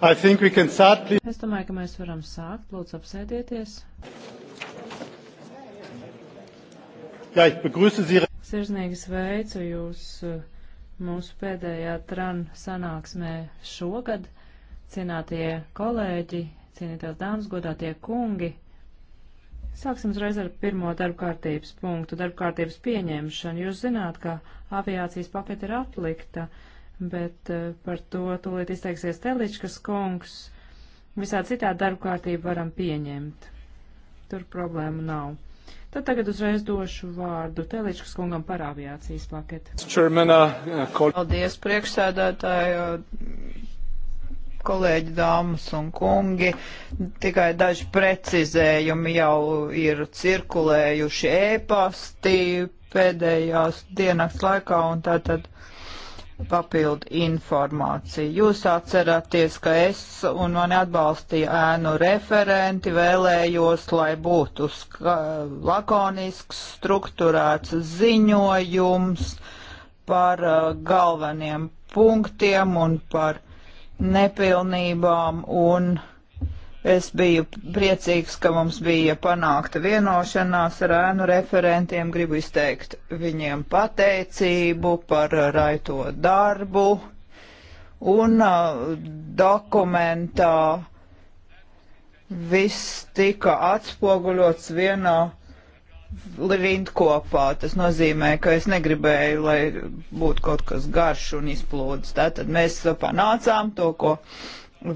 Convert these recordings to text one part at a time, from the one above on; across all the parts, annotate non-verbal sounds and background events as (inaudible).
Start, es domāju, ka mēs varam sākt. Lūdzu, apsēdieties. Ja, Sirsnīgi sveicu jūs uh, mūsu pēdējā tran sanāksmē šogad. Cienātie kolēģi, cienītās dāmas, godātie kungi. Sāksim uzreiz ar pirmo darbkārtības punktu - darbkārtības pieņemšanu. Jūs zināt, ka aviācijas pakete ir atlikta. Uh, bet eh, par to tūlīt izteiksies Teličkas kungs. Visā citā darba kārtību varam pieņemt. Tur problēmu nav. Tad tagad uzreiz došu vārdu Teličkas kungam par aviācijas paketi. Uh, uh, Paldies, priekšsēdētāji, uh, kolēģi, dāmas un kungi. Tikai daži precizējumi jau ir cirkulējuši ēpasti pēdējās dienas laikā, un tātad papildu informāciju. Jūs atceraties, ka es un mani atbalstīja ēnu referenti, vēlējos, lai būtu lakonisks, strukturēts ziņojums par uh, galveniem punktiem un par nepilnībām un Es biju priecīgs, ka mums bija panākta vienošanās ar ēnu referentiem. Gribu izteikt viņiem pateicību par raito darbu. Un uh, dokumentā viss tika atspoguļots vienā rindkopā. Tas nozīmē, ka es negribēju, lai būtu kaut kas garš un izplūdes. Tātad mēs panācām to, ko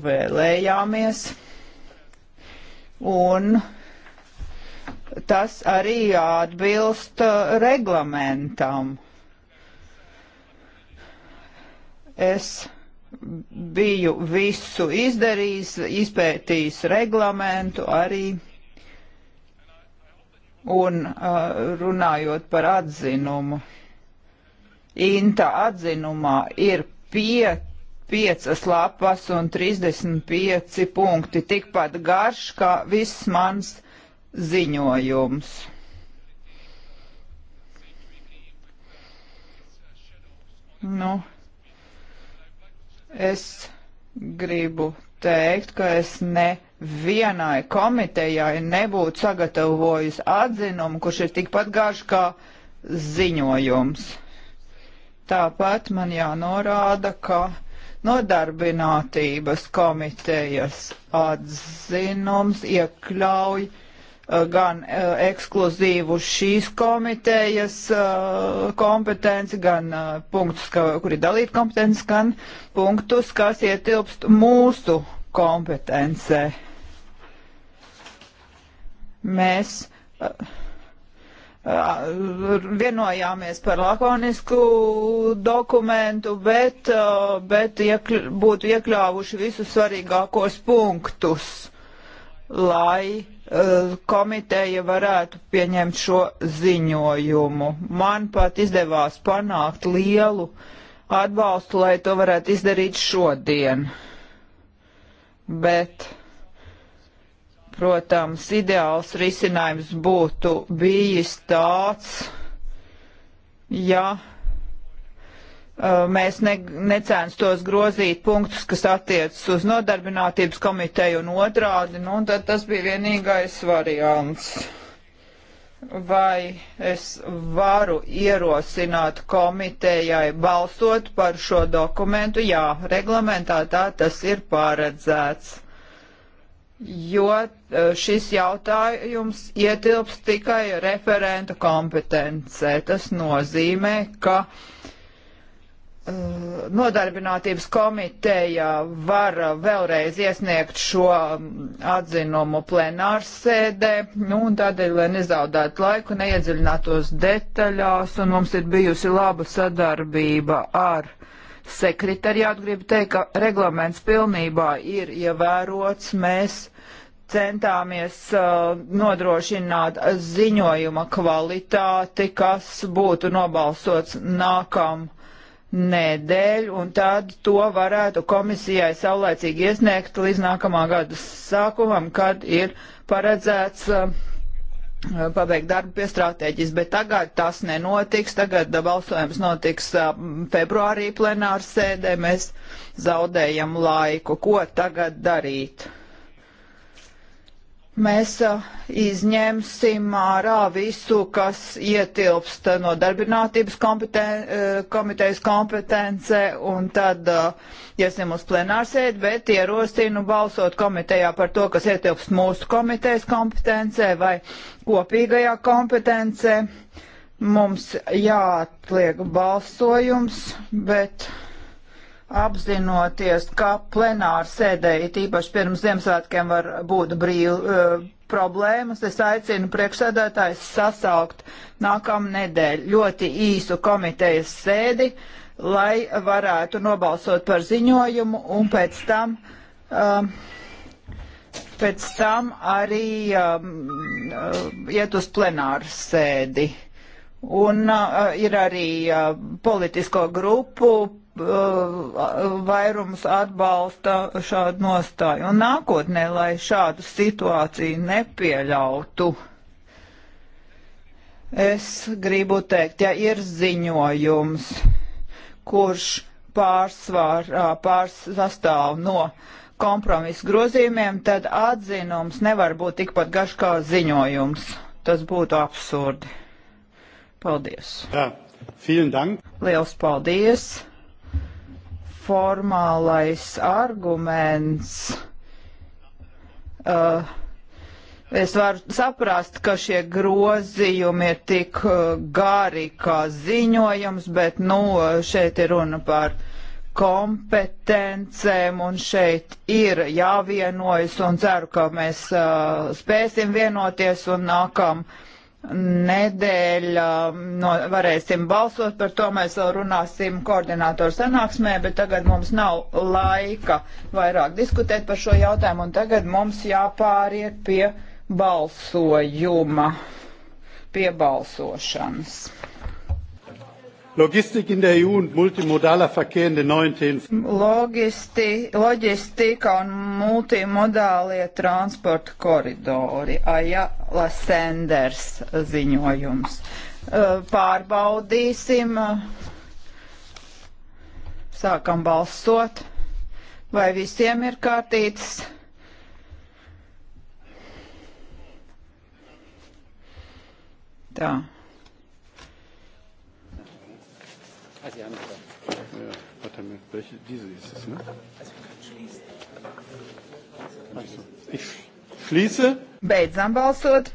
vēlējāmies un tas arī atbilst uh, reglamentam. Es biju visu izdarījis, izpētījis reglamentu arī. Un uh, runājot par atzinumu, Inta atzinumā ir piet 5 lapas un 35 punkti, tikpat garš kā viss mans ziņojums. Nu, es gribu teikt, ka es ne vienai komitejai nebūtu sagatavojis atzinumu, kurš ir tikpat garš kā ziņojums. Tāpat man jānorāda, ka Nodarbinātības komitejas atzinums iekļauj eh, gan uh, ekskluzīvu šīs komitejas uh, kompetenci, gan uh, punktus, ka, kur ir dalīta kompetence, gan punktus, kas ietilpst mūsu kompetencē. Mēs uh, vienojāmies par lakonisku dokumentu, bet, bet iekļ, būtu iekļāvuši visus svarīgākos punktus, lai komiteja varētu pieņemt šo ziņojumu. Man pat izdevās panākt lielu atbalstu, lai to varētu izdarīt šodien. Bet protams, ideāls risinājums būtu bijis tāds, ja uh, mēs ne, necenstos grozīt punktus, kas attiecas uz nodarbinātības komiteju un otrādi, nu, tad tas bija vienīgais variants. Vai es varu ierosināt komitejai balsot par šo dokumentu? Jā, reglamentā tā tas ir paredzēts jo eh, šis jautājums ietilps tikai referentu kompetencē. Tas nozīmē, ka uh, Nodarbinātības komiteja var vēlreiz iesniegt šo mm, atzinumu plenārsēdē, nu, un tādēļ, lai nezaudētu laiku, neiedziļinātos detaļās, un mums ir bijusi laba sadarbība ar uh, sekretariātu. Gribu teikt, ka reglaments pilnībā ir ievērots. Mēs centāmies uh, nodrošināt ziņojuma kvalitāti, kas būtu nobalsots nākam nedēļ, un tad to varētu komisijai saulēcīgi iesniegt līdz nākamā gada sākumam, kad ir paredzēts uh, Eh, pabeigt darbu pie stratēģijas, bet tagad tas nenotiks, tagad eh, balsojums notiks eh, februārī plenāru sēdē, mēs zaudējam laiku. Ko tagad darīt? Mēs izņemsim ārā visu, kas ietilpst no darbinātības kompeten komitejas kompetence, un tad iesim uz plenārsēdi, bet ierosinu balsot komitejā par to, kas ietilpst mūsu komitejas kompetencē, vai kopīgajā kompetencē. Mums jāatliek balsojums, bet apzinoties, ka plenāra sēdē, it īpaši pirms Ziemassvētkiem, var būt brīvi uh, e, problēmas, es aicinu priekšsēdētājs sasaukt nākamnedēļ ļoti īsu komitejas sēdi, lai varētu nobalsot par ziņojumu un pēc tam. Um, uh, pēc tam arī um, uh, iet uz plenāru sēdi. Un uh, ir arī uh, politisko grupu uh, vairums atbalsta šādu nostāju. Un nākotnē, lai šādu situāciju nepieļautu, es gribu teikt, ja ir ziņojums, kurš pārsvarā uh, pārs sastāv no uh, kompromisu grozījumiem, tad atzinums nevar būt tikpat garš kā ziņojums. Tas būtu absurdi. Paldies. Jā, vielen dank. Liels paldies. Formālais arguments. Uh, Es varu saprast, ka šie grozījumi ir tik uh, gari kā ziņojums, bet nu, šeit ir runa par kompetencēm, un šeit ir jāvienojas, un ceru, ka mēs uh, spēsim vienoties un nākam nedēļa um, no, varēsim balsot, par to mēs vēl runāsim koordinātoru sanāksmē, bet tagad mums nav laika vairāk diskutēt par šo jautājumu, un tagad mums jāpāriet pie balsojuma, pie balsošanas. Logistik e in der EU und multimodaler Verkehr in den neuen Themen. Logisti, logistika un multimodālie transporta koridori. Ajala Sanders ziņojums. Pārbaudīsim. Sākam balsot. Vai visiem ir kārtītas? Tā. Ah, Sie haben es Ja, warte mal, welche, diese ist es, ne? Also, schließen. Also, ich schließe. Beidzam balsot.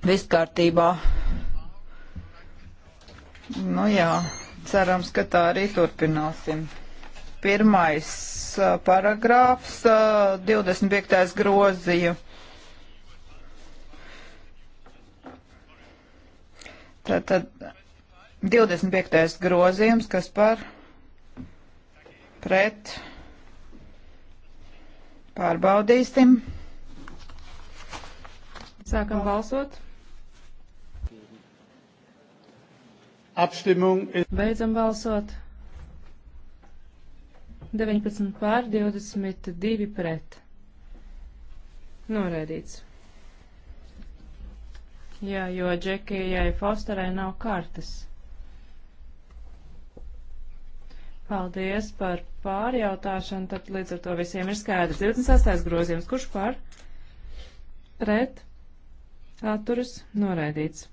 Viss kārtībā. Nu jā, cerams, ka tā arī turpināsim. Pirmais paragrāfs, 25. grozīju. Tātad 25. grozījums, kas par pret pārbaudīsim. Sākam balsot. Apstimung. Beidzam balsot. 19 pār 22 pret. Noraidīts. Jā, jo Džekijai Fosterai nav kartes. Paldies par pārjautāšanu, tad līdz ar to visiem ir skaidrs. 26. grozījums, kurš par? Pret. Atturas noraidīts.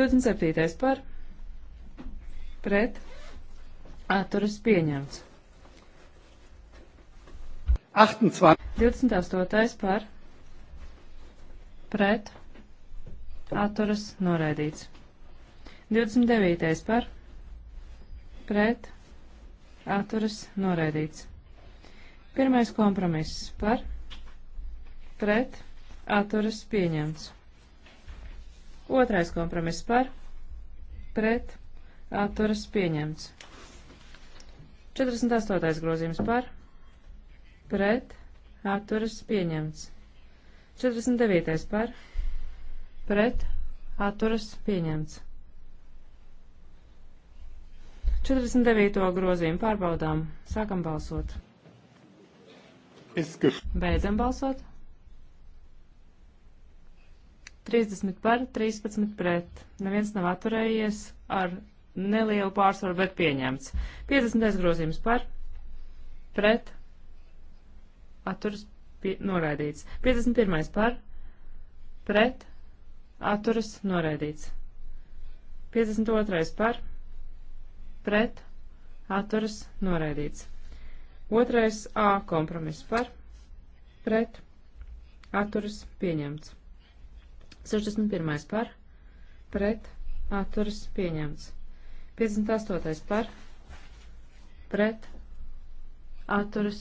27. par? Pret. Atturas pieņemts. 28. 28. par? Pret. Atturas noraidīts. 29. par? pret atturas noraidīts. Pirmais kompromiss par pret atturas pieņemts. Otrais kompromiss par pret atturas pieņemts. 48. grozījums par pret atturas pieņemts. 49. par pret atturas pieņemts. 49. grozījumu pārbaudām. Sākam balsot. Beidzam balsot. 30 par, 13 pret. Neviens nav atturējies ar nelielu pārsvaru, bet pieņemts. 50. grozījums par, pret, atturas pie, noraidīts. 51. par, pret, atturas noraidīts. 52. par, pret, atturas noraidīts. Otrais A kompromiss par, pret, atturas pieņemts. 61. par, pret, atturas pieņemts. 58. par, pret, atturas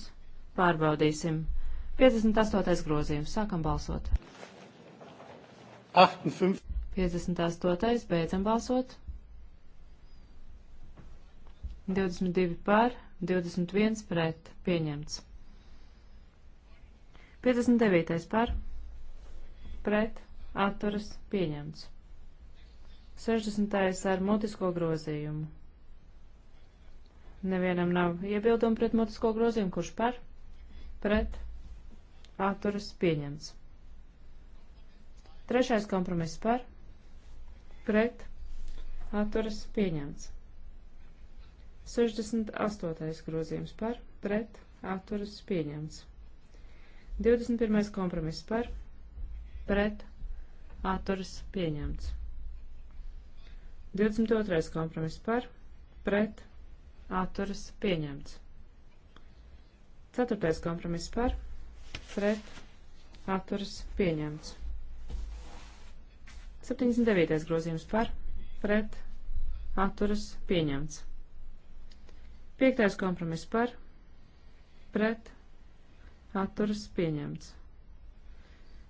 pārbaudīsim. 58. grozījums. Sākam balsot. 58. 58. beidzam balsot. 22 par, 21 pret, pieņemts. 59 par, pret, atturas, pieņemts. 60. ar mutisko grozījumu. Nevienam nav iebildumu pret mutisko grozījumu, kurš par, pret, atturas, pieņemts. Trešais kompromiss par, pret, atturas, pieņemts. 68. grozījums par, pret, atturas pieņemts. 21. kompromiss par, pret, atturas pieņemts. 22. kompromiss par, pret, atturas pieņemts. 4. kompromiss par, pret, atturas pieņemts. 79. grozījums par, pret, atturas pieņemts. Piektais kompromiss par, pret, atturas pieņemts.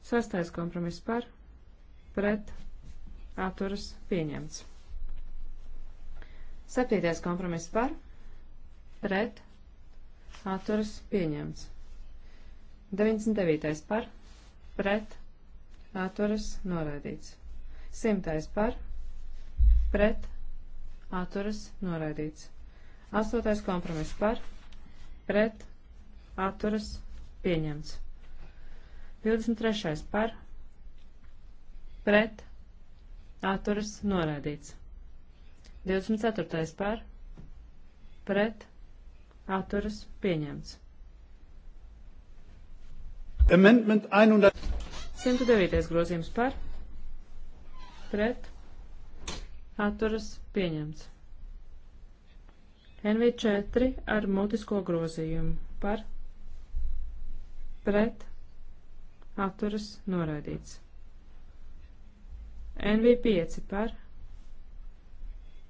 Sastais kompromiss par, pret, atturas pieņemts. Septītais kompromiss par, pret, atturas pieņemts. 99. par, pret, atturas noraidīts. 100. par, pret, atturas noraidīts. Astotais kompromiss par, pret, atturas, pieņemts. 23. par, pret, atturas, noraidīts. 24. par, pret, atturas, pieņemts. Amendment 109. grozījums par, pret, atturas, pieņemts. NV4 ar mutisko grozījumu par pret atturas noraidīts. NV5 par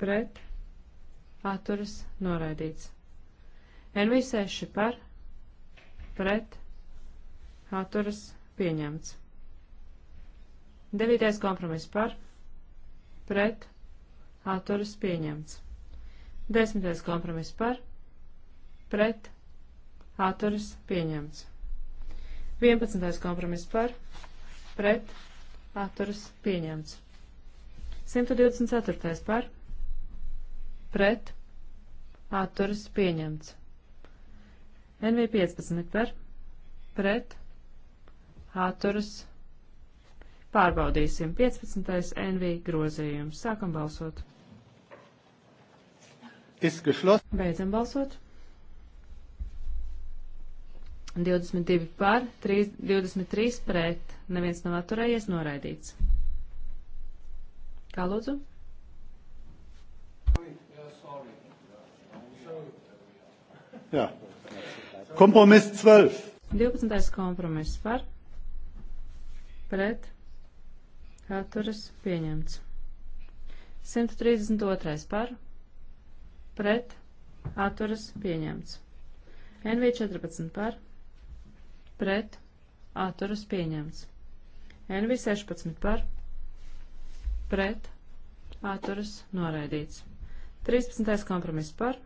pret atturas noraidīts. NV6 par pret atturas pieņemts. Devītais kompromiss par pret atturas pieņemts. Desmitais kompromiss par, pret, atturas pieņemts. Vienpadsmitais kompromiss par, pret, atturas pieņemts. 124. par, pret, atturas pieņemts. NV15 par, pret, atturas pārbaudīsim. 15. NV grozījums. Sākam balsot ist geschlossen. Beidzam balsot. 22 par, 3, 23 pret. Neviens nav atturējies, noraidīts. Kā lūdzu? Jā. Kompromiss 12. 12. kompromiss par, pret, atturas pieņemts. 132. par, pret atturas pieņemts. NV14 par pret atturas pieņemts. NV16 par pret atturas noraidīts. 13. kompromiss par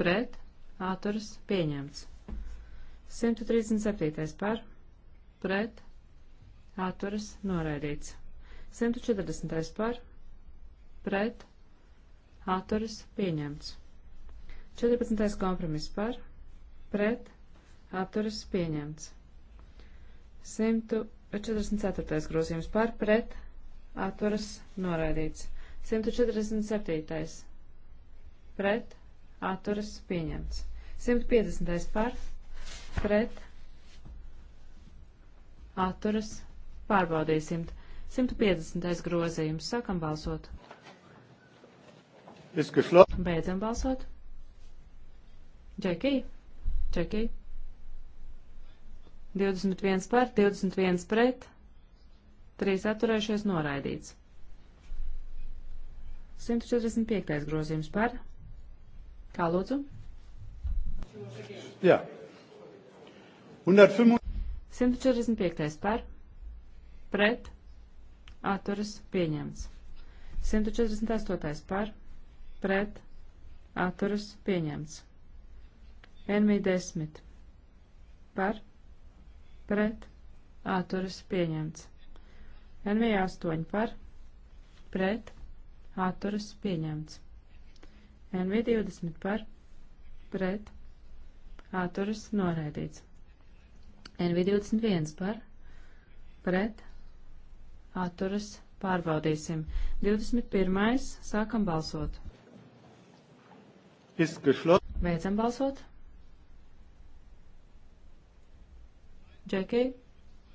pret atturas pieņemts. 137. par pret atturas noraidīts. 140. par pret atturas pieņemts. 14. kompromiss par, pret, atturas pieņemts. 144. grozījums par, pret, atturas noraidīts. 147. pret, atturas pieņemts. 150. par, pret, atturas pārbaudīsim. 150. grozījums. Sākam balsot. Beidzam balsot. Džekija. Džekija. 21 par, 21 pret, 3 atturējušies noraidīts. 145. grozījums par. Kā lūdzu? Jā. 145. par, pret, atturas pieņemts. 148. par, pret atturas pieņemts. NV10 par pret atturas pieņemts. NV8 par pret atturas pieņemts. NV20 par pret atturas noraidīts. NV21 par pret atturas pārbaudīsim. 21. sākam balsot ist geschlossen. Beidzam balsot. Džekija,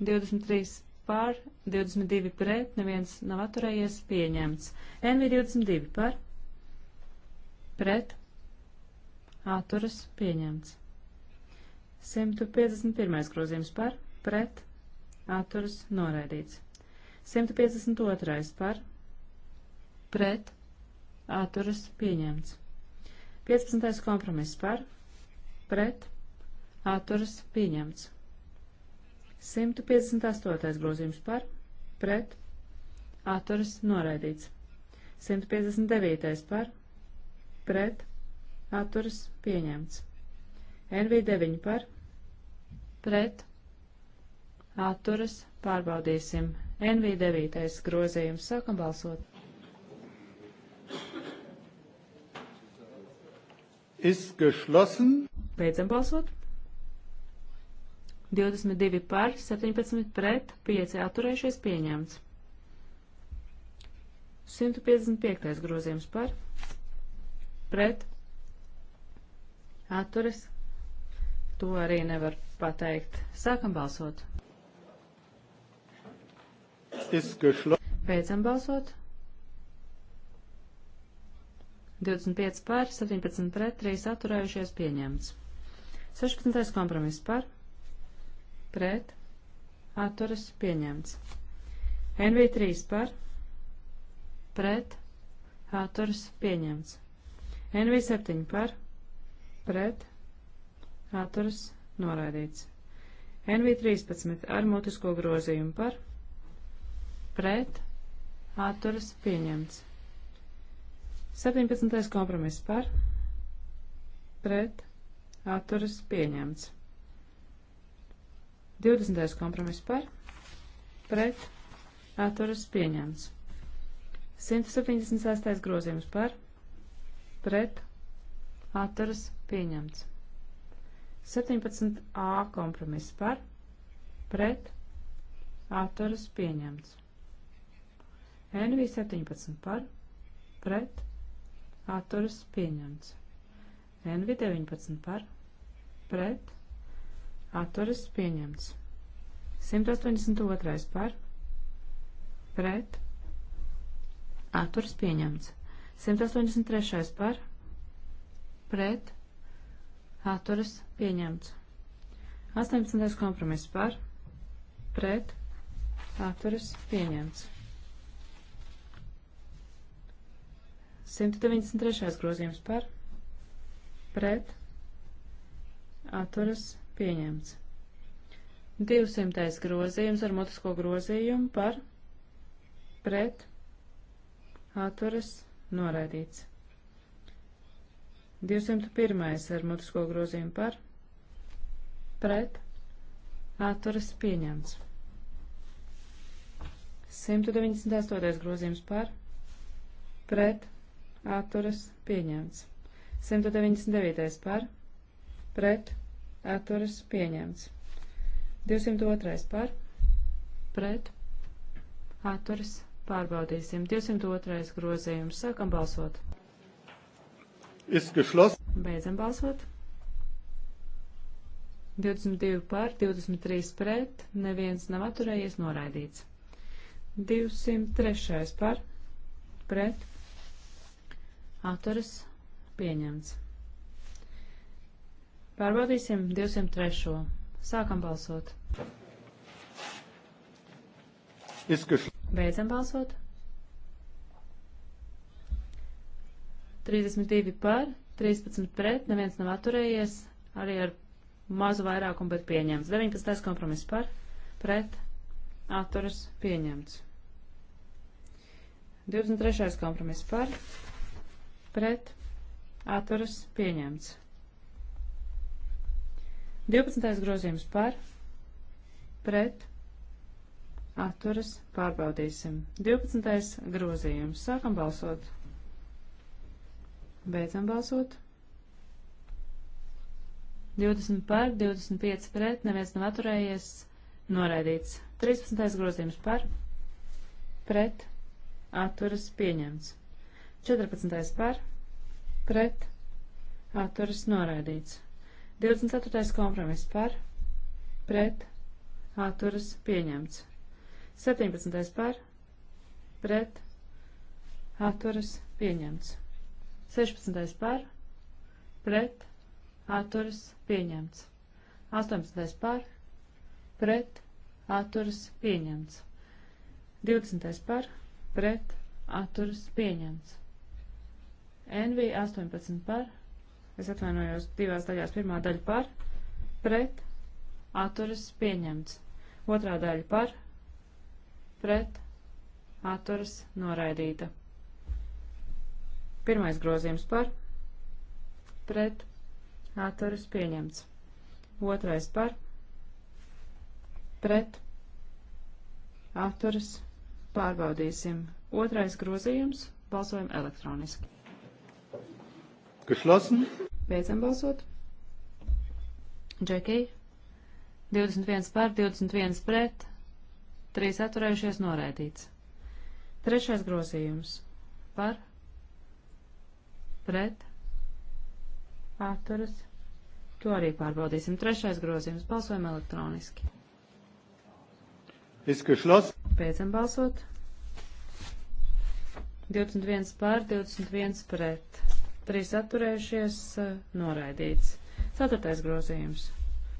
23 pār, 22 pret, neviens nav atturējies, pieņemts. NV22 pār, pret, atturas, pieņemts. 151. grozījums par, pret, atturas, noraidīts. 152. par, pret, atturas, pieņemts. 15. kompromiss par, pret, atturas pieņemts. 158. grozījums par, pret, atturas noraidīts. 159. par, pret, atturas pieņemts. NV9 par, pret, atturas pārbaudīsim. NV9. grozījums sākam balsot. ist geschlossen. Beidzam balsot. 22 par, 17 pret, 5 atturējušies pieņemts. 155. grozījums par, pret, atturis. To arī nevar pateikt. Sākam balsot. Beidzam balsot. 25 par, 17 pret, 3 atturējušies pieņemts. 16. kompromiss par, pret, atturas pieņemts. NV3 par, pret, atturas pieņemts. NV7 par, pret, atturas noraidīts. NV13 ar mutisko grozījumu par, pret, atturas pieņemts. 17. kompromiss par, pret, atturas pieņemts. 20. kompromiss par, pret, atturas pieņemts. 176. grozījums par, pret, atturas pieņemts. 17a kompromiss par, pret, atturas pieņemts. NV 17 par, pret, atturas pieņemts. NV 19 par, pret, atturas pieņemts. 182 par, pret, atturas pieņemts. 183 par, pret, atturas pieņemts. 18. kompromiss par, pret, atturas pieņemts. 193. grozījums par, pret, atturas pieņemts. 200. grozījums ar motisko grozījumu par, pret, atturas noraidīts. 201. ar motisko grozījumu par, pret, atturas pieņemts. 198. grozījums par, pret, atturas pieņemts atturas pieņemts. 199. par, pret, atturas pieņemts. 202. par, pret, atturas pārbaudīsim. 202. grozījums. Sākam balsot. Beidzam balsot. 22 par, 23 pret, neviens nav atturējies noraidīts. 203 par, pret, atturas pieņemts. Pārbaudīsim 203. Sākam balsot. Beidzam balsot. 32 par, 13 pret, neviens nav atturējies, arī ar mazu vairākumu, bet pieņemts. 19. kompromiss par, pret, atturas, pieņemts. 23. kompromiss par, pret atturas pieņemts. 12. grozījums par pret atturas pārbaudīsim. 12. grozījums. Sākam balsot. Beidzam balsot. 20 par, 25 pret, neviens nav atturējies, noraidīts. 13. grozījums par, pret, atturas pieņemts. 14. par, pret, atturas noraidīts. 24. kompromiss par, pret, atturas pieņemts. 17. par, pret, atturas pieņemts. 16. par, pret, atturas pieņemts. 18. par, pret, atturas pieņemts. 20. par, pret, atturas pieņemts. NV 18 par, es atvainojos divās daļās, pirmā daļa par, pret, atturas pieņemts, otrā daļa par, pret, atturas noraidīta. Pirmais grozījums par, pret, atturas pieņemts, otrais par, pret, atturas pārbaudīsim. Otrais grozījums balsojam elektroniski. Geschlossen. Beidzam balsot. Džekija. 21 par, 21 pret, 3 atturējušies norēdīts. Trešais grozījums. Par, pret, atturas. To arī pārbaudīsim. Trešais grozījums. Balsojam elektroniski. Izskašlos. Beidzam balsot. 21 par, 21 pret trīs atturējušies, eh, noraidīts. Ceturtais grozījums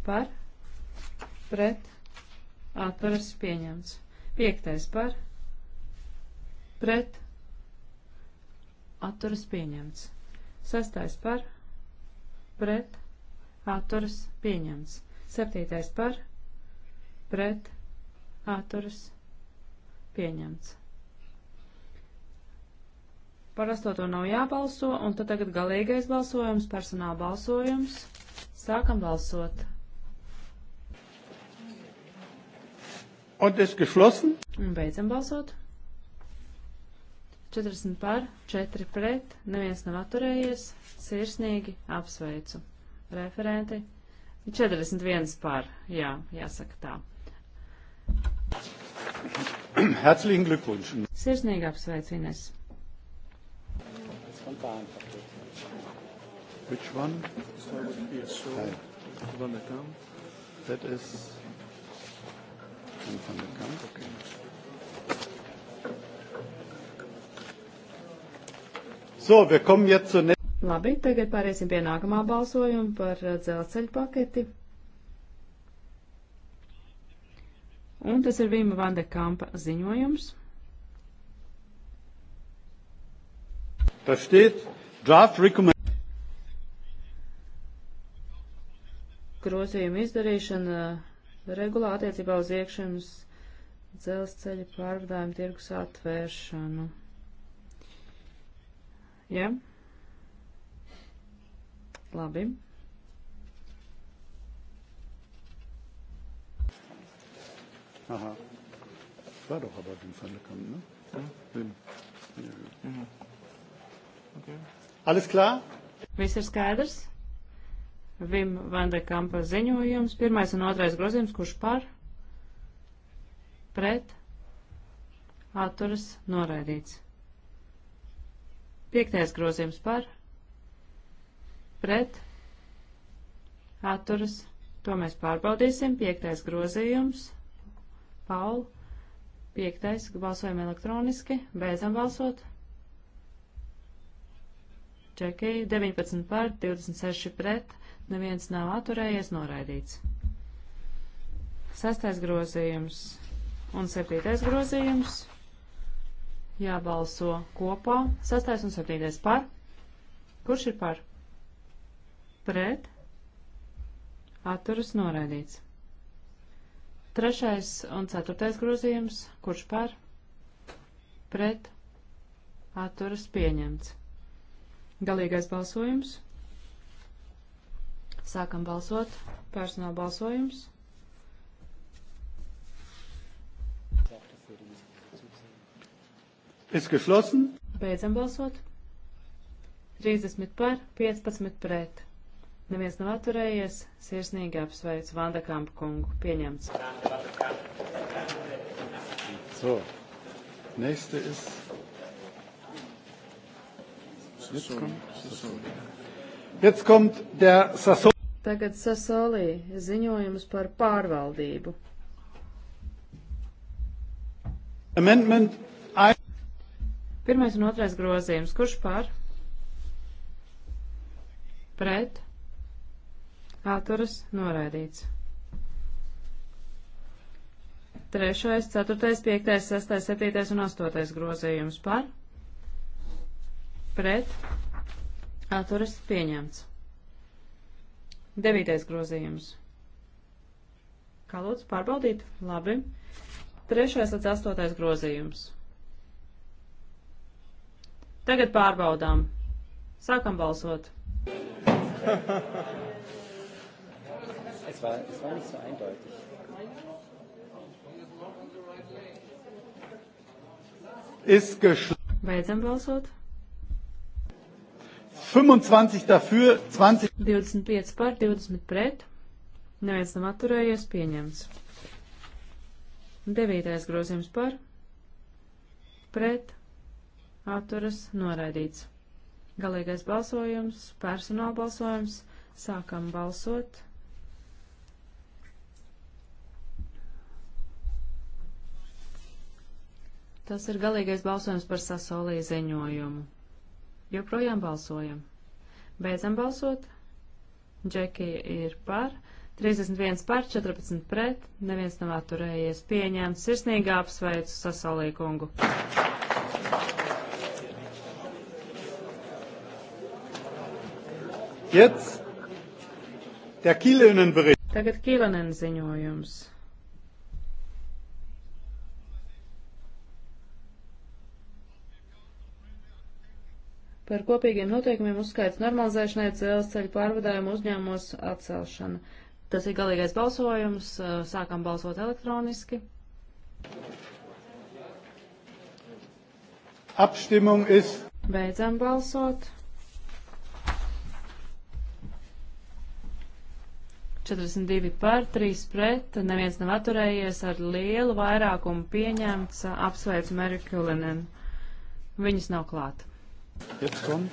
par, pret, atturas pieņemts. Piektais par, pret, atturas pieņemts. Sastais par, pret, atturas pieņemts. Septītais par, pret, atturas pieņemts. Par astoto nav jābalso, un tad tagad galīgais balsojums, personāla balsojums. Sākam balsot. Un es geschlossen. Un beidzam balsot. 40 par, 4 pret, neviens nav atturējies. Sirsnīgi apsveicu. Referenti. 41 par, jā, jāsaka tā. Herzlichen Glückwunsch. Sirsnīgi apsveicu, Ines fine. Which one? Start with PSO. Hi. Van der Kamp. That is Van der Kamp. Okay. So, wir kommen jetzt zur nächsten. Labi, tagad pāriesim pie nākamā balsojuma par uh, dzelzceļu paketi. Un tas ir Vīma Vanda Kampa ziņojums. Da steht Draft Recommendation. Grozījuma izdarīšana regulā attiecībā uz iekšzemes dzelzceļa pārvadājumu tirgus atvēršanu. Ja? Labi. Aha. War doch aber den Fall gekommen, ne? Ja. Den, hm. ja. Mhm. Alles klar? Viss ir skaidrs. Vim Vandekampa ziņojums. Pirmais un otrais grozījums, kurš par, pret, atturas, noraidīts. Piektais grozījums par, pret, atturas, to mēs pārbaudīsim. Piektais grozījums, Paul, piektais, balsojam elektroniski, beidzam balsot. Čekija 19 par, 26 pret, neviens nav atturējies, noraidīts. Sastais grozījums un septītais grozījums jābalso kopā. Sastais un septītais par. Kurš ir par? Pret. Atturas noraidīts. Trešais un ceturtais grozījums. Kurš par? Pret. Atturas pieņemts. Galīgais balsojums. Sākam balsot. Personāla balsojums. Ist geschlossen. Beidzam balsot. 30 par, 15 pret. Neviens nav atturējies. Sirsnīgi apsveicu Vandekampu kungu. Pieņemts. So, nächste ist Tagad Sasolī ziņojums par pārvaldību. Amendment. I... Pirmais un otrais grozījums. Kurš pār? Pret. Atturas noraidīts. Trešais, ceturtais, piektais, sestais, septītais un astotais grozījums par pret atturas pieņemts. Devītais grozījums. Kā lūdzu pārbaudīt? Labi. Trešais līdz astotais grozījums. Tagad pārbaudām. Sākam balsot. (laughs) Es war, es war nicht so eindeutig. Ist geschlossen. Beidzam balsot. 25 dafür, 20. 25 par, 20 pret. Neviens nav atturējies, pieņemts. Devītais grozījums par, pret, atturas, noraidīts. Galīgais balsojums, personāla balsojums, sākam balsot. Tas ir galīgais balsojums par sasolī ziņojumu. Joprojām balsojam. Beidzam balsot. Džekija ir par. 31 par, 14 pret. Neviens nav atturējies. Pieņēmts. Sirsnīgi apsveicu sasalīkungu. Jetzt der Kielinen-Bericht. Tagad Kielinen ziņojums. par kopīgiem noteikumiem uzskaits normalizēšanai dzelzceļa pārvadājumu uzņēmumos atcelšana. Tas ir galīgais balsojums. Eh, sākam balsot elektroniski. Abstimmung ist. Beidzam balsot. 42 par, 3 pret, neviens nav atturējies ar lielu vairākumu pieņemts, apsveicu Merikulinen. Viņas nav klāt. Jetzt kommt.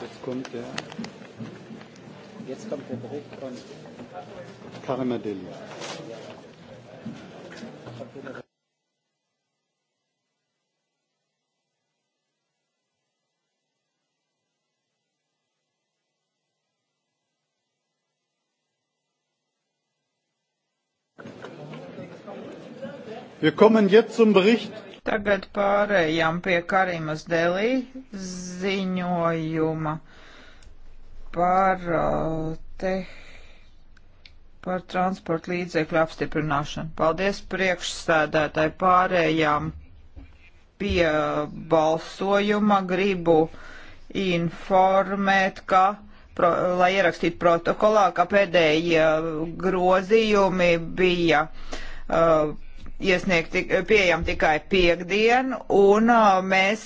Jetzt kommt der. Jetzt kommt der Bericht von Karimadelli. Wir kommen jetzt zum Bericht. Tagad pārējām pie Karimas Delī ziņojuma par, uh, te, par transporta līdzekļu apstiprināšanu. Paldies priekšsēdētāji pārējām pie uh, balsojuma. Gribu informēt, ka pro, lai ierakstītu protokolā, ka pēdējie uh, grozījumi bija uh, iesniegt tik, pieejam tikai piekdien, un mēs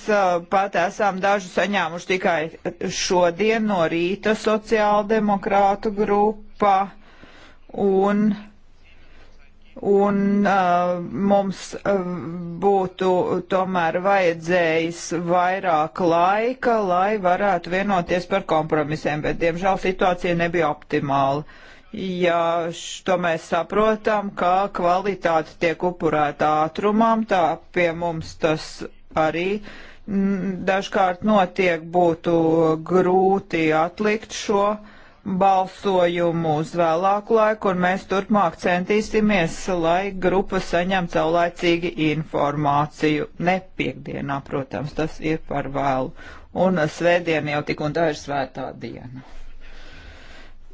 pat esam dažu saņēmuši tikai šodien no rīta sociāldemokrātu grupa, un, un mums būtu tomēr vajadzējis vairāk laika, lai varētu vienoties par kompromisiem, bet diemžēl situācija nebija optimāla ja to mēs saprotam, ka kvalitāte tiek upurēta ātrumam, tā pie mums tas arī mm, dažkārt notiek, būtu grūti atlikt šo balsojumu uz vēlāku laiku, un mēs turpmāk centīsimies, lai grupa saņem caulaicīgi informāciju. Ne piekdienā, protams, tas ir par vēlu. Un svētdien jau tik un tā ir svētā diena.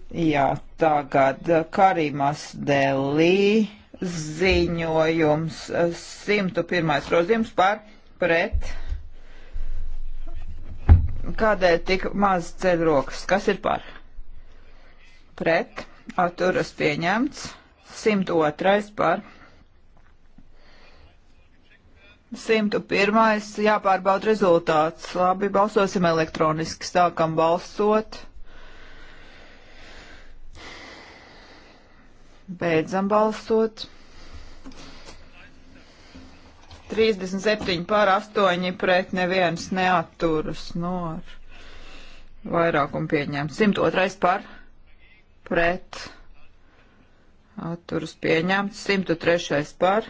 Jā, tagad Karimas Delī ziņojums 101. grozījums par pret. Kādēļ tik maz ceļ rokas? Kas ir par? Pret. Atturas pieņemts. 102. par. 101. jāpārbauda rezultāts. Labi, balsosim elektroniski. Sākam balsot. Beidzam balsot. 37 pār 8 pret neviens neaturas no nu, vairākuma pieņēma. 102 par pret atturas pieņēmts. 103 par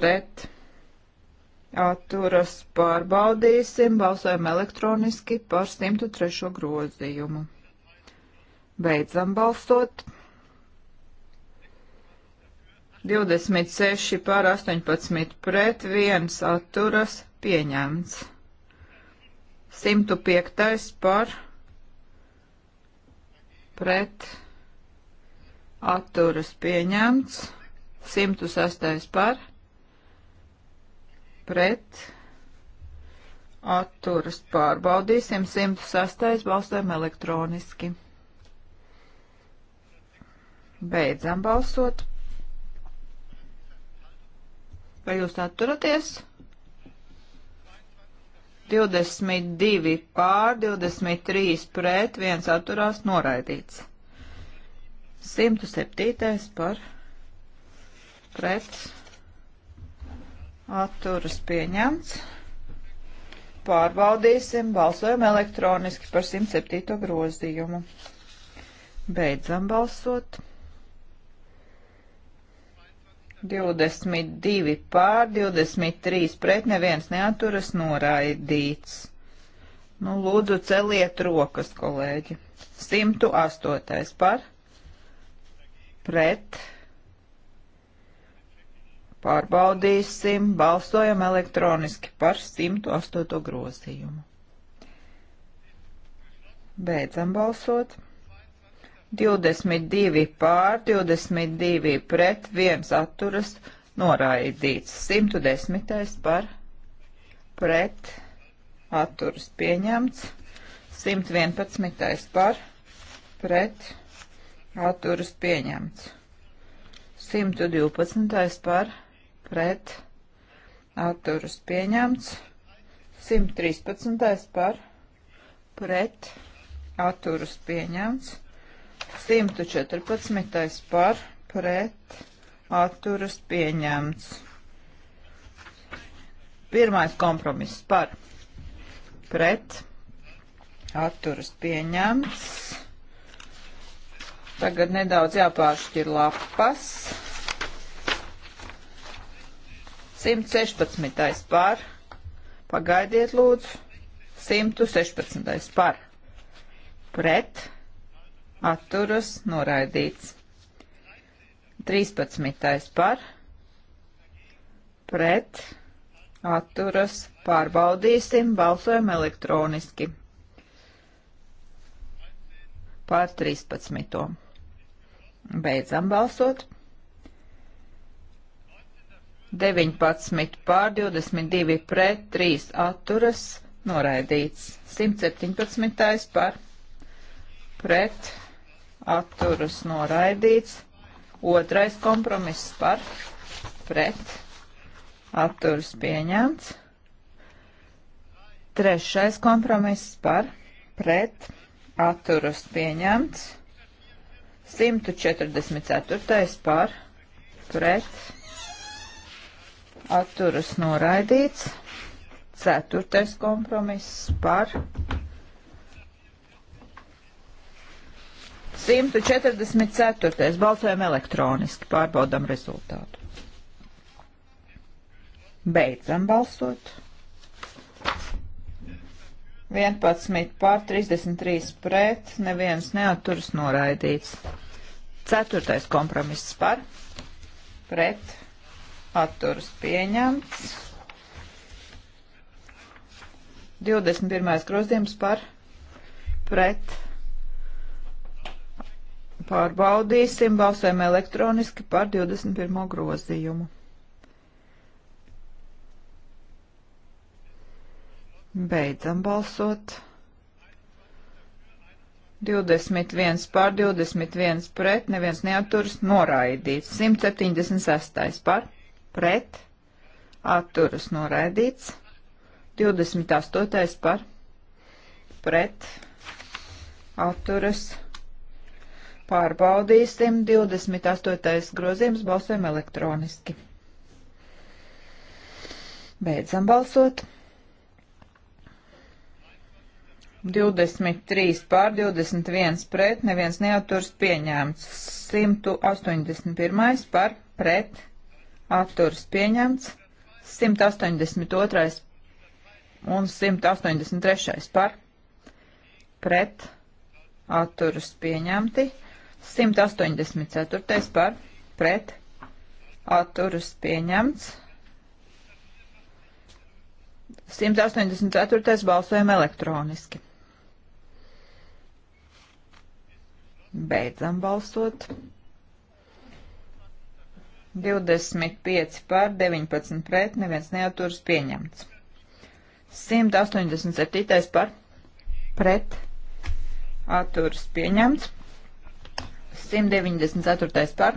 pret atturas pārbaudīsim. Balsojam elektroniski par 103 grozījumu. Beidzam balsot. 26 pār 18 pret, 1 atturas pieņemts. 105 par pret atturas pieņemts. 106 par pret atturas pārbaudīsim. 106 balsojam elektroniski. Beidzam balsot. Vai jūs atturaties? 22 pār, 23 pret, 1 atturās noraidīts. 107 par pret atturas pieņemts. Pārbaudīsim, balsojam elektroniski par 107 grozījumu. Beidzam balsot. 22 pār, 23 pret, neviens neaturas noraidīts. Nu, lūdzu, celiet rokas, kolēģi. 108 par, pret. Pārbaudīsim, balsojam elektroniski par 108 grozījumu. Beidzam balsot. 22 pār, 22 pret, 1 atturas noraidīts. 110 par pret atturas pieņemts. 111 par pret atturas pieņemts. 112 par pret atturas pieņemts. 113 par pret atturas pieņemts. 114. par pret atturas pieņemts. Pirmais kompromiss par pret atturas pieņemts. Tagad nedaudz jāpāršķir lapas. 116. par. Pagaidiet lūdzu. 116. par. Pret atturas noraidīts. 13. par pret atturas pārbaudīsim, balsojam elektroniski par 13. Beidzam balsot. 19 pār 22 pret 3 atturas noraidīts. 117 par pret atturas noraidīts. Otrais kompromiss par pret atturas pieņemts. Trešais kompromiss par pret atturas pieņemts. 144. par pret atturas noraidīts. Ceturtais kompromiss par pret 144. Balsojam elektroniski, pārbaudam rezultātu. Beidzam balsot. 11 pār 33 pret, neviens neaturas noraidīts. Ceturtais kompromiss par, pret, atturas pieņemts. 21. grozījums par, pret, Pārbaudīsim, balsēm elektroniski par 21. grozījumu. Beidzam balsot. 21 pār 21 pret, neviens neaturas noraidīts. 176 par pret, atturas noraidīts. 28 par pret, atturas noraidīts Pārbaudīsim 28. grozījums, balsojam elektroniski. Beidzam balsot. 23 pār 21 pret, neviens neaturs pieņēmts. 181 par pret, aturs pieņemts. 182 un 183 par pret, aturs pieņemti. 184. par pret atturas pieņemts. 184. balsojam elektroniski. Beidzam balsot. 25 pār 19 pret, neviens neaturas pieņemts. 187. par pret, atturas pieņemts. 194. par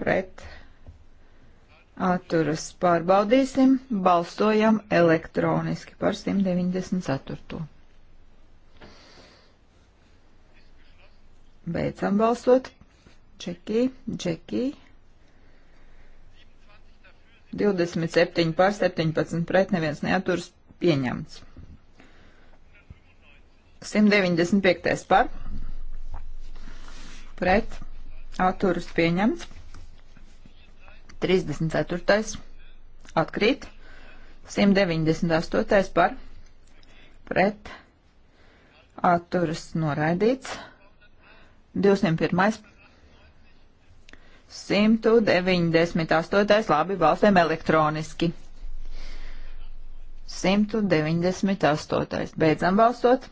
pret atturas pārbaudīsim, balsojam elektroniski par 194. Beidzam balsot. Čekī, čekī. 27 pār 17 pret neviens neaturas pieņemts. 195. par pret atturas pieņemts. 34. atkrīt. 198. par pret atturas noraidīts. 201. 198. labi balsēm elektroniski. 198. Beidzam balsot.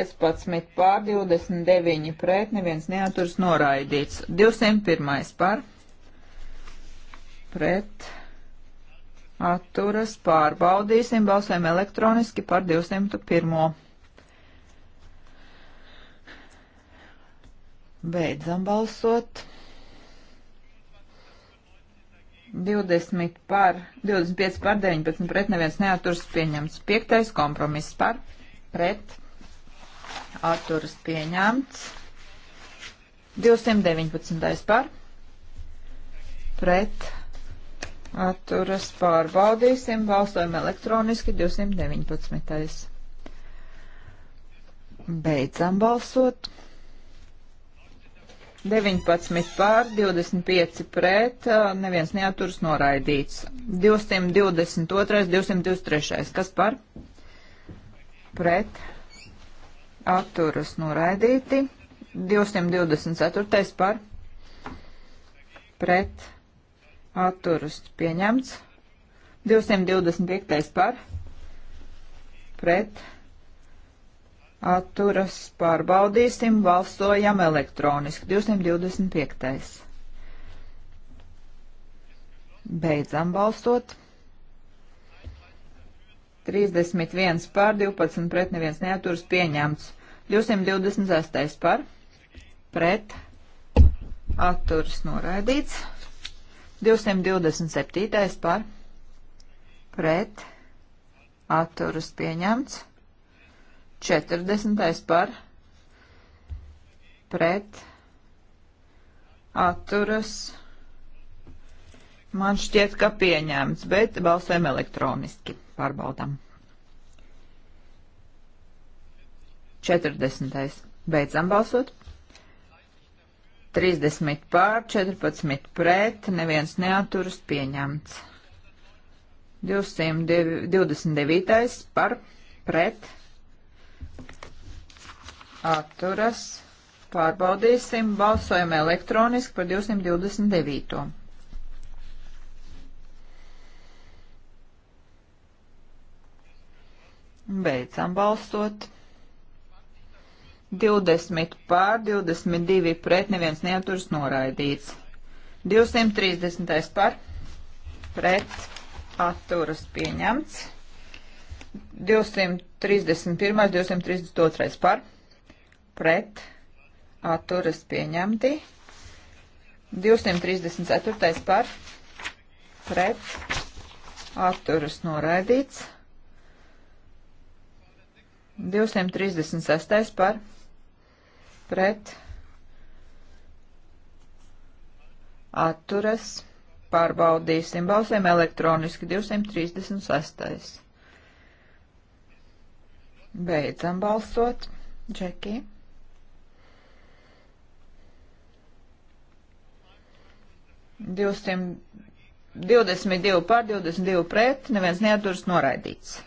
15 pār 29 pret, neviens neaturas noraidīts. 201 par pret atturas pārbaudīsim, balsēm elektroniski par 201. Beidzam balsot. 20 par, 25 par 19 pret neviens neaturas pieņemts. Piektais kompromiss par pret atturas pieņemts. 219. par pret atturas pārbaudīsim. Balsojam elektroniski 219. Beidzam balsot. 19 pār, 25 pret, neviens neaturas noraidīts. 222, 223, kas par? Pret atturas noraidīti. 224. par pret atturas pieņemts. 225. par pret atturas pārbaudīsim, valsojam elektroniski. 225. Beidzam balstot. 31 pār 12 pret neviens neaturas pieņemts. 226 par pret atturas noraidīts. 227 par pret atturas pieņemts. 40 par pret atturas. Man šķiet, ka pieņemts, bet balsojam elektroniski. Pārbaudām. 40. Beidzam balsot. 30 pār, 14 pret, neviens neaturas pieņemts. 229. par pret atturas pārbaudīsim, balsojam elektroniski par 229. Beidzam balsot. 20 pār, 22 pret, neviens neaturas noraidīts. 230 par, pret, atturas pieņemts. 231, 232 par, pret, atturas pieņemti. 234 par, pret, atturas noraidīts. 236. par pret atturas pārbaudīsim. Balsēm elektroniski 236. Beidzam balsot. Džeki. Divsimt 22 pār 22 pret, neviens neaturas noraidīts.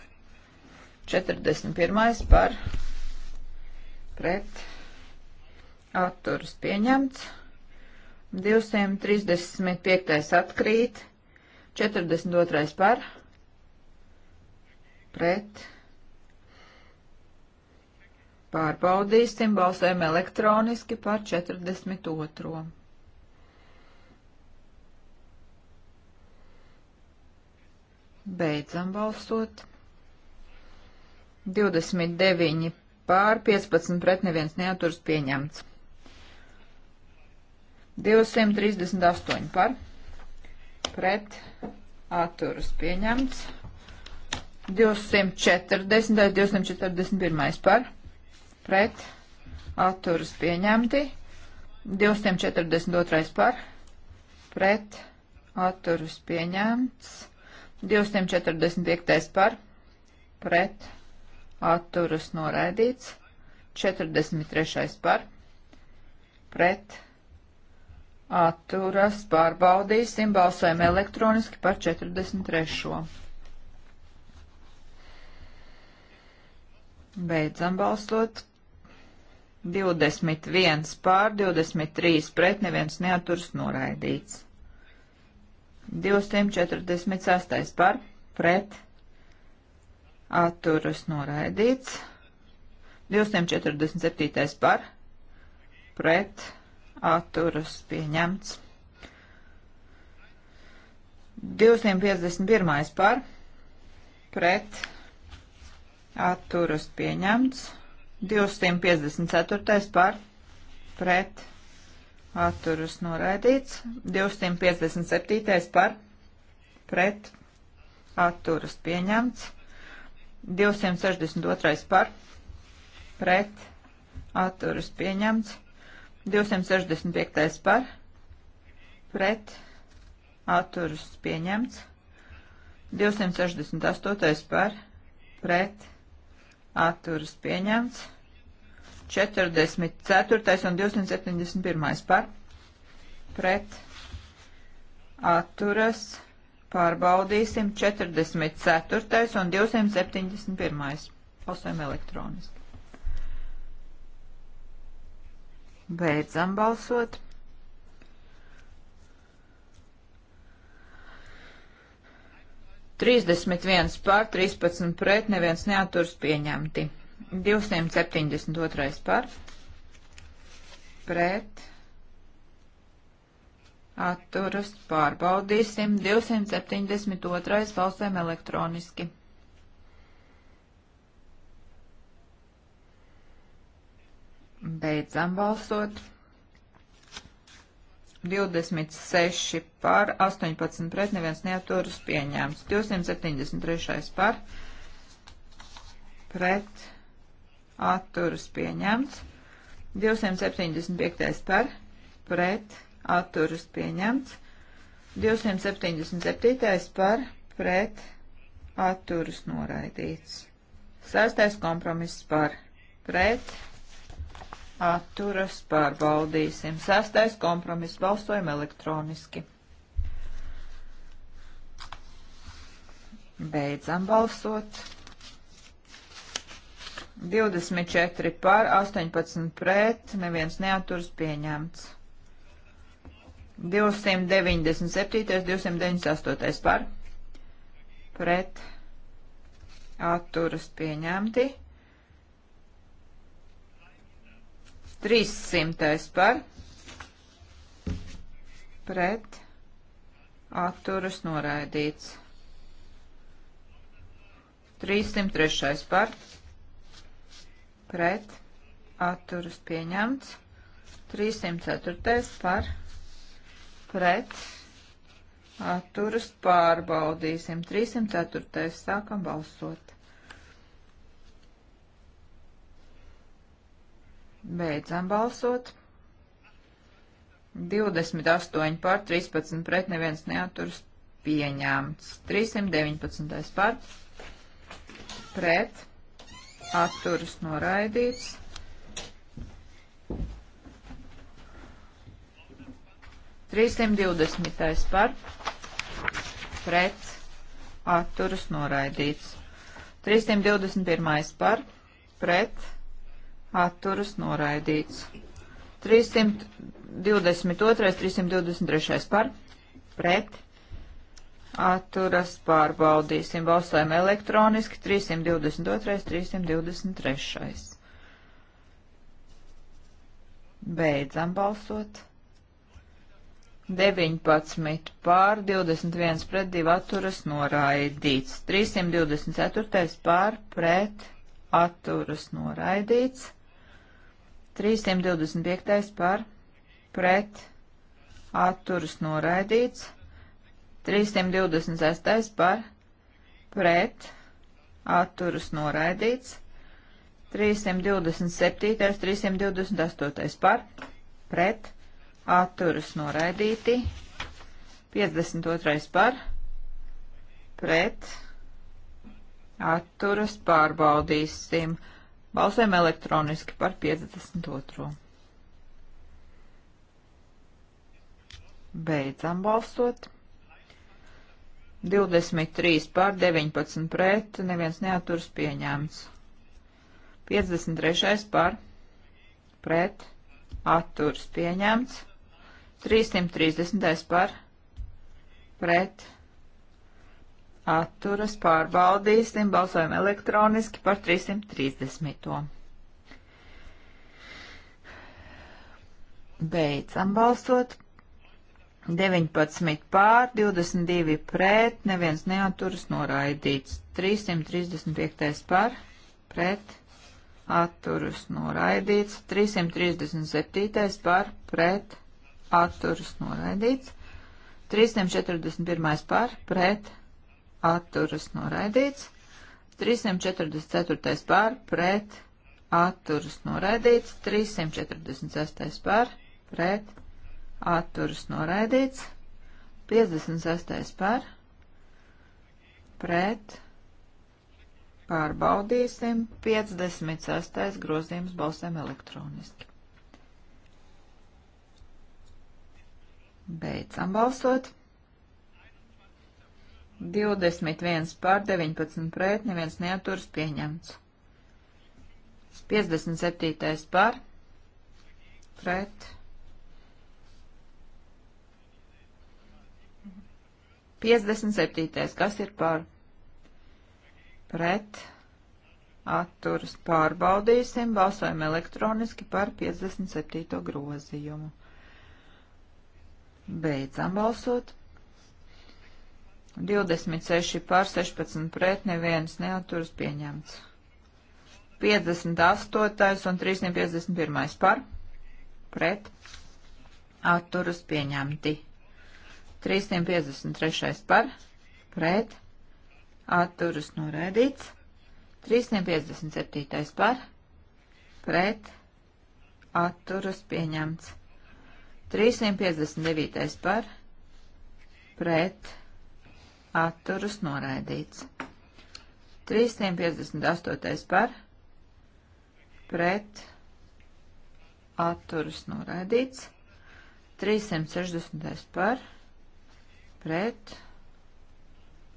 41. par pret atturas pieņemts. 235. atkrīt. 42. par pret pārbaudīsim, balsojam elektroniski par 42. Beidzam balsot. 29 pār 15 pret neviens neaturas pieņemts. 238 par pret atturas pieņemts. 240, 241 par pret atturas pieņemti. 242 par pret atturas pieņemts. 245 par pret atturas noraidīts, 43. par, pret, atturas, pārbaudīsim, balsojam elektroniski par 43. Beidzam balsot. 21 pār, 23 pret, neviens neaturs noraidīts. 246 par, pret, atturas noraidīts. 247. par pret atturas pieņemts. 251. par pret atturas pieņemts. 254. par pret atturas noraidīts. 257. par pret atturas pieņemts. 262 par pret atturas pieņemts. 265 par pret atturas pieņemts. 268 par pret atturas pieņemts. 44. un 271. par pret atturas pieņemts Pārbaudīsim 44. un 271. Balsojam elektroniski. Beidzam balsot. Trīsdesmit viens pār, trīspadsmit pret, neviens neaturs pieņemti. Divsimt septiņdesmit otrais pār, pret, Atturas pārbaudīsim. 272. balsēm elektroniski. Beidzam balsot. 26 par, 18 pret, neviens neaturas pieņēmts. 273 par, pret, atturas pieņēmts. 275 par, pret, atturas pieņemts. 277. par pret atturas noraidīts. Sestais kompromiss par pret atturas pārbaudīsim. Sestais kompromiss balsojam elektroniski. Beidzam balsot. 24 par, 18 pret, neviens neaturas pieņemts. 297. 298. par pret atturas pieņemti. 300. par pret atturas noraidīts. 303. par pret atturas pieņemts. 304. par pret pret atturas pārbaudīsim. 304. sākam balsot. Beidzam balsot. 28 par 13 pret neviens neaturas pieņēmts. 319 par pret atturas noraidīts. 320. par pret atturas noraidīts. 321. par pret atturas noraidīts. 322. 323. par pret atturas pārbaudīsim. Balsojam elektroniski 322. 323. Beidzam balsot. 19 pār 21 pret 2 atturas noraidīts. 324 pār pret atturas noraidīts. 325 pār pret atturas noraidīts. 326 pār pret atturas noraidīts. 327, 328 pār pret atturas noraidīti. 52. par pret atturas pārbaudīsim. Balsēm elektroniski par 52. Beidzam balsot. 23 pār 19 pret, neviens neaturas pieņēmts. 53 pār pret, atturs pieņēmts. 330. par pret atturas pārbaudīsim, balsojam elektroniski par 330. Beidzam balsot. 19 pār, 22 pret, neviens neaturas noraidīts. 335 par, pret, atturas noraidīts. 337 par, pret, atturas noraidīts. 341. par pret atturas noraidīts. 344. par pret atturas noraidīts. 346. par pret atturas noraidīts. 56. par pret pārbaudīsim. 56. grozījums balsēm elektroniski. Beidzam balsot. 21 pār 19 pret, neviens neaturas pieņemts. 57 pār pret. 57. Kas ir pār? Pret. Atturas pārbaudīsim. Balsojam elektroniski par 57. grozījumu. Beidzam balsot. 26 pār 16 pret, neviens neaturas pieņemts. 58 un 351 par, pret, atturas pieņemti. 353 par, pret, atturas noraidīts. 357 par, pret, atturas pieņemts. 359. par pret atturus noraidīts. 358. par pret atturus noraidīts. 360. par pret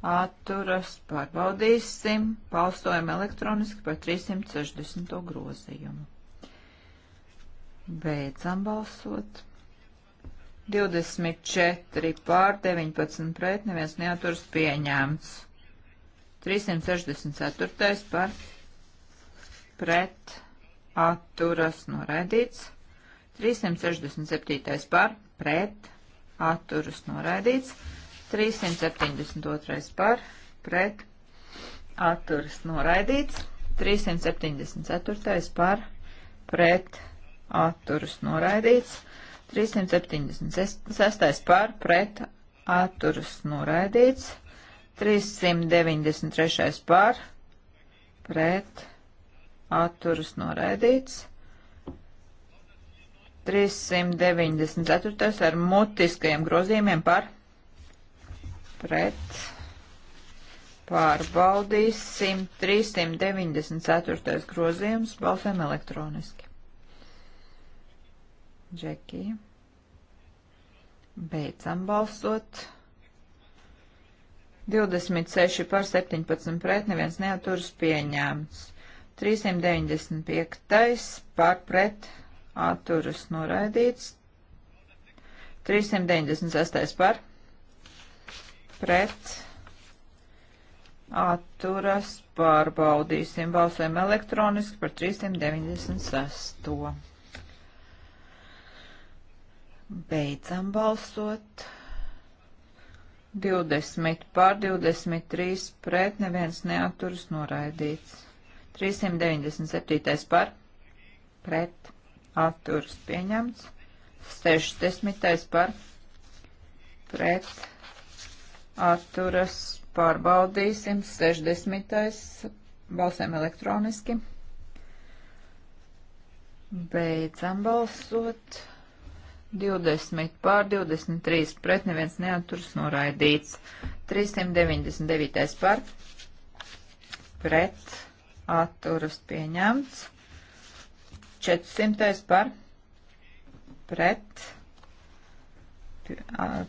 atturas pārbaudīsim. Balsojam elektroniski par 360. grozījumu. Beidzam balsot. 24 pār 19 pret, neviens neaturas pieņēmts. 364 par pret atturas noraidīts. 367 par pret atturas noraidīts. 372 par pret atturas noraidīts. 374 par pret atturas noraidīts. 376 par pret atturas noraidīts. 393 par pret atturas noraidīts. 394 ar mutiskajiem grozījumiem par pret pārbaudīsim 394 grozījums balsēm elektroniski. Džekija. Beidzam balsot. 26 par 17 pret, neviens neaturas pieņēmts. 395 par pret atturas noraidīts. 396 par pret atturas pārbaudīsim. Balsojam elektroniski par 396. Beidzam balsot. 20 pār 23 pret neviens neaturas noraidīts. 397 par pret atturas pieņemts. 60 par pret atturas pārbaudīsim. 60 balsēm elektroniski. Beidzam balsot. 20 pār 23 pret neviens neaturas noraidīts. 399 par pret atturas pieņemts. 400 par pret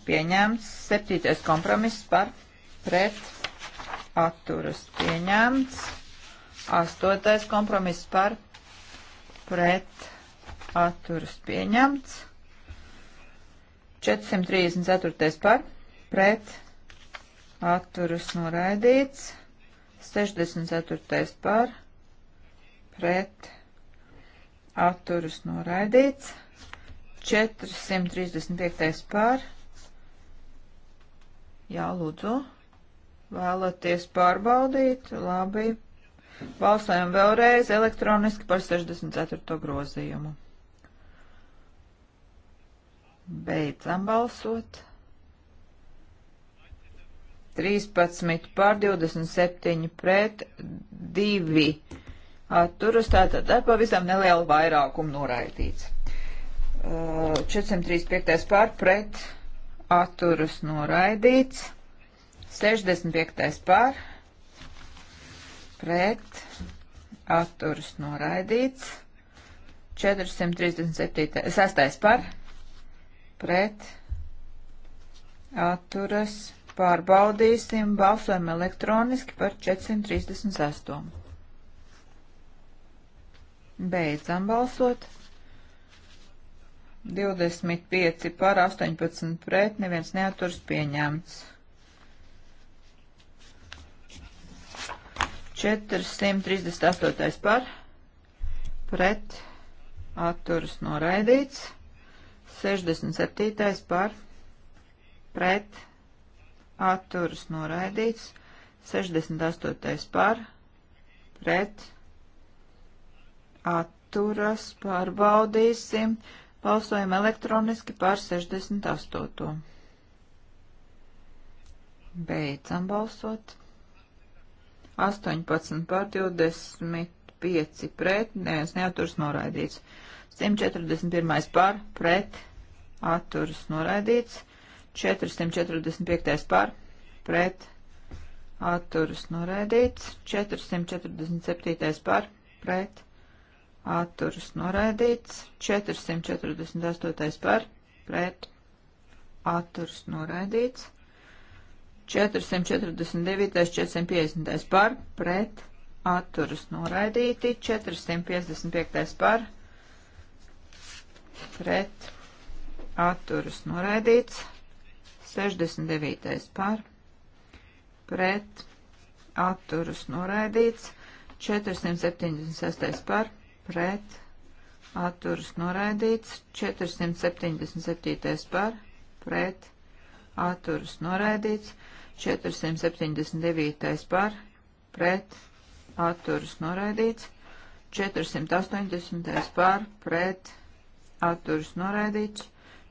pieņemts. 7. kompromiss par pret atturas pieņemts. 8. kompromiss par pret atturas pieņemts. 434. par pret atturas noraidīts. 64. par pret atturas noraidīts. 435. par jā, lūdzu, vēlaties pārbaudīt, labi, balsējam vēlreiz elektroniski par 64. grozījumu. Beidzam balsot. 13 pār 27 pret 2 atturas, tātad ar pavisam nelielu vairākumu noraidīts. 435 uh, pār pret atturas noraidīts. 65 pār pret atturas noraidīts. 437 6 par pret atturas pārbaudīsim, balsojam elektroniski par 436. Beidzam balsot. 25 par 18 pret, neviens neaturs pieņemts. 438 par, pret, atturas noraidīts. 67. par pret atturas noraidīts. 68. par pret atturas pārbaudīsim. Balsojam elektroniski par 68. Beidzam balsot. 18 par 25 pret, neviens neaturs noraidīts. 141 par pret atturas noraidīts, 445. par, pret, atturas noraidīts, 447. par, pret, atturas noraidīts, 448. par, pret, atturas noraidīts, 449. 450. par, pret, atturas noraidīti, 455. par, pret, atturas noraidīts, 69. par, pret, atturas noraidīts, 476. par, pret, atturas noraidīts, 477. par, pret, atturas noraidīts, 479. par, pret, atturas noraidīts, 480. par, pret, atturas noraidīts,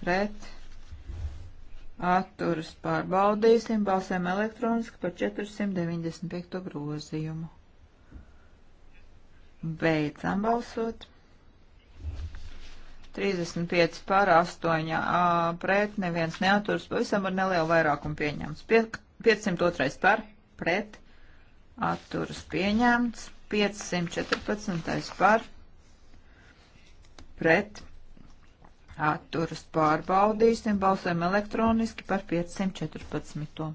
pret atturas pārbaudīsim, balsēm elektroniski par 495. grozījumu. Beidzam balsot. 35 pār 8 a, pret, neviens neaturas, pavisam ar nelielu vairākumu pieņemts. Pie, 502 par, pret, atturas pieņemts, 514 par, pret, atturas pārbaudīsim, balsojam elektroniski par 514.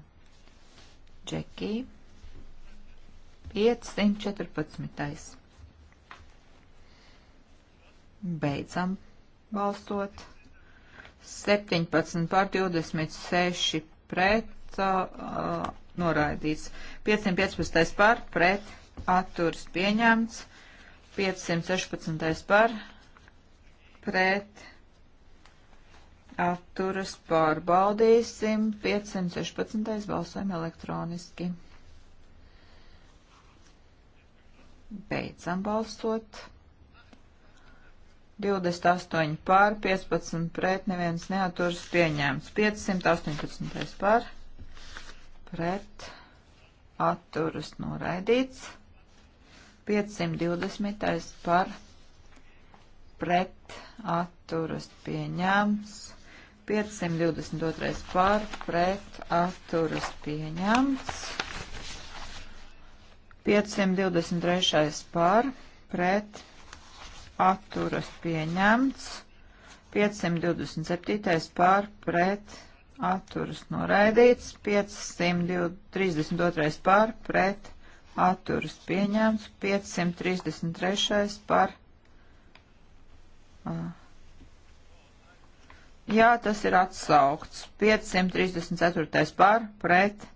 Džekī. 514. Beidzam balsot. 17 pār 26 pret uh, noraidīts. 515 pār pret atturas pieņemts. 516 pār pret atturas pārbaudīsim. 516. balsojam elektroniski. Beidzam balsot. 28 pār, 15 pret, neviens neaturas pieņēmts. 518 pār, pret, atturas noraidīts. 520 pār, pret, atturas pieņēmts. 522. par pret atturas pieņemts. 523. par pret atturas pieņemts. 527. par pret atturas noraidīts. 532. par pret atturas pieņemts. 533. par pret. Jā, tas ir atsaukts. 534. par, pret,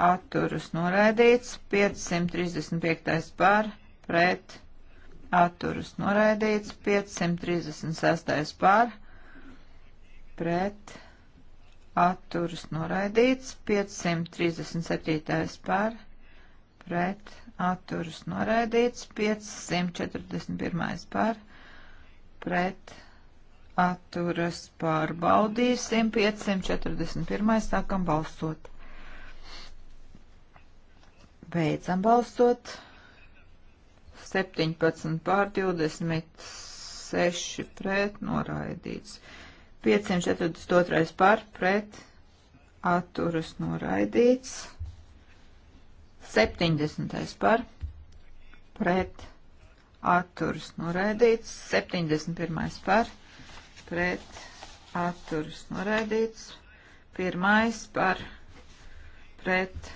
atturas noraidīts. 535. par, pret, atturas noraidīts. 536. par, pret, atturas noraidīts. 537. par, pret, atturas noraidīts. 541. par, pret, atturas noraidīts atturas pārbaudīsim. 541. sākam balsot. Beidzam balsot. 17 pār 26 pret noraidīts. 542 pār pret atturas noraidīts. 70 par pret atturas noraidīts. 71 par pret pret atturas noraidīts. Pirmais par pret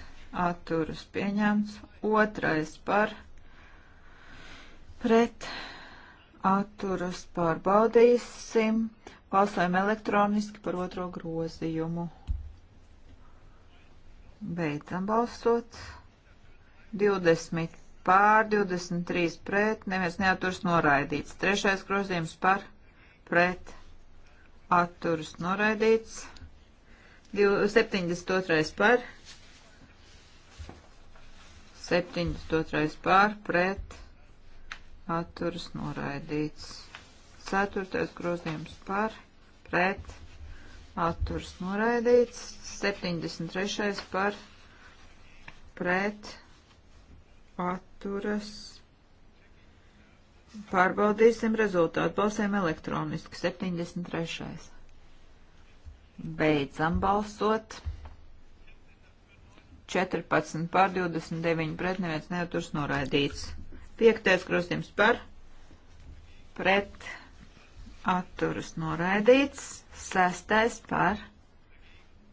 atturas pieņemts. Otrais par pret atturas pārbaudīsim. Balsojam elektroniski par otro grozījumu. Beidzam balsot. 20 pār, 23 pret, neviens neaturs noraidīts. Trešais grozījums par pret atturas noraidīts. 72. par 72. par pret atturas noraidīts. 4. grozījums par pret atturas noraidīts. 73. par pret atturas noraidīts Pārbaudīsim rezultātu. Balsēm elektroniski 73. Beidzam balsot. 14 pār 29 pret neviens neaturs noraidīts. Piektais krustījums par pret atturas noraidīts. Sestais par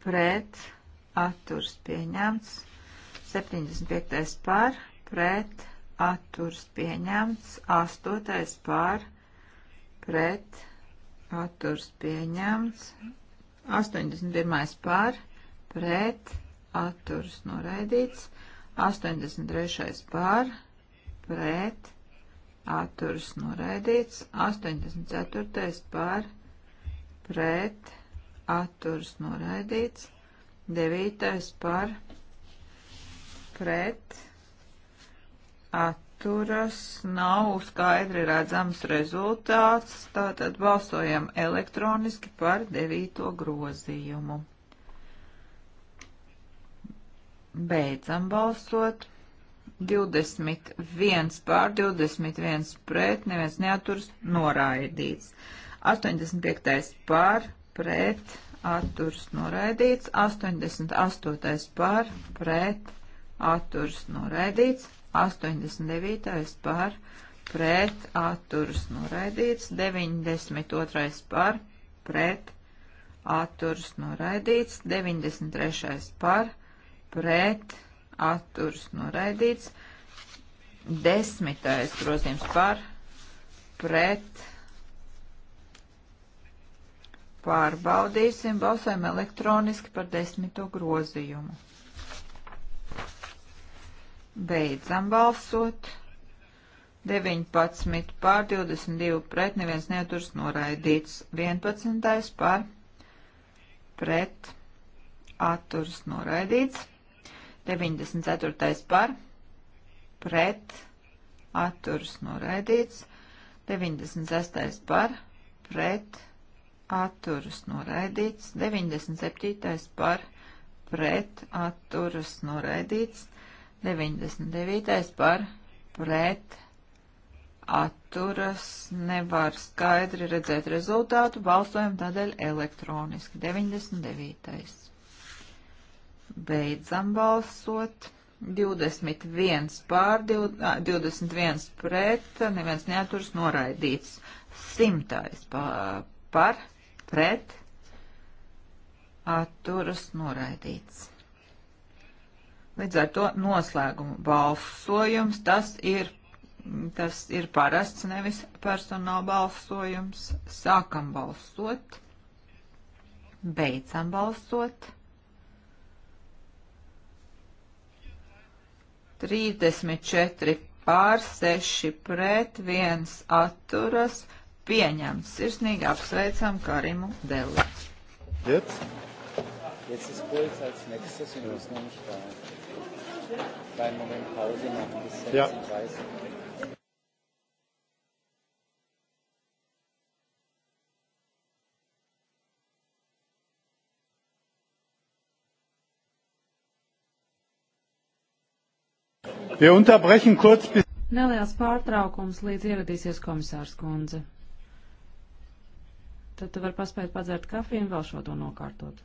pret atturas pieņemts. 75. par pret atturas atturs pieņemts, 8. pār pret atturs pieņemts, 81. pār pret atturs noraidīts, 83. pār pret atturs noraidīts, 84. pār pret atturs noraidīts, 9. pār pret atturs noraidīts, atturas, nav skaidri redzams rezultāts, tātad balsojam elektroniski par devīto grozījumu. Beidzam balsot. 21 pār 21 pret, neviens neaturas noraidīts. 85. pār pret, atturs noraidīts. 88. pār pret, atturs noraidīts. 89. par pret atturas noraidīts, 92. par pret atturas noraidīts, 93. par pret atturas noraidīts, 10. grozījums par pret pārbaudīsim, balsojam elektroniski par desmito grozījumu. Beidzam balsot. 19 pār 22 pret, neviens neaturs noraidīts. 11 pār pret, atturs noraidīts. 94 pār pret, atturs noraidīts. 96 pār pret, atturs noraidīts. 97 pār pret, atturs noraidīts. 99. par pret atturas nevar skaidri redzēt rezultātu, balsojam tādēļ elektroniski. 99. Beidzam balsot. 21 pār, 21 pret, neviens neaturas noraidīts. Simtais par, par pret, atturas noraidīts. Līdz ar to noslēguma balsojums, tas ir, tas ir parasts, nevis personāla balsojums. Sākam balsot, beidzam balsot. 34 pār 6 pret 1 atturas pieņemts. Sirsnīgi apsveicam Karimu Deli. Jetzt? Jetzt ist Puls als nächstes in Russland. Ja kleinen Moment Pause machen bis 16.30 ja. Uhr. Wir unterbrechen kurz bis. Neliels pārtraukums, līdz ieradīsies komisārs kundze. Tad tu vari paspēt padzert kafiju un vēl šo to nokārtot.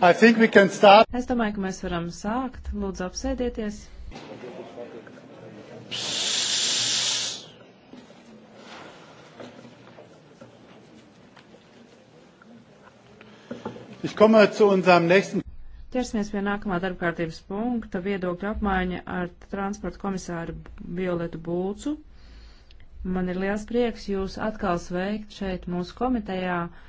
Es domāju, ka mēs varam sākt. Lūdzu, apsēdieties. Nächsten... Ķersimies pie nākamā darba kārtības punkta - viedokļa apmaiņa ar transporta komisāru Violetu Bulcu. Man ir liels prieks jūs atkal sveikt šeit mūsu komitejā. Uh,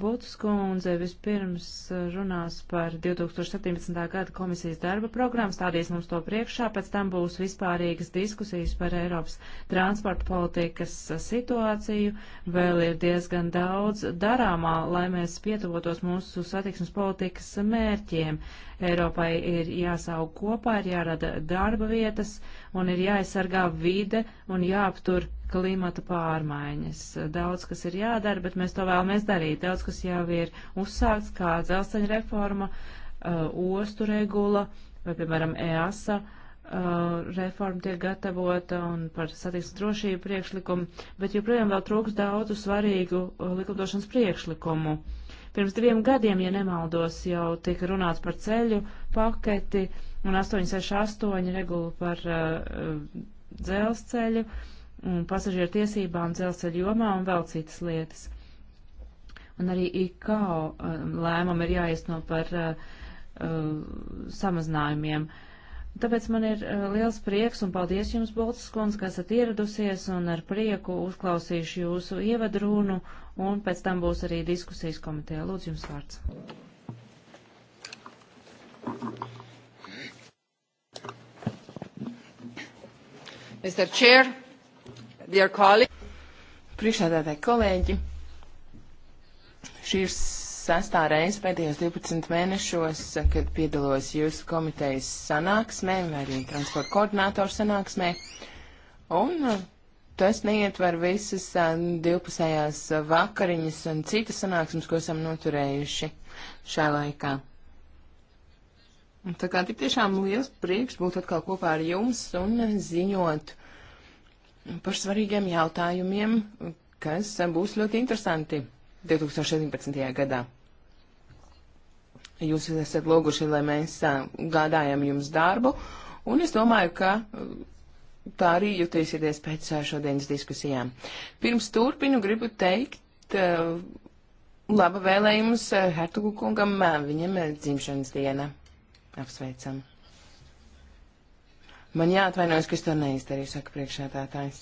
Būtas kundze vispirms uh, runās par 2017. gada komisijas darba programmu, stādīs mums to priekšā, pēc tam būs vispārīgas diskusijas par Eiropas transporta politikas uh, situāciju. Vēl ir diezgan daudz darāmā, lai mēs pietuvotos mūsu satiksmes politikas mērķiem. Eiropai ir jāsaug kopā, ir jārada darba vietas un ir jāaizsargā vide un jāaptur klimata pārmaiņas. Daudz, kas ir jādara, bet mēs to vēlamies darīt. Daudz, kas jau ir uzsākts, kā dzelzceļa reforma, uh, ostu regula vai, piemēram, EASA uh, reforma tiek gatavota un par satiksmes drošību priekšlikumu, bet joprojām vēl trūks daudzu svarīgu uh, likumdošanas priekšlikumu. Uh, Pirms diviem gadiem, ja nemaldos, jau tika runāts par ceļu paketi un 868 regulu par uh, dzelzceļu un pasažieru tiesībām dzelzceļu jomā un vēl citas lietas. Un arī IKO uh, um, lēmumi ir jāiesno par uh, uh, samazinājumiem. Uh, Tāpēc man ir uh, liels prieks un paldies jums, Boltas kundze, ka esat ieradusies un ar prieku uzklausīšu jūsu ievadrūnu un pēc tam būs arī diskusijas komitejā. Lūdzu, jums vārds. Mr. Chair, dear colleague. Priekšsēdētāji kolēģi, šī ir sestā reize pēdējos 12 mēnešos, kad piedalos jūsu komitejas sanāksmē vai arī transporta koordinātoru sanāksmē. Un Tas neietver visas divpusējās vakariņas un citas sanāksmes, ko esam noturējuši šajā laikā. Tā kā tik tiešām liels prieks būt atkal kopā ar jums un ziņot par svarīgiem jautājumiem, kas būs ļoti interesanti 2017. gadā. Jūs esat loguši, lai mēs gādājam jums darbu, un es domāju, ka tā arī jutīsieties pēc šodienas diskusijām. Pirms turpinu, gribu teikt laba vēlējumus Hertugu kungam, viņam dzimšanas diena. Apsveicam. Man jāatvainojas, ka es to neizdarīju, saka priekšētātājs.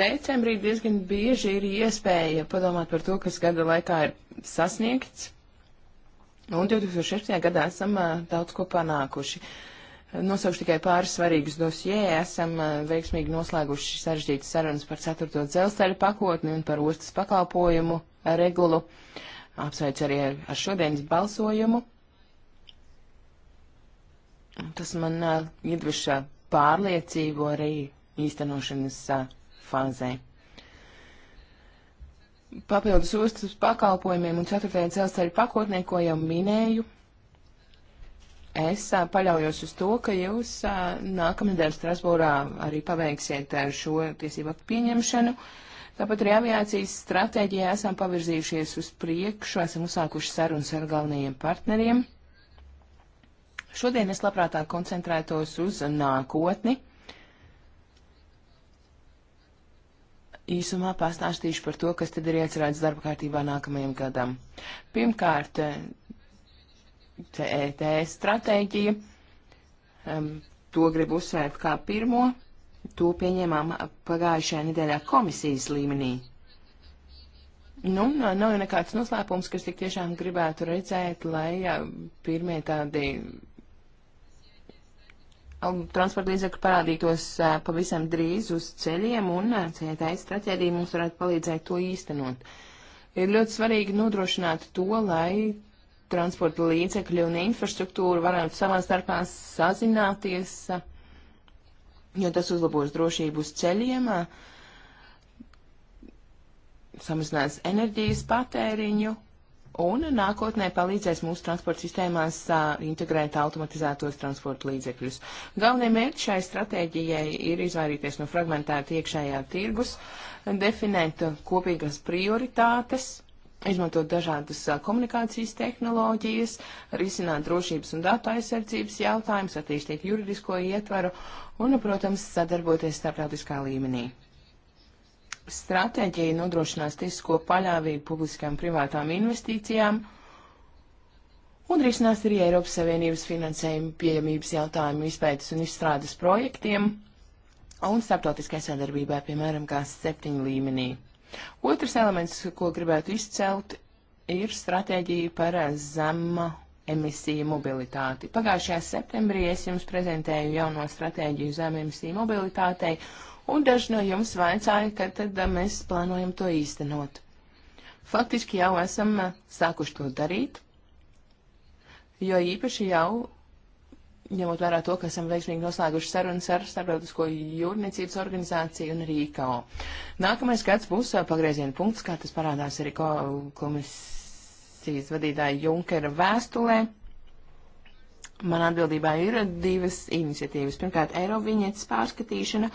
Decembrī diezgan bieži ir iespēja padomāt par to, kas gada laikā ir sasniegts Nu, un 2016. gadā esam daudz ko panākuši. Nosaušu tikai pāris svarīgus dosjē, esam veiksmīgi noslēguši sarežģītas sarunas par 4. dzelzceļa pakotni un par ostas pakalpojumu regulu. Apsveicu arī ar šodienas balsojumu. Tas man iedviša pārliecību arī īstenošanas fāzē papildus ostas pakalpojumiem un ceturtajai dzelzceļa pakotnē, ko jau minēju, es paļaujos uz to, ka jūs nākamnedēļ Strasbūrā arī paveiksiet šo tiesību pieņemšanu. Tāpat arī aviācijas stratēģijā esam pavirzījušies uz priekšu, esam uzsākuši sarunas ar galvenajiem partneriem. Šodien es labprātāk koncentrētos uz nākotni. īsumā pastāstīšu par to, kas tad ir iecerēts darba kārtībā nākamajam gadam. Pirmkārt, CET e stratēģija, um, to gribu uzsvērt kā pirmo, to pieņēmām pagājušajā nedēļā komisijas līmenī. Nu, nav jau nekāds noslēpums, kas tik tiešām gribētu redzēt, lai pirmie tādi Um, transporta līdzekļi parādītos uh, pavisam drīz uz ceļiem, un uh, ceļotājas traķēdija mums varētu palīdzēt to īstenot. Ir ļoti svarīgi nodrošināt to, lai transporta līdzekļi un infrastruktūra varētu savā starpā sazināties, uh, jo tas uzlabos drošību uz ceļiem, samazinās enerģijas patēriņu un nākotnē palīdzēs mūsu transporta sistēmās uh, integrēt automatizētos transporta līdzekļus. Galvenie mērķi šai stratēģijai ir izvairīties no fragmentēta iekšējā tirgus, definēt kopīgas prioritātes, izmantot dažādas a, komunikācijas tehnoloģijas, risināt drošības un datu aizsardzības jautājumus, attīstīt juridisko ietvaru un, protams, sadarboties starptautiskā līmenī. Stratēģija nodrošinās tiesisko paļāvību publiskām privātām investīcijām un risinās arī Eiropas Savienības finansējuma pieejamības jautājumu izpētes un izstrādes projektiem un starptautiskai sadarbībai, piemēram, kā septiņu līmenī. Otrs elements, ko gribētu izcelt, ir stratēģija par zema emisiju mobilitāti. Pagājušajā septembrī es jums prezentēju jauno stratēģiju zem emisiju mobilitātei un daži no jums vaicāja, ka tad mēs plānojam to īstenot. Faktiski jau esam sākuši to darīt, jo īpaši jau ņemot vērā to, ka esam veiksmīgi noslēguši sarunas ar Starptautisko jūrniecības organizāciju un arī IKO. Nākamais gads būs pagrieziena punkts, kā tas parādās arī komisijas vadītāja Junkera vēstulē. Man atbildībā ir divas iniciatīvas. Pirmkārt, Eiroviņietas pārskatīšana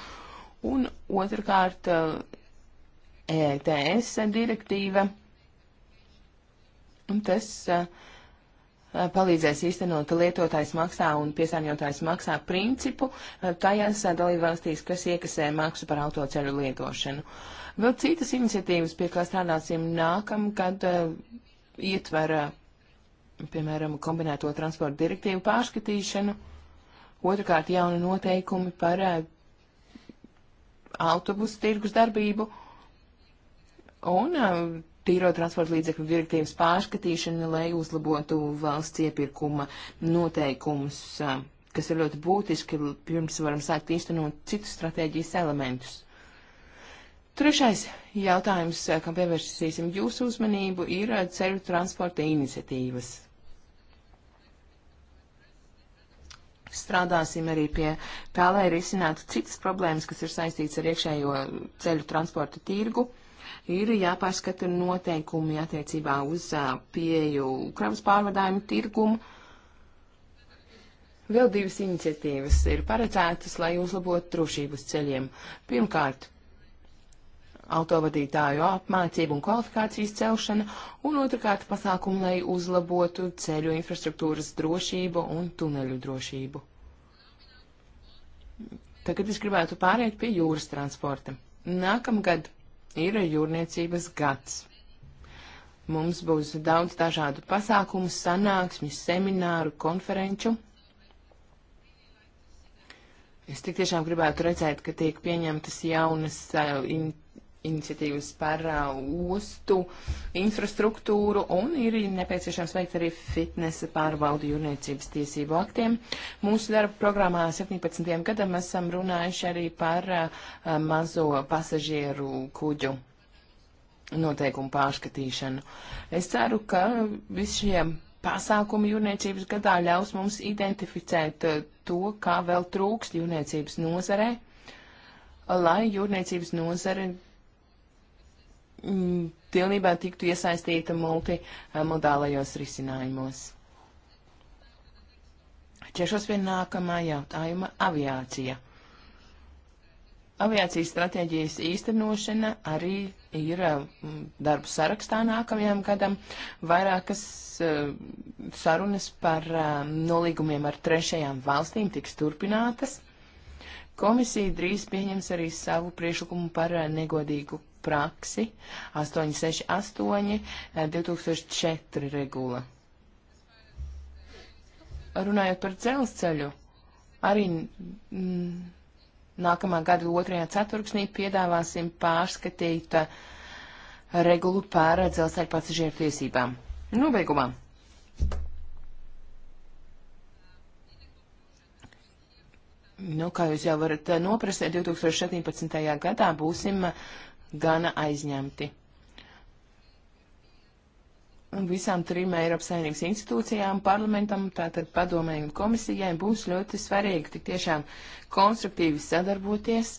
Un otrkārt, ETS eh, e direktīva. Un tas eh, palīdzēs īstenot lietotājs maksā un piesārņotājs maksā principu eh, tajās dalībvalstīs, kas iekasē maksu par autoceļu lietošanu. Vēl citas iniciatīvas, pie kā strādāsim nākamgad, ietver, piemēram, kombinēto transporta direktīvu pārskatīšanu. Otrakārt, jauni noteikumi par autobusu tirgus darbību un uh, tīro transporta līdzekļu direktīvas pārskatīšana, lai uzlabotu valsts iepirkuma noteikumus, uh, kas ir ļoti būtiski, pirms varam sākt īstenot citus stratēģijas elementus. Trešais jautājums, uh, kam pievērsīsim jūsu uzmanību, ir ceļu transporta iniciatīvas. strādāsim arī pie tā, lai risinātu citas problēmas, kas ir saistīts ar iekšējo ceļu transporta tirgu. Ir jāpārskata noteikumi attiecībā uz pieju kravas pārvadājumu tirgumu. Vēl divas iniciatīvas ir paredzētas, lai uzlabotu drošības ceļiem. Pirmkārt, autovadītāju apmācību un kvalifikācijas celšana, un otrkārt pasākumu, lai uzlabotu ceļu infrastruktūras drošību un tuneļu drošību. Tagad es gribētu pāriet pie jūras transporta. Nākamgad ir jūrniecības gads. Mums būs daudz dažādu pasākumu, sanāksmju, semināru, konferenču, Es tik tiešām gribētu redzēt, ka tiek pieņemtas jaunas uh, in, iniciatīvas par uh, ostu infrastruktūru un ir nepieciešams veikt arī fitnesa pārbaudu jūrniecības tiesību aktiem. Mūsu darba programmā 17. gadam esam runājuši arī par uh, mazo pasažieru kuģu noteikumu pārskatīšanu. Es ceru, ka visiem pasākumi jūrniecības gadā ļaus mums identificēt uh, to, kā vēl trūkst jūrniecības nozarei lai jūrniecības nozare Mm, pilnībā tiktu iesaistīta multimodālajos risinājumos. Ķeršos pie nākamā jautājuma - aviācija. Aviācijas stratēģijas īstenošana arī ir mm, darbu sarakstā nākamajam gadam. Vairākas uh, sarunas par uh, nolīgumiem ar trešajām valstīm tiks turpinātas. Komisija drīz pieņems arī savu priešlikumu par uh, negodīgu praksi 868 2004 eh, regula. Runājot par dzelzceļu, arī mm, nākamā gada 2. ceturksnī piedāvāsim pārskatīt uh, regulu par dzelzceļa pasažieru tiesībām. Nobeigumā. Nu, kā jūs jau varat eh, noprast, 2017. gadā būsim gana aizņemti. Un visām trim Eiropas Savienības institūcijām, parlamentam, tātad padomēju un komisijai būs ļoti svarīgi tik tiešām konstruktīvi sadarboties,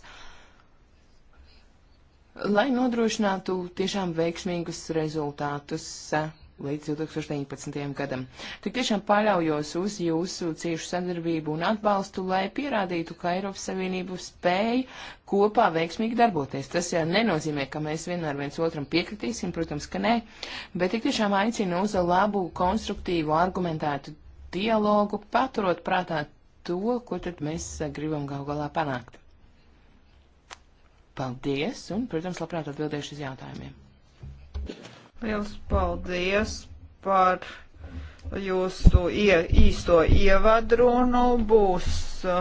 lai nodrošinātu tiešām veiksmīgus rezultātus. Uh, līdz 2019. gadam. Tik tiešām paļaujos uz jūsu ciešu sadarbību un atbalstu, lai pierādītu, ka Eiropas Savienību spēj kopā veiksmīgi darboties. Tas jau nenozīmē, ka mēs vienmēr viens otram piekritīsim, protams, ka nē, bet tik tiešām aicinu uz labu, konstruktīvu, argumentētu dialogu, paturot prātā to, ko tad mēs eh, gribam gal galā panākt. Paldies, un, protams, labprāt atbildēšu uz jautājumiem. Liels paldies par jūsu ie, īsto ievadrunu. Būs uh,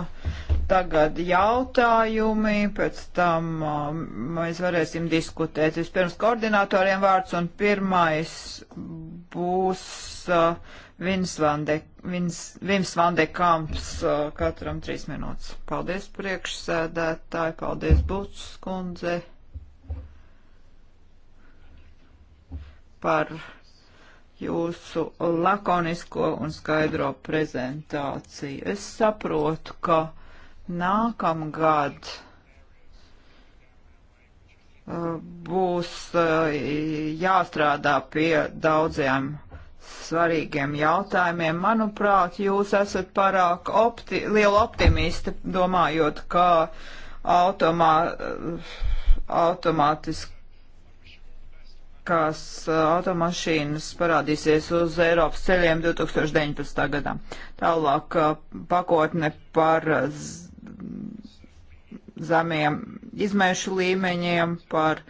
tagad jautājumi, pēc tam uh, mēs varēsim diskutēt. Vispirms koordinatoriem vārds un pirmais būs uh, Vins Vande, Vins, Vims Vande Kamps katram trīs minūtes. Paldies priekšsēdētāji, paldies Būtas kundzei. par jūsu lakonisko un skaidro prezentāciju. Es saprotu, ka nākamgad uh, būs uh, jāstrādā pie daudziem svarīgiem jautājumiem. Manuprāt, jūs esat pārāk opti liela optimista, domājot, ka automā uh, automātiski elektriskās uh, automašīnas parādīsies uz Eiropas ceļiem 2019. gadā. Tālāk uh, pakotne par zemiem izmēšu līmeņiem, par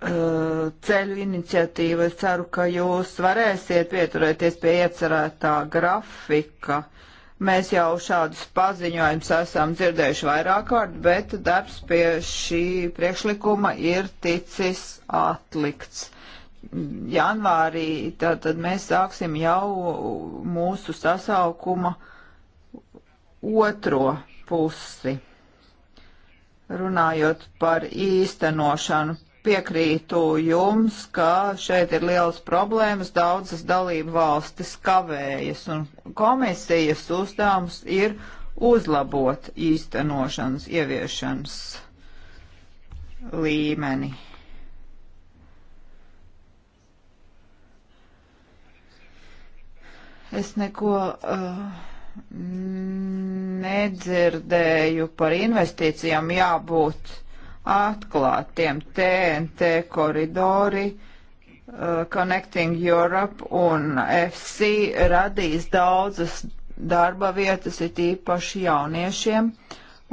uh, ceļu iniciatīvu. Es ceru, ka jūs varēsiet pieturēties pie iecerētā grafika. Uh, Mēs jau šādus paziņojumus esam dzirdējuši vairāk kārt, bet darbs pie šī priekšlikuma ir ticis atlikts. Janvārī tātad mēs sāksim jau mūsu sasaukuma otro pusi runājot par īstenošanu piekrītu jums, ka šeit ir liels problēmas, daudzas dalību valstis kavējas, un komisijas uzdevums ir uzlabot īstenošanas, ieviešanas līmeni. Es neko uh, nedzirdēju par investīcijām jābūt uh, atklātiem TNT koridori. Uh, Connecting Europe un FC radīs daudzas darba vietas, it īpaši jauniešiem,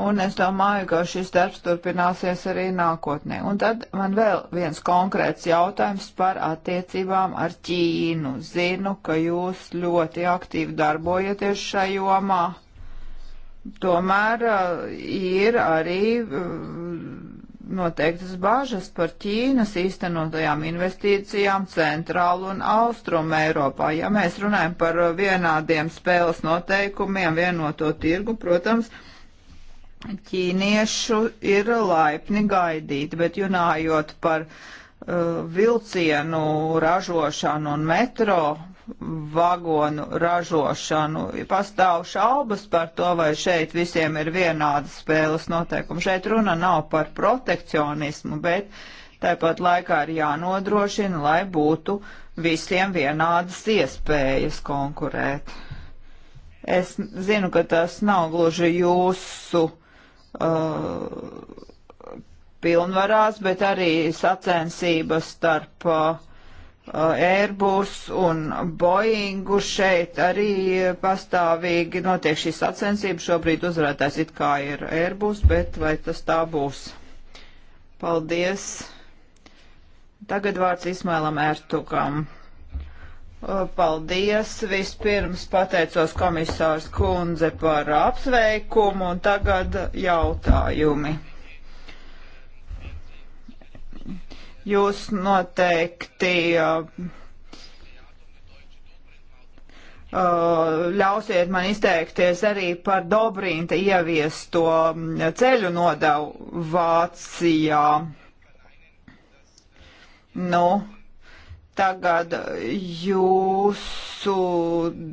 un es domāju, ka šis darbs turpināsies arī nākotnē. Un tad man vēl viens konkrēts jautājums par attiecībām ar Ķīnu. Zinu, ka jūs ļoti aktīvi darbojaties šajā jomā. Tomēr uh, ir arī uh, noteiktas bāžas par Ķīnas īstenotajām investīcijām centrālu un austrumu Eiropā. Ja mēs runājam par vienādiem spēles noteikumiem, vienoto tirgu, protams, ķīniešu ir laipni gaidīt, bet runājot par uh, vilcienu ražošanu un metro vagonu ražošanu. Pastāv šaubas par to, vai šeit visiem ir vienādas spēles noteikumi. Šeit runa nav par protekcionismu, bet tāpat laikā ir jānodrošina, lai būtu visiem vienādas iespējas konkurēt. Es zinu, ka tas nav gluži jūsu uh, pilnvarās, bet arī sacensības starp uh, Eh, Airbus un Boeingu šeit arī pastāvīgi notiek šī sacensība. Šobrīd uzvarētājs it kā ir Airbus, bet vai tas tā būs? Paldies! Tagad vārds Ismailam Ertukam. Eh, paldies! Vispirms pateicos komisārs kundze par apsveikumu un tagad jautājumi. Jūs noteikti uh, uh, ļausiet man izteikties arī par Dobrinta ieviesto um, ceļu nodevu Vācijā. Nu, tagad jūsu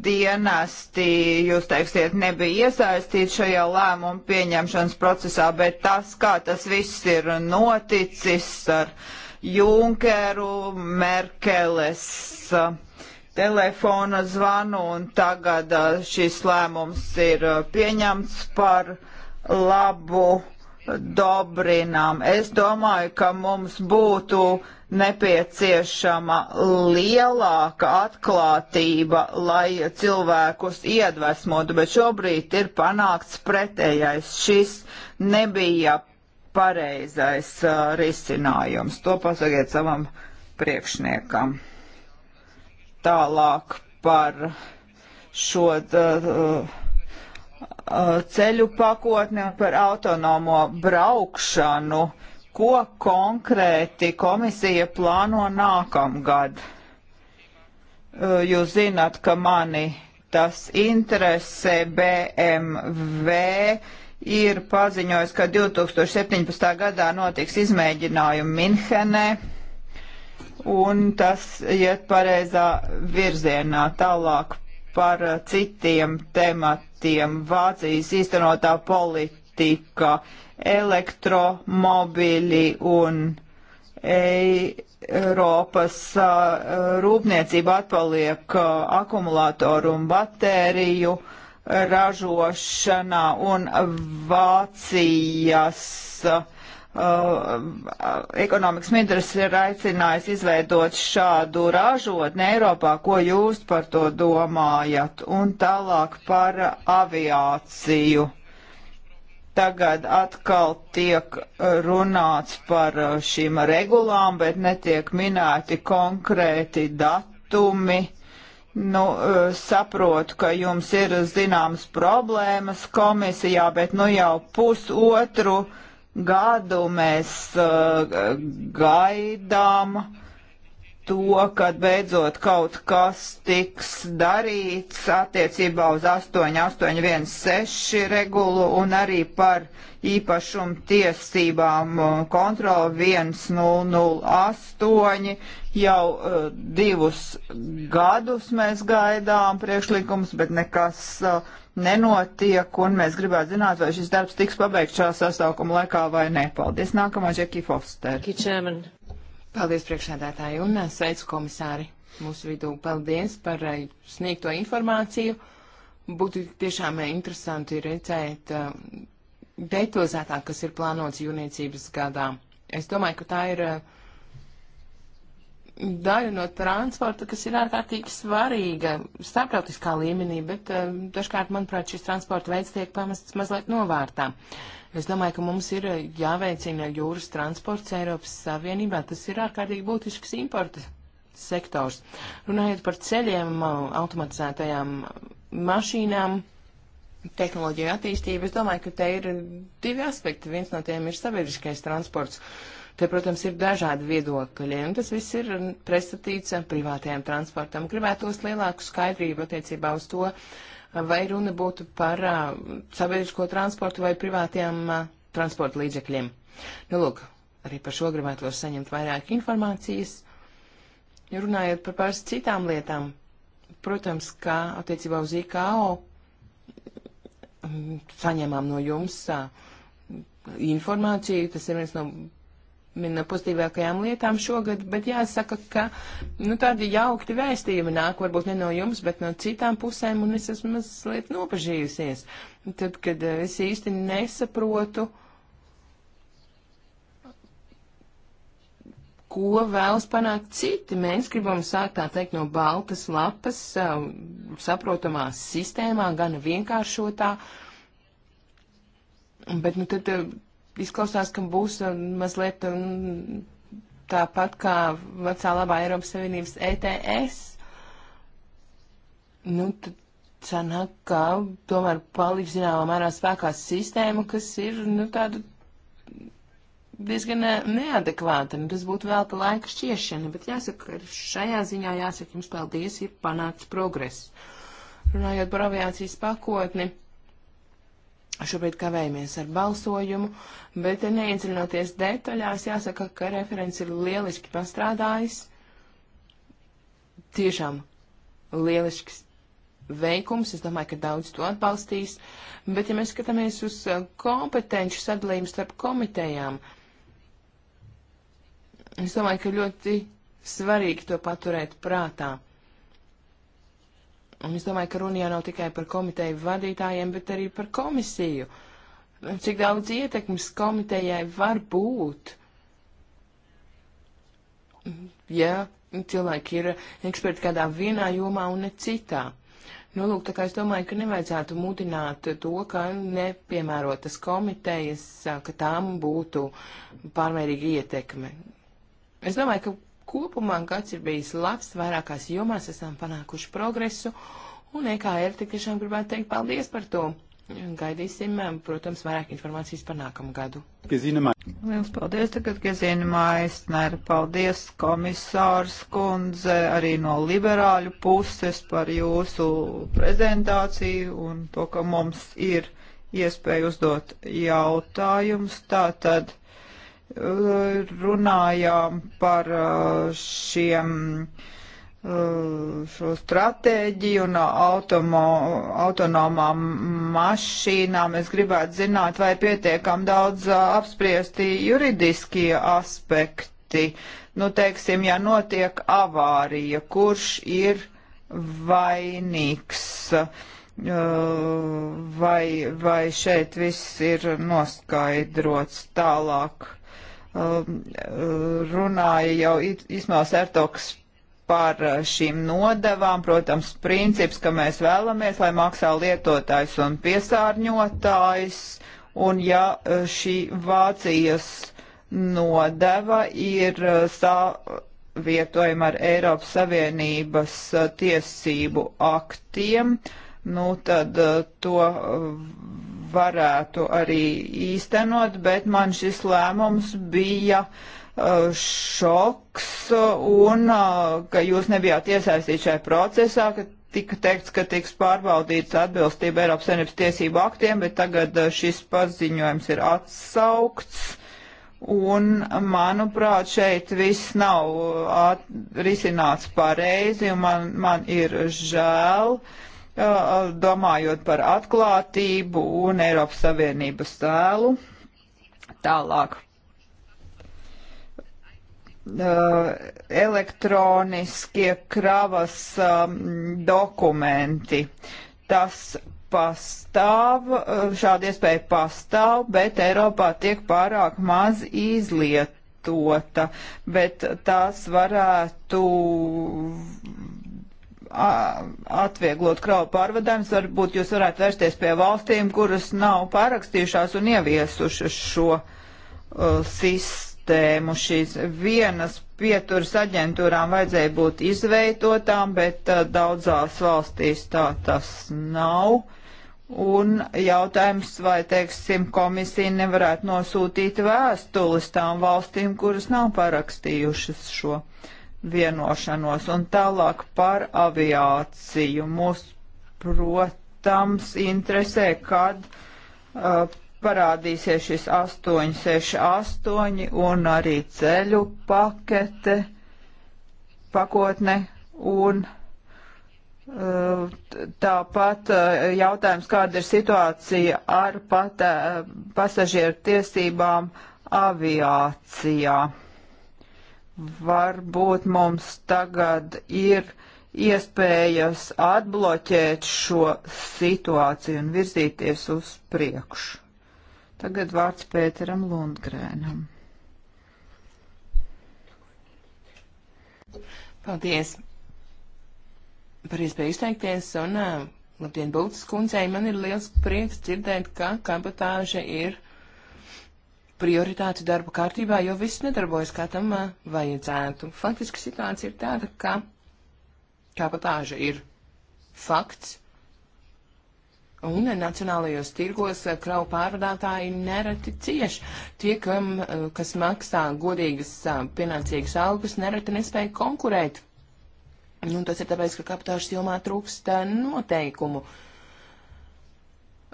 dienesti, jūs teiksiet, nebija iesaistīti šajā lēmumu pieņemšanas procesā, bet tas, kā tas viss ir noticis ar. Uh, Junkeru, Merkeles uh, telefona zvanu, un tagad uh, šis lēmums ir uh, pieņemts par labu Dobrinām. Es domāju, ka mums būtu nepieciešama lielāka atklātība, lai cilvēkus iedvesmotu, bet šobrīd ir panākts pretējais. Šis nebija pareizais uh, risinājums. To pasakiet savam priekšniekam. Tālāk par šo uh, uh, ceļu pakotni un par autonomo braukšanu, ko konkrēti komisija plāno nākamgad. Uh, jūs zināt, ka mani tas interesē BMW ir paziņojis, ka 2017. gadā notiks izmēģinājumi Minhenē, un tas iet pareizā virzienā tālāk par citiem tematiem. Vācijas īstenotā politika, elektromobili un Eiropas uh, rūpniecība atpaliek uh, akumulātoru un batēriju ražošanā un Vācijas uh, ekonomikas ministrs ir aicinājis izveidot šādu ražotni Eiropā, ko jūs par to domājat, un tālāk par aviāciju. Tagad atkal tiek runāts par šīm regulām, bet netiek minēti konkrēti datumi Nu, eh, saprotu, ka jums ir zināmas problēmas komisijā, bet nu jau pusotru gadu mēs uh, gaidām to, ka beidzot kaut kas tiks darīts attiecībā uz 8816 regulu un arī par īpašumu tiesībām uh, kontroli 1008. Jau uh, divus gadus mēs gaidām priekšlikums, bet nekas uh, nenotiek, un mēs gribētu zināt, vai šis darbs tiks pabeigts šā sasaukuma laikā vai nē. Paldies. Nākamā Džeki Foster. Paldies priekšsēdētāji un eh, sveicu komisāri mūsu vidū. Paldies par eh, sniegto informāciju. Būtu tiešām eh, interesanti redzēt detalizētāk, kas ir plānots jūniecības gadā. Es domāju, ka tā ir uh, daļa no transporta, kas ir ārkārtīgi svarīga starptautiskā līmenī, bet eh, dažkārt, manuprāt, šis transporta veids tiek pamests mazliet novārtā. Es domāju, ka mums ir jāveicina jūras transports Eiropas Savienībā. Tas ir ārkārtīgi būtisks importa sektors. Runājot par ceļiem, automatizētajām mašīnām, tehnoloģiju attīstību, es domāju, ka te ir divi aspekti. Viens no tiem ir sabiedriskais transports. Uh, Te, protams, ir dažādi viedokļi, un tas viss ir pretstatīts privātajam transportam. Gribētos lielāku skaidrību attiecībā uz to, vai runa būtu par uh, sabiedrisko transportu vai privātajiem uh, transporta līdzekļiem. Nu, lūk, arī par šo gribētos saņemt vairāk informācijas. Runājot par pāris citām lietām, protams, kā attiecībā uz IKO saņēmām no jums informāciju. Tas ir viens no viena pozitīvākajām lietām šogad, bet jāsaka, ka nu, tādi jaukti vēstījumi nāk varbūt ne no jums, bet no citām pusēm, un es esmu mazliet nopažījusies. Tad, kad eh, es īsti nesaprotu, ko vēlas panākt citi, mēs gribam sākt tā teikt no baltas lapas, eh, saprotamā sistēmā, gan vienkāršotā. Bet, nu, tad eh, izklausās, ka būs uh, mazliet um, tāpat kā vecā labā Eiropas Savienības ETS. Nu, tad sanāk, ka tomēr paliks zināmā mērā spēkā sistēma, kas ir, nu, tāda diezgan uh, neadekvāta. Nu, tas būtu vēl ka laika šķiešana, bet jāsaka, ka šajā ziņā jāsaka jums paldies, ir panācis progress. Runājot par aviācijas pakotni. Šobrīd kavējamies ar balsojumu, bet neiedziļinoties detaļās, jāsaka, ka referents ir lieliski pastrādājis. Tiešām lielisks veikums, es domāju, ka daudz to atbalstīs, bet ja mēs skatāmies uz uh, kompetenci sadalījumu starp komitejām, es domāju, ka ļoti svarīgi to paturēt prātā. Un es domāju, ka runa jau nav tikai par komiteju vadītājiem, bet arī par komisiju. Cik daudz ietekmes komitejai var būt? Ja cilvēki ir eksperti kādā vienā jomā un ne citā. Nu, lūk, tā kā es domāju, ka nevajadzētu mudināt to, ka nepiemērotas komitejas, ka tām būtu pārmērīga ietekme. Es domāju, ka Kopumā gads ir bijis labs, vairākās jomās esam panākuši progresu, un EKR tik tiešām gribētu teikt paldies par to. Gaidīsim, eh, protams, vairāk informācijas par nākamu gadu. Liels paldies, tagad Gezīna Maisner, paldies komisārs kundze, arī no liberāļu puses par jūsu prezentāciju un to, ka mums ir iespēja uzdot jautājumus. Tātad runājām par uh, šiem uh, šo stratēģiju un automo, autonomām mašīnām. Es gribētu zināt, vai pietiekam daudz uh, apspriesti juridiskie aspekti. Nu, teiksim, ja notiek avārija, kurš ir vainīgs, vai, vai šeit viss ir noskaidrots tālāk Um, runāja jau Ismāls Ertoks par uh, šīm nodevām. Protams, princips, ka mēs vēlamies, lai maksā lietotājs un piesārņotājs, un ja uh, šī Vācijas nodeva ir uh, savietojama ar Eiropas Savienības tiesību aktiem, nu tad to varētu arī īstenot, bet man šis lēmums bija uh, šoks un uh, ka jūs nebijāt iesaistīti šajā procesā, ka tika teikts, ka tiks pārbaudīts atbilstība Eiropas Savienības tiesību aktiem, bet tagad uh, šis paziņojums ir atsaukts. Un, manuprāt, šeit viss nav risināts pareizi, un man, man ir žēl. Uh, domājot par atklātību un Eiropas Savienības tēlu. Tālāk. Elektroniskie kravas dokumenti. Tas pastāv, šāda iespēja pastāv, bet Eiropā tiek pārāk maz izlietota, bet tās varētu atvieglot kravu pārvadājumus, varbūt jūs varētu vērsties pie valstīm, kuras nav pārakstījušās un ieviesušas šo uh, sistēmu. Šīs vienas pieturas aģentūrām vajadzēja būt izveidotām, bet uh, daudzās valstīs tā tas nav. Un jautājums, vai, teiksim, komisija nevarētu nosūtīt vēstulis tām valstīm, kuras nav parakstījušas šo uh, vienošanos. Un tālāk par aviāciju. Mūs, protams, interesē, kad uh, parādīsies šis 868 un arī ceļu pakete, pakotne un uh, Tāpat uh, jautājums, kāda ir situācija ar pat, uh, pasažieru tiesībām aviācijā. Varbūt mums tagad ir iespējas atbloķēt šo situāciju un virzīties uz priekšu. Tagad vārds Pēteram Lundgrēnam. Paldies par iespēju izteikties un uh, labdien, Bultas kundzei. Man ir liels prieks dzirdēt, ka kabatāža ir prioritāti darba kārtībā, jo viss nedarbojas, kā tam uh, vajadzētu. Faktiski situācija ir tāda, ka kapatāža ir fakts, un nacionālajos tirgos uh, kravu pārvadātāji nereti cieši. Tie, kam, uh, kas maksā godīgas, pienācīgas algas, nereti nespēja konkurēt. Un nu, tas ir tāpēc, ka kapatāžas jomā trūkst noteikumu. Uh,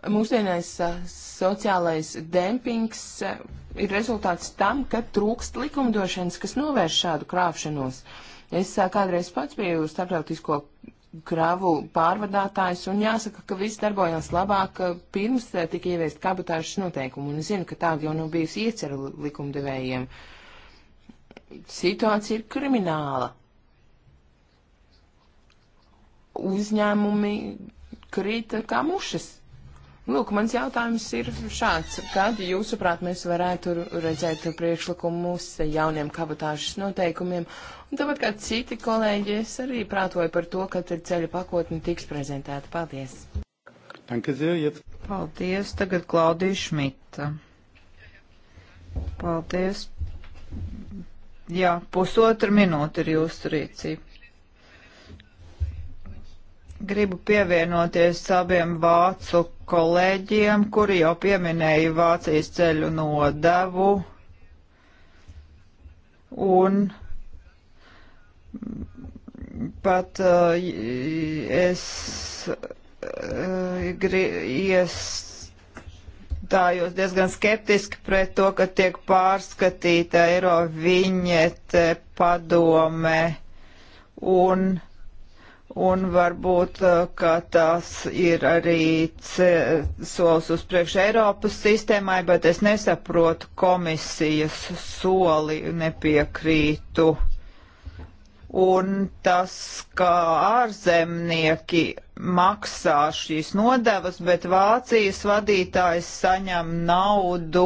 Mūsdienais sociālais dempings ir rezultāts tam, ka trūkst likumdošanas, kas novērš šādu krāpšanos. Es kādreiz pats biju starptautisko kravu pārvadātājs, un jāsaka, ka viss darbojās labāk pirms tika ieviest kabatāžas noteikumu, un es zinu, ka tāda jau nav nu bijusi iecera likumdevējiem. Situācija ir krimināla. Uzņēmumi krīt kā mušas. Lūk, mans jautājums ir šāds. Kādu jūsuprāt mēs varētu redzēt priekšlikumus jauniem kabatāšas noteikumiem? Un tāpat kā citi kolēģi, es arī prātoju par to, ka ceļa pakotne tiks prezentēta. Paldies! Paldies, tagad Klaudija Šmita. Paldies. Jā, pusotra minūte ir jūsu rīcība. Gribu pievienoties abiem vācu kolēģiem, kuri jau pieminēja Vācijas ceļu nodevu un pat uh, es uh, iestājos diezgan skeptiski pret to, ka tiek pārskatīta eiro viņete padome un Un varbūt, uh, ka tas ir arī solis uz priekšu Eiropas sistēmai, bet es nesaprotu komisijas soli, nepiekrītu. Un tas, ka ārzemnieki maksā šīs nodevas, bet Vācijas vadītājs saņem naudu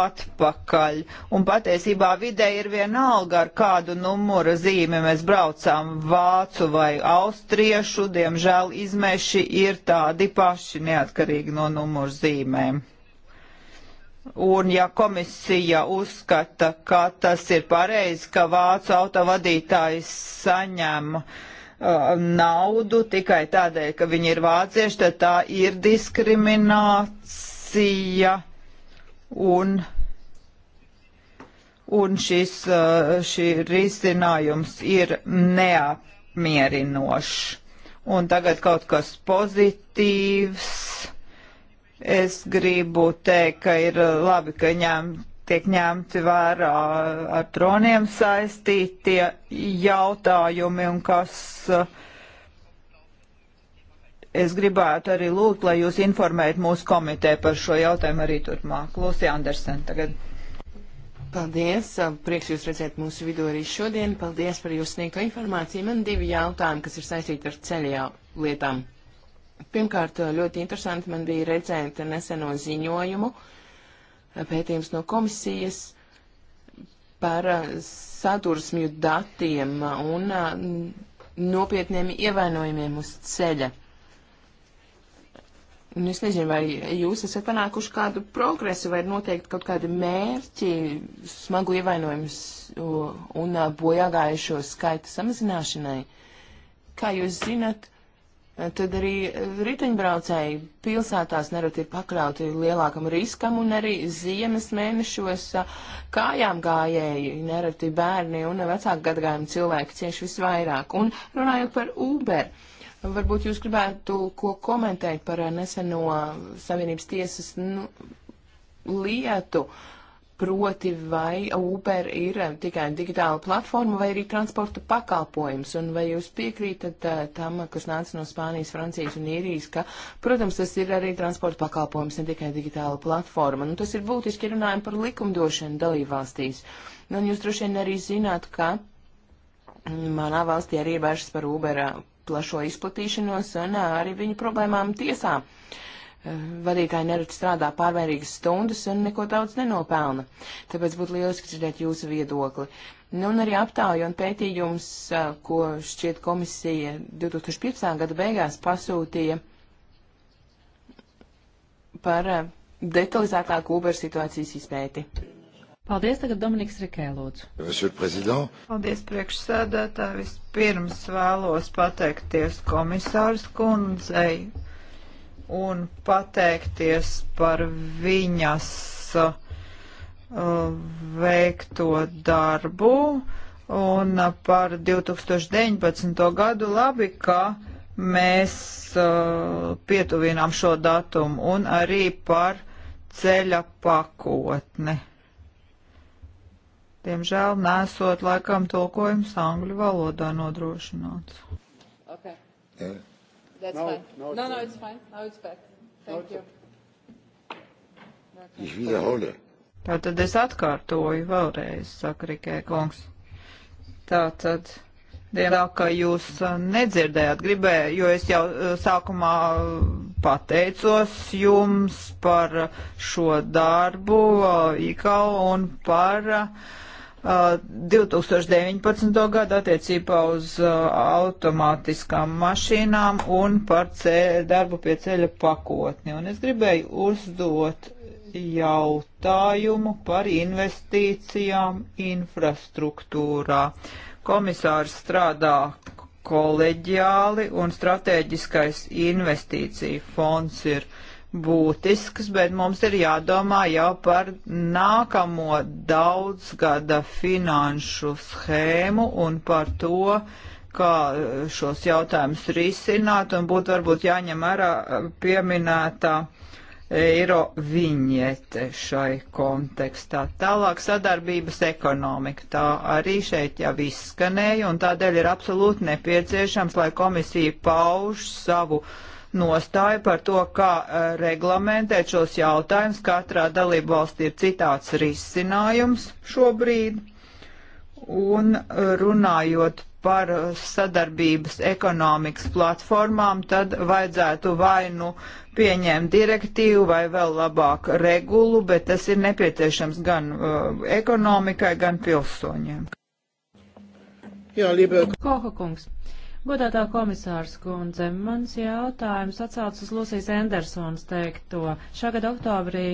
atpakaļ. Un patiesībā vidē ir vienalga, ar kādu numura zīmi mēs braucām vācu vai austriešu, diemžēl izmeši ir tādi paši neatkarīgi no numura zīmēm. Un ja komisija uzskata, ka tas ir pareizi, ka vācu autovadītājs saņem uh, Uh, naudu tikai tādēļ, ka viņi ir vācieši, tad tā ir diskriminācija un, un šis uh, šī risinājums ir neapmierinošs. Un tagad kaut kas pozitīvs. Es gribu teikt, ka ir labi, ka ņemt tiek ņemti vērā ar droniem saistītie jautājumi un kas. Eh, es gribētu arī lūgt, lai jūs informētu mūsu komiteju par šo jautājumu arī turpmāk. Lūsija Andersen tagad. Paldies! Prieks jūs redzēt mūsu vidū arī šodien. Paldies par jūsu sniegto informāciju. Man divi jautājumi, kas ir saistīti ar ceļā lietām. Pirmkārt, ļoti interesanti man bija redzēt neseno ziņojumu pētījums no komisijas par eh, sadursmju datiem un eh, nopietniem ievainojumiem uz ceļa. Un es nezinu, vai jūs esat panākuši kādu progresu, vai ir noteikti kaut kādi mērķi smagu ievainojumus un eh, bojāgājušo skaita samazināšanai. Kā jūs zinat, tad arī riteņbraucēji pilsētās nereti ir pakļauti lielākam riskam, un arī ziemas mēnešos kājām gājēji, nereti bērni un vecāku gadagājumu cilvēki cieši visvairāk. Un runājot par Uber, varbūt jūs gribētu ko komentēt par neseno Savienības tiesas nu, lietu. Uh, proti vai Uber ir eh, tikai digitāla platforma vai arī transporta pakalpojums, un vai jūs piekrītat eh, tam, kas nāca no Spānijas, Francijas un Īrijas, ka, protams, tas ir arī transporta pakalpojums, ne tikai digitāla platforma, un nu, tas ir būtiski runājam par likumdošanu dalībvalstīs. Nu, un jūs droši vien arī zināt, ka manā valstī arī ir bažas par Uber eh, plašo izplatīšanos un arī viņu problēmām tiesām. Uh, vadītāji nerad strādā pārmērīgas stundas un neko daudz nenopelna. Tāpēc būtu lieliski dzirdēt jūsu viedokli. Nu, un arī aptāju un pētījums, ko šķiet komisija 2015. gada beigās pasūtīja par detalizētāku Uber situācijas izpēti. Paldies, tagad Dominiks Rikē, lūdzu. Paldies, priekšsēdētāji. Vispirms vēlos pateikties komisārs kundzei un pateikties par viņas uh, veikto darbu un uh, par 2019. gadu labi, ka mēs uh, pietuvinām šo datumu un arī par ceļa pakotni. Diemžēl nesot laikam tulkojums angļu valodā nodrošināts. Okay. Yeah. That's now, fine. Now no, no, it's fine. Now it's back. Thank now you. Okay. Ich wiederhole. Tātad es atkārtoju vēlreiz, saka Rikē kungs. Tātad, diemžēl, ka jūs uh, nedzirdējāt, gribēju, jo es jau uh, sākumā uh, pateicos jums par šo darbu, IKAU un par uh, 2019. Uh, gadu attiecībā uz uh, automātiskām mašīnām un par ceļa, darbu pie ceļa pakotni. Un es gribēju uzdot jautājumu par investīcijām infrastruktūrā. Komisārs strādā koleģiāli un strateģiskais investīcija fonds ir uh, būtisks, bet mums ir jādomā jau par nākamo daudzgada finanšu schēmu un par to, kā šos jautājumus risināt un būtu varbūt jāņem vērā pieminētā eiro viņete šai kontekstā. Tālāk sadarbības ekonomika. Tā arī šeit jau izskanēja un tādēļ ir absolūti nepieciešams, lai komisija pauž savu uh, nostāju par to, kā e, reglamentēt šos jautājumus. Katrā dalību valstī ir citāds risinājums šobrīd. Un e, runājot par sadarbības ekonomikas platformām, tad vajadzētu vai nu pieņemt direktīvu vai vēl labāk regulu, bet tas ir nepieciešams gan uh, ekonomikai, gan pilsoņiem. Jā, Liebe. Koha kungs. Uh, Godātā komisārs kundze, mans jautājums atsauc uz Lūsijas Endersons teikto. Šā gada oktobrī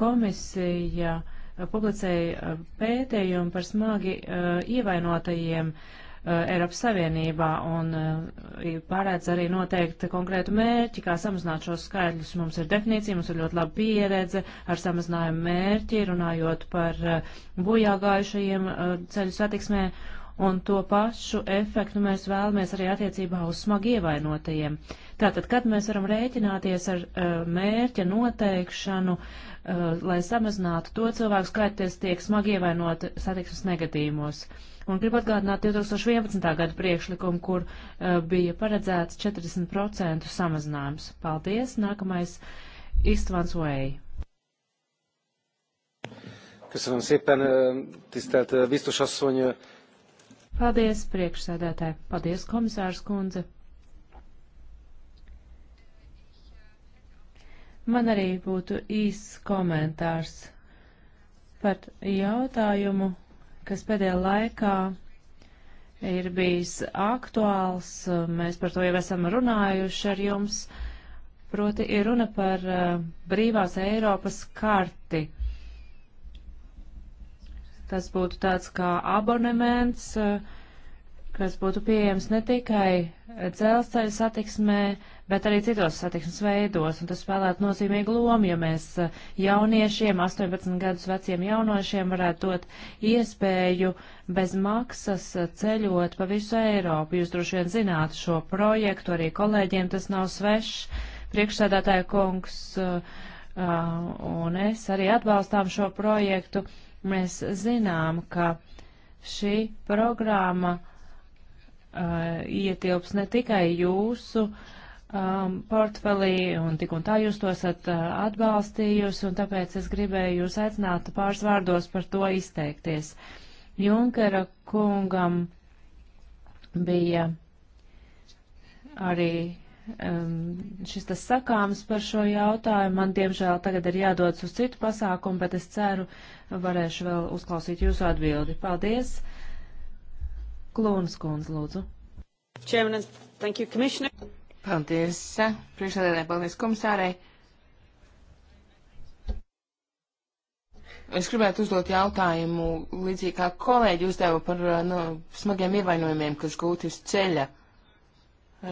komisija uh, publicēja uh, pētījumu par smagi uh, ievainotajiem uh, Eiropas Savienībā un uh, pārēdz arī noteikti konkrētu mērķi, kā samazināt šos skaidrus. Mums ir definīcija, mums ir ļoti laba pieredze ar samazinājumu mērķi, runājot par uh, bojāgājušajiem ceļu satiksmē un to pašu efektu mēs vēlamies arī attiecībā uz smagi ievainotajiem. Tātad, kad mēs varam rēķināties ar uh, mērķa noteikšanu, uh, lai samazinātu to cilvēku skaitu, kas tiek smagi ievainoti satiksmes negadījumos. Un gribu atgādināt 2011. gada priekšlikumu, kur uh, bija paredzēts 40% samazinājums. Paldies! Nākamais Istvans Way. Köszönöm szépen, tisztelt biztos asszony! Paldies, priekšsēdētāji. Paldies, komisārs kundze. Man arī būtu īsts komentārs par jautājumu, kas pēdējā laikā ir bijis aktuāls. Mēs par to jau esam runājuši ar jums. Proti ir runa par uh, brīvās Eiropas karti. Tas būtu tāds kā abonements, eh, kas būtu pieejams ne tikai dzelzceļa satiksmē, bet arī citos satiksmes veidos, un tas spēlētu nozīmīgu lomu, ja mēs eh, jauniešiem, 18 gadus veciem jaunošiem varētu dot iespēju bez maksas eh, ceļot pa visu Eiropu. Jūs droši vien zināt šo projektu, arī kolēģiem tas nav svešs. Priekšsēdētāja kungs uh, un es arī atbalstām šo projektu. Uh, Mēs zinām, ka šī programma uh, ietilps ne tikai jūsu um, portfelī, un tik un tā jūs to esat uh, atbalstījusi, un tāpēc es gribēju jūs aicināt pāris vārdos par to izteikties. Junkera kungam bija arī um, šis tas sakāms par šo jautājumu. Man, diemžēl, tagad ir jādodas uz citu pasākumu, bet es ceru, varēšu vēl uzklausīt jūsu atbildi. Paldies! Klūnas kundze, lūdzu. Chairman, thank you, Commissioner. Paldies, priekšsēdētāji, paldies komisārei. Es gribētu uzdot jautājumu, līdzīgi kā kolēģi uzdeva par nu, smagiem ievainojumiem, kas gūti uz ceļa.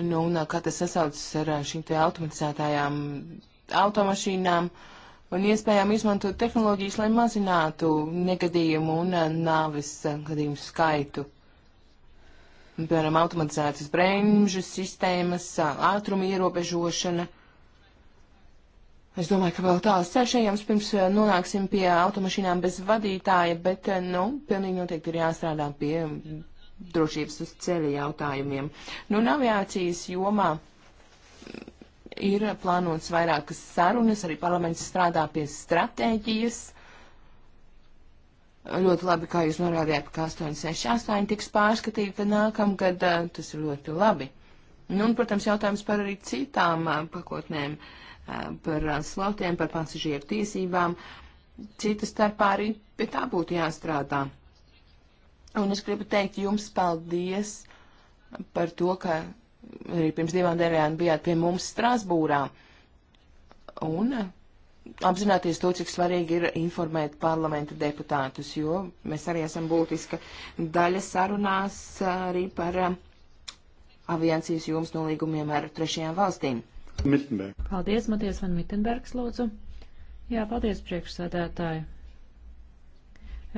Nu, un kā tas sasaucas ar šīm te automatizētājām automašīnām. Uh, un iespējām izmantot tehnoloģijas, lai mazinātu negadījumu un eh, nāves eh, gadījumu skaitu. Piemēram, automatizētas bremžu sistēmas, eh, ātruma ierobežošana. Es domāju, ka vēl tāls ceļš ejams pirms nonāksim pie automašīnām bez vadītāja, bet, nu, pilnīgi noteikti ir jāstrādā pie mm, drošības uz ceļa jautājumiem. Nu, un aviācijas jomā ir plānotas vairākas sarunas, arī parlaments strādā pie stratēģijas. Ļoti labi, kā jūs norādījāt, ka 868 tiks pārskatīta nākamgad, tas ir ļoti labi. Nu, un, protams, jautājums par arī citām pakotnēm, par slotiem, par pasažieru tiesībām. Cita starpā arī pie tā būtu jāstrādā. Un es gribu teikt jums paldies par to, ka arī pirms divām nedēļām bijāt pie mums Strasbūrā. Un eh, apzināties to, cik svarīgi ir informēt parlamenta deputātus, jo mēs arī esam būtiska daļa sarunās arī par eh, aviācijas jomas nolīgumiem ar trešajām valstīm. Mittenberg. Paldies, Maties Van Mittenbergs, lūdzu. Jā, paldies, priekšsēdētāji.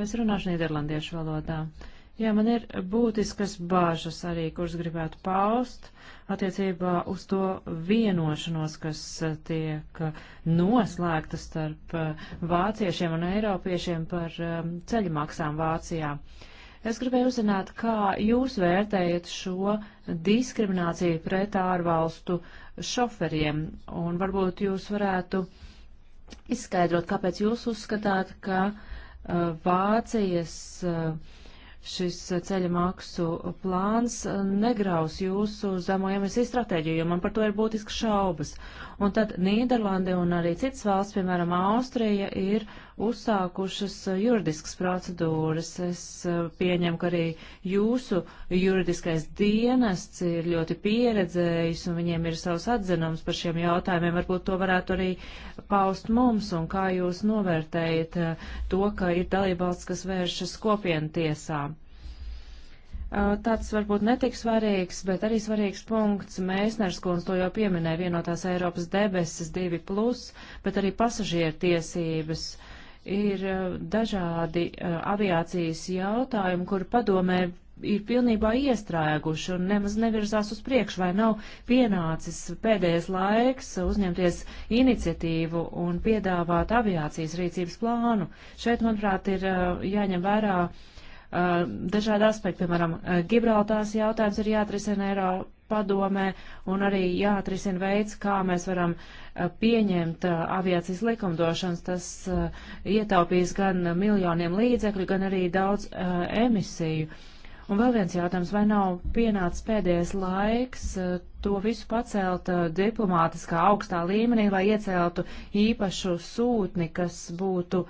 Es runāšu Nīderlandiešu valodā. Uh, Jā, man ir būtiskas bāžas arī, kuras gribētu paust attiecībā uz to vienošanos, kas eh, tiek noslēgta starp eh, vāciešiem un eiropiešiem par eh, ceļu maksām Vācijā. Es gribēju uzzināt, kā jūs vērtējat šo diskrimināciju pret ārvalstu šoferiem, un varbūt jūs varētu izskaidrot, kāpēc jūs uzskatāt, ka uh, Vācijas uh, šis ceļa maksu plāns negraus jūsu zemo emisiju stratēģiju, jo man par to ir būtisks šaubas. Un tad Nīderlande un arī citas valsts, piemēram, Austrija, ir uzsākušas uh, juridiskas procedūras. Es uh, pieņemu, ka arī jūsu juridiskais dienests ir ļoti pieredzējis un viņiem ir savs atzinums par šiem jautājumiem. Varbūt to varētu arī paust mums un kā jūs novērtējat uh, to, ka ir dalībvalsts, kas vēršas kopienu tiesām. Tāds varbūt netik svarīgs, bet arī svarīgs punkts. Mēsners kundze to jau pieminēja vienotās Eiropas debesis 2+, bet arī pasažieru tiesības. Ir dažādi aviācijas jautājumi, kur padomē ir pilnībā iestrēguši un nemaz nevirzās uz priekšu, vai nav pienācis pēdējais laiks uzņemties iniciatīvu un piedāvāt aviācijas rīcības plānu. Šeit, manuprāt, ir jāņem vērā uh, Eh, dažādi aspekti, piemēram, eh, Gibraltārs jautājums ir jāatrisina Eiropā padomē un arī jāatrisina veids, kā mēs varam eh, pieņemt aviācijas likumdošanas. Tas ietaupīs gan miljoniem līdzekļu, gan arī daudz emisiju. Un vēl viens jautājums, vai nav pienācis pēdējais laiks uh, to visu pacelt uh, diplomātiskā augstā līmenī, lai ieceltu īpašu sūtni, kas būtu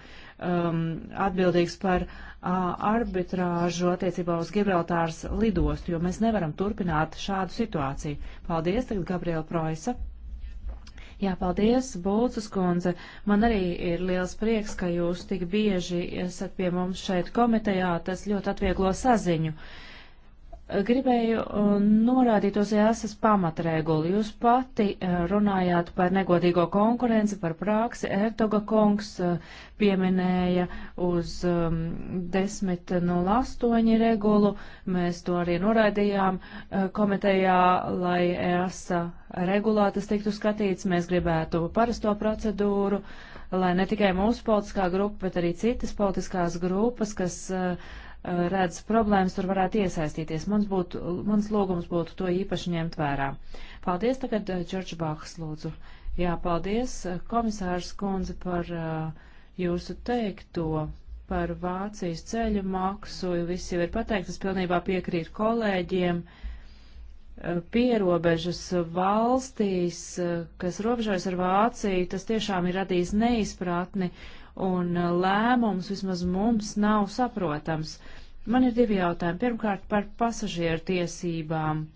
um, atbildīgs par uh, arbitrāžu attiecībā uz Gibraltāras lidostu, jo mēs nevaram turpināt šādu situāciju. Paldies, tagad Gabriela Proisa. Jā, paldies, Bulcas kundze. Man arī ir liels prieks, ka jūs tik bieži esat pie mums šeit komitejā. Tas ļoti atvieglo saziņu. Uh, Gribēju uh, norādīt uz jāsas pamatregulu. Jūs pati uh, runājāt par negodīgo konkurenci, par prāksi. Ertoga kungs uh, pieminēja uz 10.08 um, regulu. Mēs to arī noraidījām komitejā, lai jāsa regulā tas tiktu skatīts. Mēs gribētu parasto procedūru, lai ne tikai mūsu politiskā grupa, bet arī citas politiskās grupas, kas uh, redz problēmas, tur varētu iesaistīties. Mans, būtu, mans lūgums būtu to īpaši ņemt vērā. Paldies tagad, Čorča eh, Bāks, lūdzu. Jā, paldies, eh, komisārs kundze, par eh, jūsu teikto par Vācijas ceļu maksu. Viss jau ir pateikts, es pilnībā piekrītu kolēģiem. Pierobežas valstīs, kas robežojas ar Vāciju, tas tiešām ir radījis neizpratni. Uh, un uh, lēmums vismaz mums nav saprotams. Man ir divi jautājumi. Pirmkārt, par pasažieru tiesībām.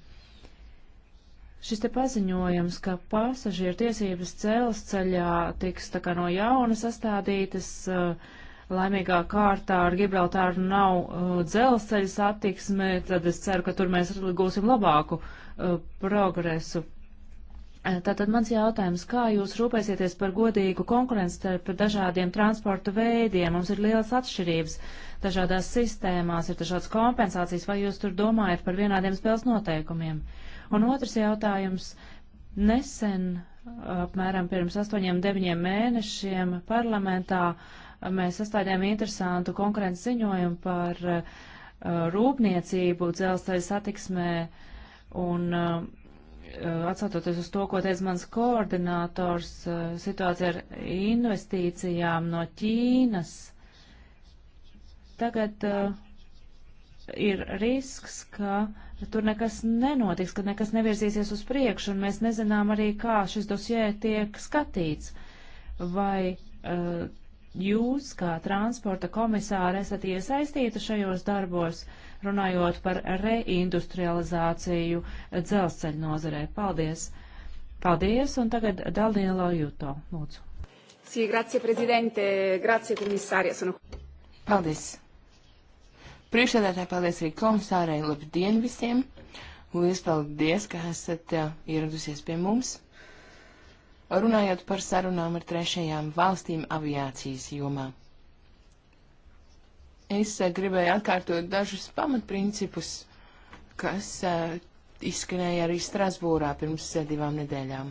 Šis te paziņojums, ka pasažieru tiesības dzelzceļā tiks tā kā no jauna sastādītas, uh, laimīgā kārtā ar Gibraltāru nav uh, dzelzceļa satiksme, tad es ceru, ka tur mēs gūsim labāku progresu Tātad mans jautājums, kā jūs rūpēsieties par godīgu konkurenci starp dažādiem transportu veidiem? Mums ir lielas atšķirības dažādās sistēmās, ir dažādas kompensācijas, vai jūs tur domājat par vienādiem spēles noteikumiem? Un otrs jautājums, nesen, apmēram pirms astoņiem, deviņiem mēnešiem parlamentā mēs sastādījām interesantu konkurences ziņojumu par rūpniecību dzelzceļa satiksmē un Uh, atsatoties uz to, ko teica mans koordinators, uh, situācija ar investīcijām no Ķīnas. Tagad uh, ir risks, ka tur nekas nenotiks, ka nekas nevirzīsies uz priekšu, un mēs nezinām arī, kā šis dosjē tiek skatīts. Vai uh, jūs, kā transporta komisāri, esat iesaistīti šajos darbos? Uh, runājot par reindustrializāciju dzelzceļa nozarē. Paldies! Paldies, un tagad Daniela Juto, lūdzu. Sī, grazie, prezidente, grazie, komisārija. Sono... Paldies! Priekšsēdētāji, paldies arī komisārai, labdien visiem! Lielas paldies, ka esat uh, ieradusies pie mums! runājot par sarunām ar trešajām valstīm aviācijas jomā. Es eh, gribēju atkārtot dažus pamatprincipus, kas eh, izskanēja arī Strasbūrā pirms eh, divām nedēļām.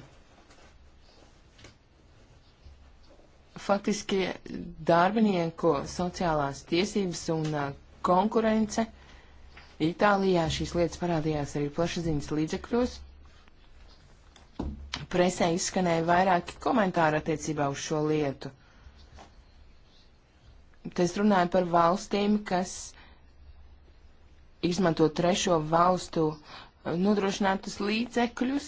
Faktiski darbinieku sociālās tiesības un konkurence Itālijā šīs lietas parādījās arī plašsaziņas līdzekļos. Presē izskanēja vairāki komentāri attiecībā uz šo lietu. Te es runāju par valstīm, kas izmanto trešo valstu eh, nodrošinātus līdzekļus.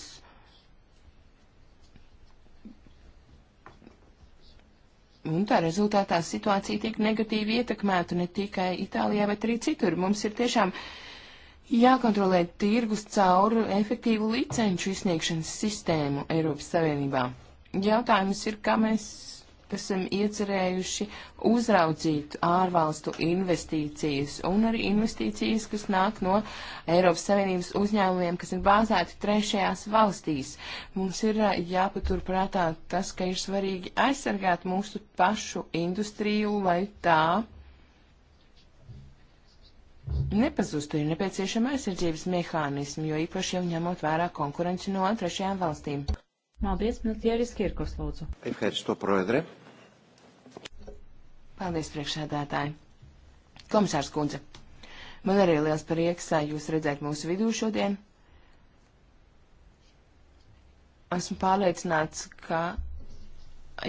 Un tā rezultātā situācija tiek negatīvi ietekmēta ne tikai Itālijā, bet arī citur. Mums ir tiešām jākontrolē tirgus caur efektīvu licenču izsniegšanas sistēmu Eiropas Savienībā. Jautājums ir, kā mēs esam iecerējuši uzraudzīt ārvalstu investīcijas un arī investīcijas, kas nāk no Eiropas Savienības uzņēmumiem, kas ir bāzēti trešajās valstīs. Mums ir jāpaturprātā tas, ka ir svarīgi aizsargāt mūsu pašu industriju, lai tā nepazustu. Ir nepieciešama aizsardzības mehānismi, jo īpaši jau ņemot vērā konkurenci no trešajām valstīm. Paldies, Miltieris Kirkos, lūdzu. Paldies, priekšsēdētāji. Komisārs kundze, man arī liels prieks jūs redzēt mūsu vidū šodien. Esmu pārliecināts, ka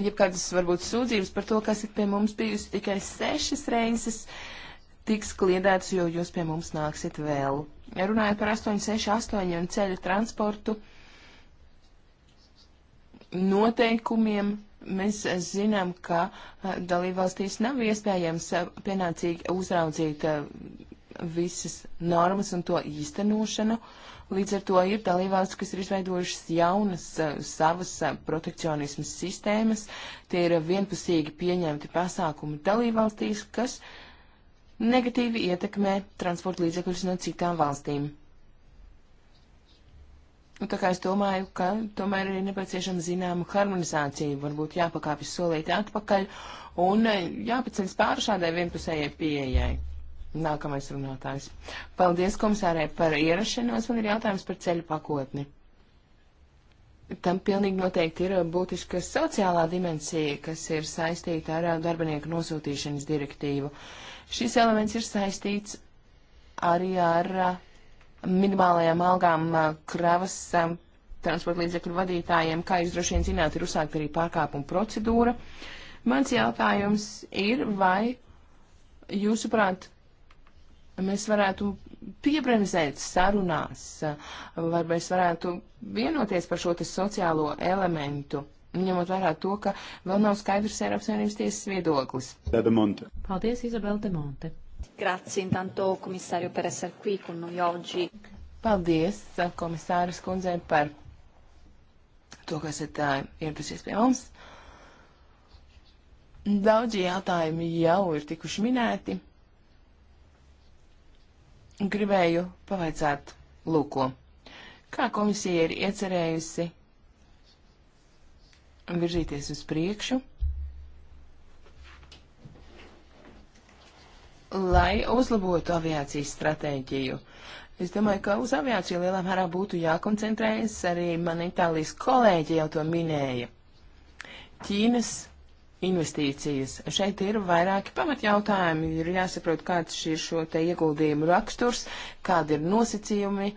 jebkādas varbūt sūdzības par to, kas ir pie mums bijusi tikai sešas reizes, tiks kliedētas, jo jūs pie mums nāksiet vēl. Runājot par 868 un ceļu transportu, uh, noteikumiem mēs zinām, ka eh, dalībvalstīs nav iespējams eh, pienācīgi uzraudzīt eh, visas normas un to īstenošanu. Līdz ar to ir dalībvalsts, kas ir izveidojušas jaunas savas protekcionismas sistēmas. Tie ir vienpusīgi pieņemti pasākumi dalībvalstīs, kas negatīvi ietekmē transporta līdzekļus no citām valstīm. Nu, tā kā es domāju, ka tomēr ir nepieciešama zināma harmonizācija, varbūt jāpakāpjas solīti atpakaļ un e, jāpaceļ pāri šādai vienpusējai pieejai. Nākamais runātājs. Paldies komisārē par ierašanos, man ir jautājums par ceļu pakotni. Tam pilnīgi noteikti ir būtiska sociālā dimensija, kas ir saistīta ar e, darbinieku nosūtīšanas direktīvu. Šis elements ir saistīts arī ar e, minimālajām algām kravas transporta līdzekļu vadītājiem, kā jūs droši vien zināt, ir uzsākta arī pārkāpuma procedūra. Mans jautājums ir, vai jūsuprāt, mēs varētu piebremzēt sarunās, vai mēs varētu vienoties par šo sociālo elementu, ņemot vērā to, ka vēl nav skaidrs Eiropas Savienības tiesas viedoklis. Paldies, Izabela Demonte. Grazie, intanto, komisārio, par esat qui con noi oggi. Paldies, komisāras kundzei, par to, kas ir ieradusies pie mums. Daudzi jautājumi jau ir tikuši minēti. Gribēju pavaicāt lūko, kā komisija ir iecerējusi virzīties uz priekšu lai uzlabotu aviācijas stratēģiju. Es domāju, ka uz aviāciju lielā mērā būtu jākoncentrējas, arī man Itālijas kolēģi jau to minēja. Ķīnas investīcijas. Šeit ir vairāki pamatjautājumi, ir jāsaprot, kāds ir šo te ieguldījumu raksturs, kādi ir nosacījumi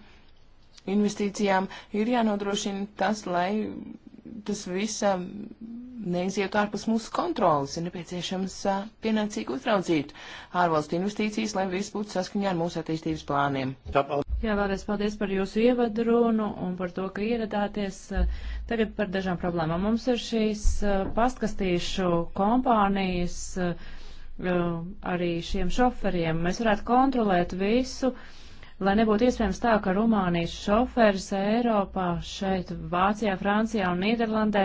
investīcijām, ir jānodrošina tas, lai tas viss neizietu ārpus mūsu kontrolas. Ir nepieciešams pienācīgi uzraudzīt ārvalstu investīcijas, lai viss būtu saskaņā ar mūsu attīstības plāniem. Jā, vēlreiz paldies par jūsu ievadrunu un par to, ka ieradāties. Tagad par dažām problēmām. Mums ir šīs pastkastīšu kompānijas arī šiem šoferiem. Mēs varētu kontrolēt visu. Uh, lai nebūtu iespējams tā, ka Rumānijas šoferis Eiropā, šeit Vācijā, Francijā un Nīderlandē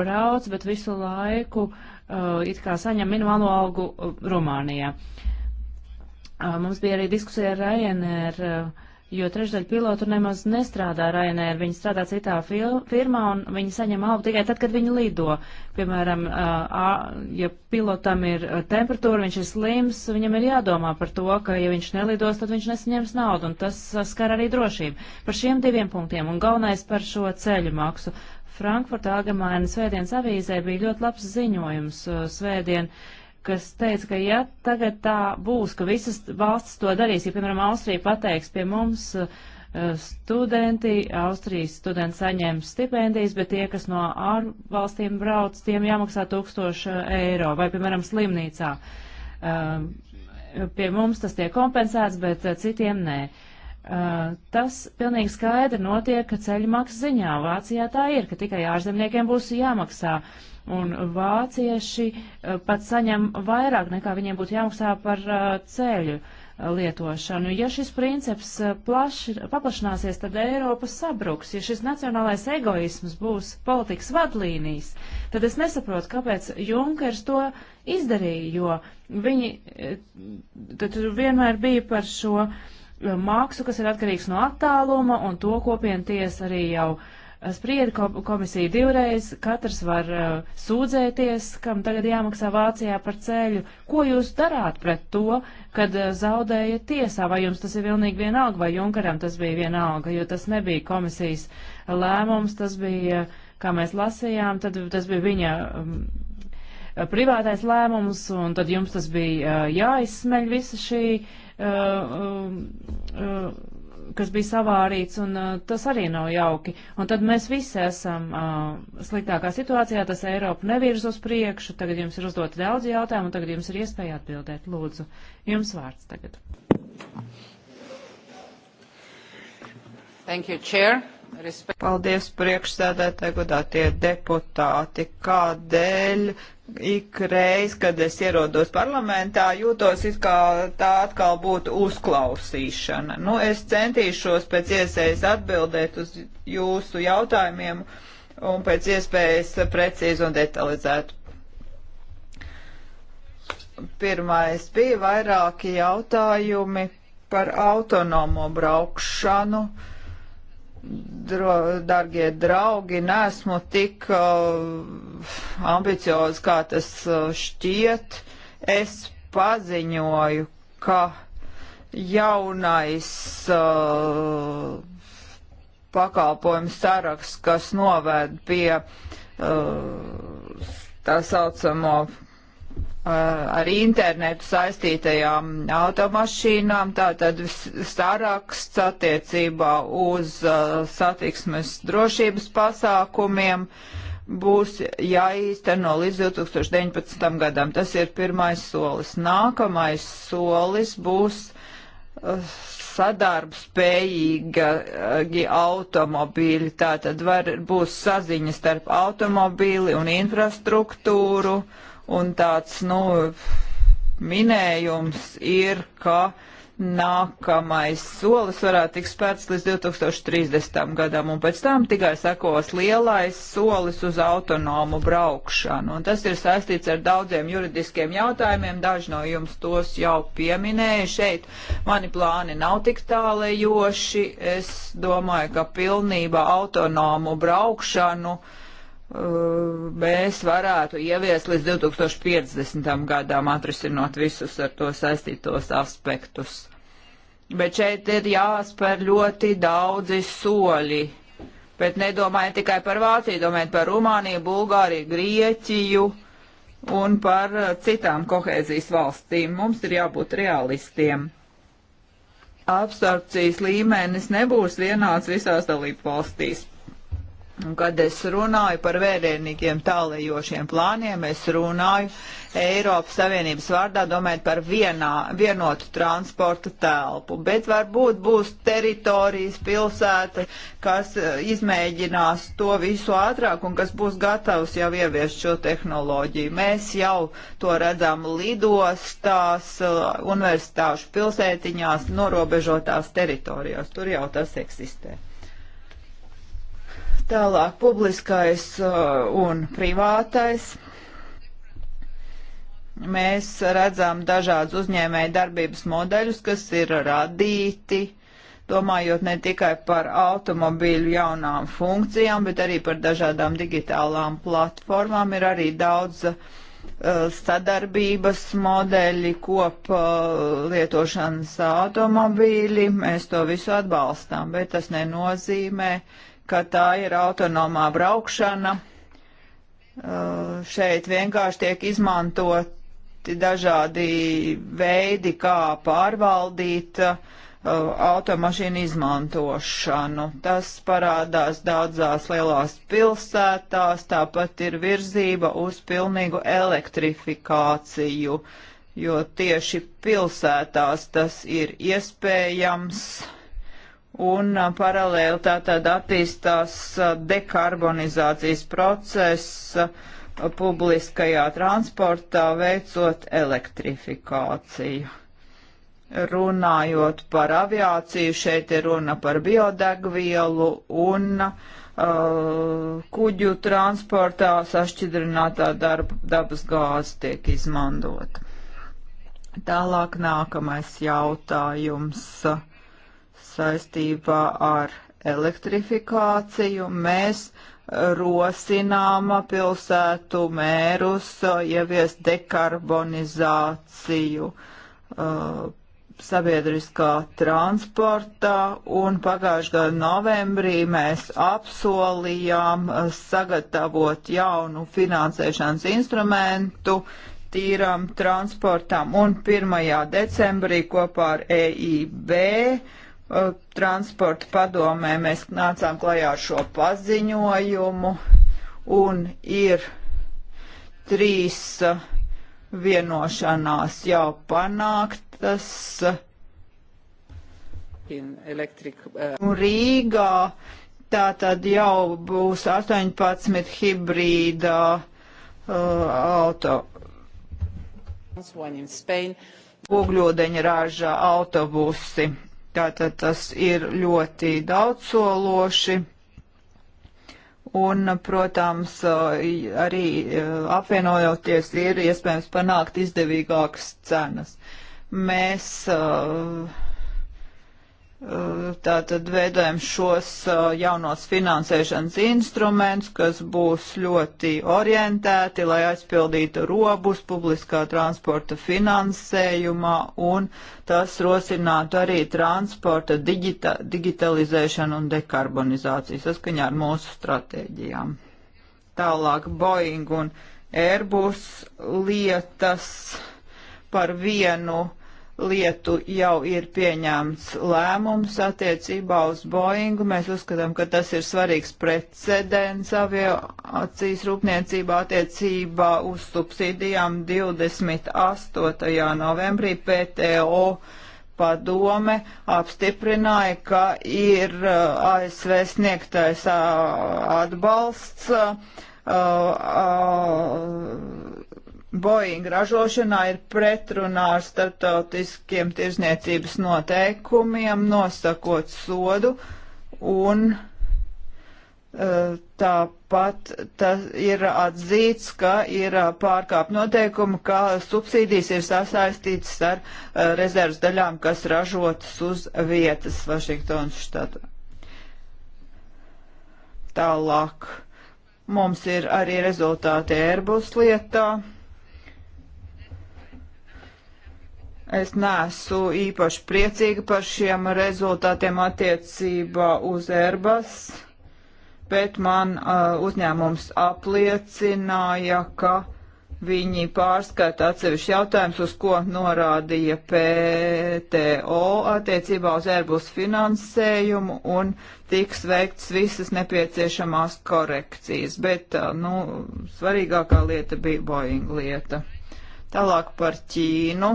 brauc, bet visu laiku uh, it kā saņem minimālo algu uh, Rumānijā. Uh, mums bija arī diskusija ar Ryanair. Uh, jo trešdaļa pilotu nemaz nestrādā Ryanair, viņi strādā citā firmā un viņi saņem algu tikai tad, kad viņi lido. Piemēram, ja pilotam ir temperatūra, viņš ir slims, viņam ir jādomā par to, ka ja viņš nelidos, tad viņš nesaņems naudu, un tas skar arī drošību. Par šiem diviem punktiem un galvenais par šo ceļu maksu. Frankfurta Algemainas svētdienas avīzē bija ļoti labs ziņojums svētdien. Uh, kas teica, ka ja tagad tā būs, ka visas valstis to darīs, ja, piemēram, Austrija pateiks pie mums uh, studenti, Austrijas studenti saņem stipendijas, bet tie, kas no ārvalstīm brauc, tiem jāmaksā tūkstoši eiro, vai, piemēram, slimnīcā. Uh, pie mums tas tiek kompensēts, bet eh, citiem nē. Uh, tas pilnīgi skaidri notiek ceļu maksas ziņā. Vācijā tā ir, ka tikai ārzemniekiem būs jāmaksā uh, Un vācieši eh, pat saņem vairāk nekā viņiem būtu jāmaksā par eh, ceļu eh, lietošanu. Ja šis princips plaši, paplašināsies, tad Eiropa sabruks. Ja šis nacionālais egoisms būs politikas vadlīnijas, tad es nesaprotu, kāpēc Junkers to izdarīja, jo viņi tad vienmēr bija par šo mākslu, kas ir atkarīgs no attāluma, un to kopienu tiesa arī jau uh, Eh, sprieda komisija divreiz, katrs var uh, sūdzēties, kam tagad jāmaksā Vācijā par ceļu. Ko jūs darāt pret to, kad uh, zaudējat tiesā, vai jums tas ir vienīgi vienalga, vai Junkaram tas bija vienalga, jo tas nebija komisijas lēmums, tas bija, kā mēs lasījām, tad tas bija viņa um, privātais lēmums, un tad jums tas bija uh, jāizsmeļ visa šī. Uh, uh, uh, kas bija savārīts, un uh, tas arī nav jauki. Un tad mēs visi esam uh, sliktākā situācijā, tas Eiropa nevirz uz priekšu, tagad jums ir uzdoti daudz jautājumu, un tagad jums ir iespēja atbildēt. Lūdzu, jums vārds tagad. Thank you, Chair. Paldies priekšsēdētāji, godātie deputāti, kādēļ ik reiz, kad es ierodos parlamentā, jūtos it kā tā atkal būtu uzklausīšana. Nu, es centīšos pēc iespējas atbildēt uz jūsu jautājumiem un pēc iespējas precīzi un detalizēt. Pirmais bija vairāki jautājumi par autonomo braukšanu. Uh, dro, dargie draugi, nesmu tik uh, ambiciozs, kā tas uh, šķiet. Es paziņoju, ka jaunais uh, pakalpojums saraksts, kas noved pie uh, tā saucamo Uh, ar internetu saistītajām automašīnām, tātad saraksts attiecībā uz uh, satiksmes drošības pasākumiem būs jāīsteno līdz 2019. gadam. Tas ir pirmais solis. Nākamais solis būs uh, sadarbspējīgi automobīļi. Tātad var, būs saziņa starp automobīli un infrastruktūru un tāds, nu, minējums ir, ka nākamais solis varētu tikt spērts līdz 2030. gadam, un pēc tam tikai sekos lielais solis uz autonomu braukšanu. Un tas ir saistīts ar daudziem juridiskiem jautājumiem, daži no jums tos jau pieminēja šeit. Mani plāni nav tik tālējoši, es domāju, ka pilnībā autonomu braukšanu uh, mēs varētu ieviest līdz 2050. gadām, atrisinot visus ar to saistītos aspektus. Bet šeit ir jāspēr ļoti daudzi soļi. Bet nedomājiet tikai par Vāciju, domājiet par Rumāniju, Bulgāriju, Grieķiju un par uh, citām kohēzijas valstīm. Mums ir jābūt realistiem. Absorpcijas līmenis nebūs vienāds visās dalību valstīs Un kad es runāju par vērienīgiem tālējošiem plāniem, es runāju Eiropas Savienības vārdā, domājot par vienā, vienotu transporta telpu. Bet varbūt būs teritorijas pilsēta, kas e, izmēģinās to visu ātrāk un kas būs gatavs jau ieviest šo tehnoloģiju. Mēs jau to redzam lidostās, e, universitāšu pilsētiņās, norobežotās teritorijās. Tur jau tas eksistē. Tālāk publiskais uh, un privātais. Mēs redzam dažādus uzņēmēju darbības modeļus, kas ir radīti, domājot ne tikai par automobīļu jaunām funkcijām, bet arī par dažādām digitālām platformām. Ir arī daudz uh, sadarbības modeļi, kopa uh, lietošanas automobīļi. Mēs to visu atbalstām, bet tas nenozīmē, uh, ka tā ir autonomā braukšana. Uh, šeit vienkārši tiek izmantoti dažādi veidi, kā pārvaldīt uh, automašīnu izmantošanu. Tas parādās daudzās lielās pilsētās, tāpat ir virzība uz pilnīgu elektrifikāciju, jo tieši pilsētās tas ir iespējams. Uh, un paralēli tātad attīstās dekarbonizācijas process publiskajā transportā veicot elektrifikāciju. Runājot par aviāciju, šeit ir runa par biodegvielu un uh, kuģu transportā sašķidrinātā darba, dabas gāze tiek izmantota. Tālāk nākamais jautājums. Uh, saistībā ar elektrifikāciju mēs rosinām pilsētu mērus uh, ieviest dekarbonizāciju uh, sabiedriskā transportā, un pagājušā gada novembrī mēs apsolījām uh, sagatavot jaunu finansēšanas instrumentu tīram transportam, un 1. decembrī kopā ar EIB uh, Uh, transporta padomē mēs nācām klajā ar šo paziņojumu un ir trīs uh, vienošanās jau panāktas. Electric, uh... Rīgā tā tad jau būs 18 hibrīda uh, auto. Ogļūdeņraža autobusi Tātad tas ir ļoti daudzsološi. Un, protams, arī apvienojoties ir iespējams panākt izdevīgākas cenas. Mēs uh, Tātad veidojam šos uh, jaunos finansēšanas instrumentus, kas būs ļoti orientēti, lai aizpildītu robus publiskā transporta finansējumā, un tas rosinātu arī transporta digita digitalizēšanu un dekarbonizāciju saskaņā ar mūsu stratēģijām. Tālāk Boeing un Airbus lietas par vienu lietu jau ir pieņēmts lēmums attiecībā uz Boeingu. Mēs uzskatām, ka tas ir svarīgs precedents aviācijas rūpniecībā attiecībā uz subsīdijām 28. novembrī PTO padome apstiprināja, ka ir uh, ASV sniegtais uh, atbalsts. Uh, uh, Boeing ražošanā ir pretrunā ar starptautiskiem tirzniecības noteikumiem, nosakot sodu, un eh, tāpat tas ir atzīts, ka ir eh, pārkāp noteikumi, ka subsīdijas ir sasaistītas ar eh, rezerves daļām, kas ražotas uz vietas Vašingtonas štatā. Tālāk. Mums ir arī rezultāti Airbus lietā. Es nesu īpaši priecīga par šiem rezultātiem attiecībā uz Airbus, bet man uh, uzņēmums apliecināja, ka viņi pārskata atsevišķi jautājums, uz ko norādīja PTO attiecībā uz Airbus finansējumu un tiks veikts visas nepieciešamās korekcijas. Bet, uh, nu, svarīgākā lieta bija Boeing lieta. Tālāk par Ķīnu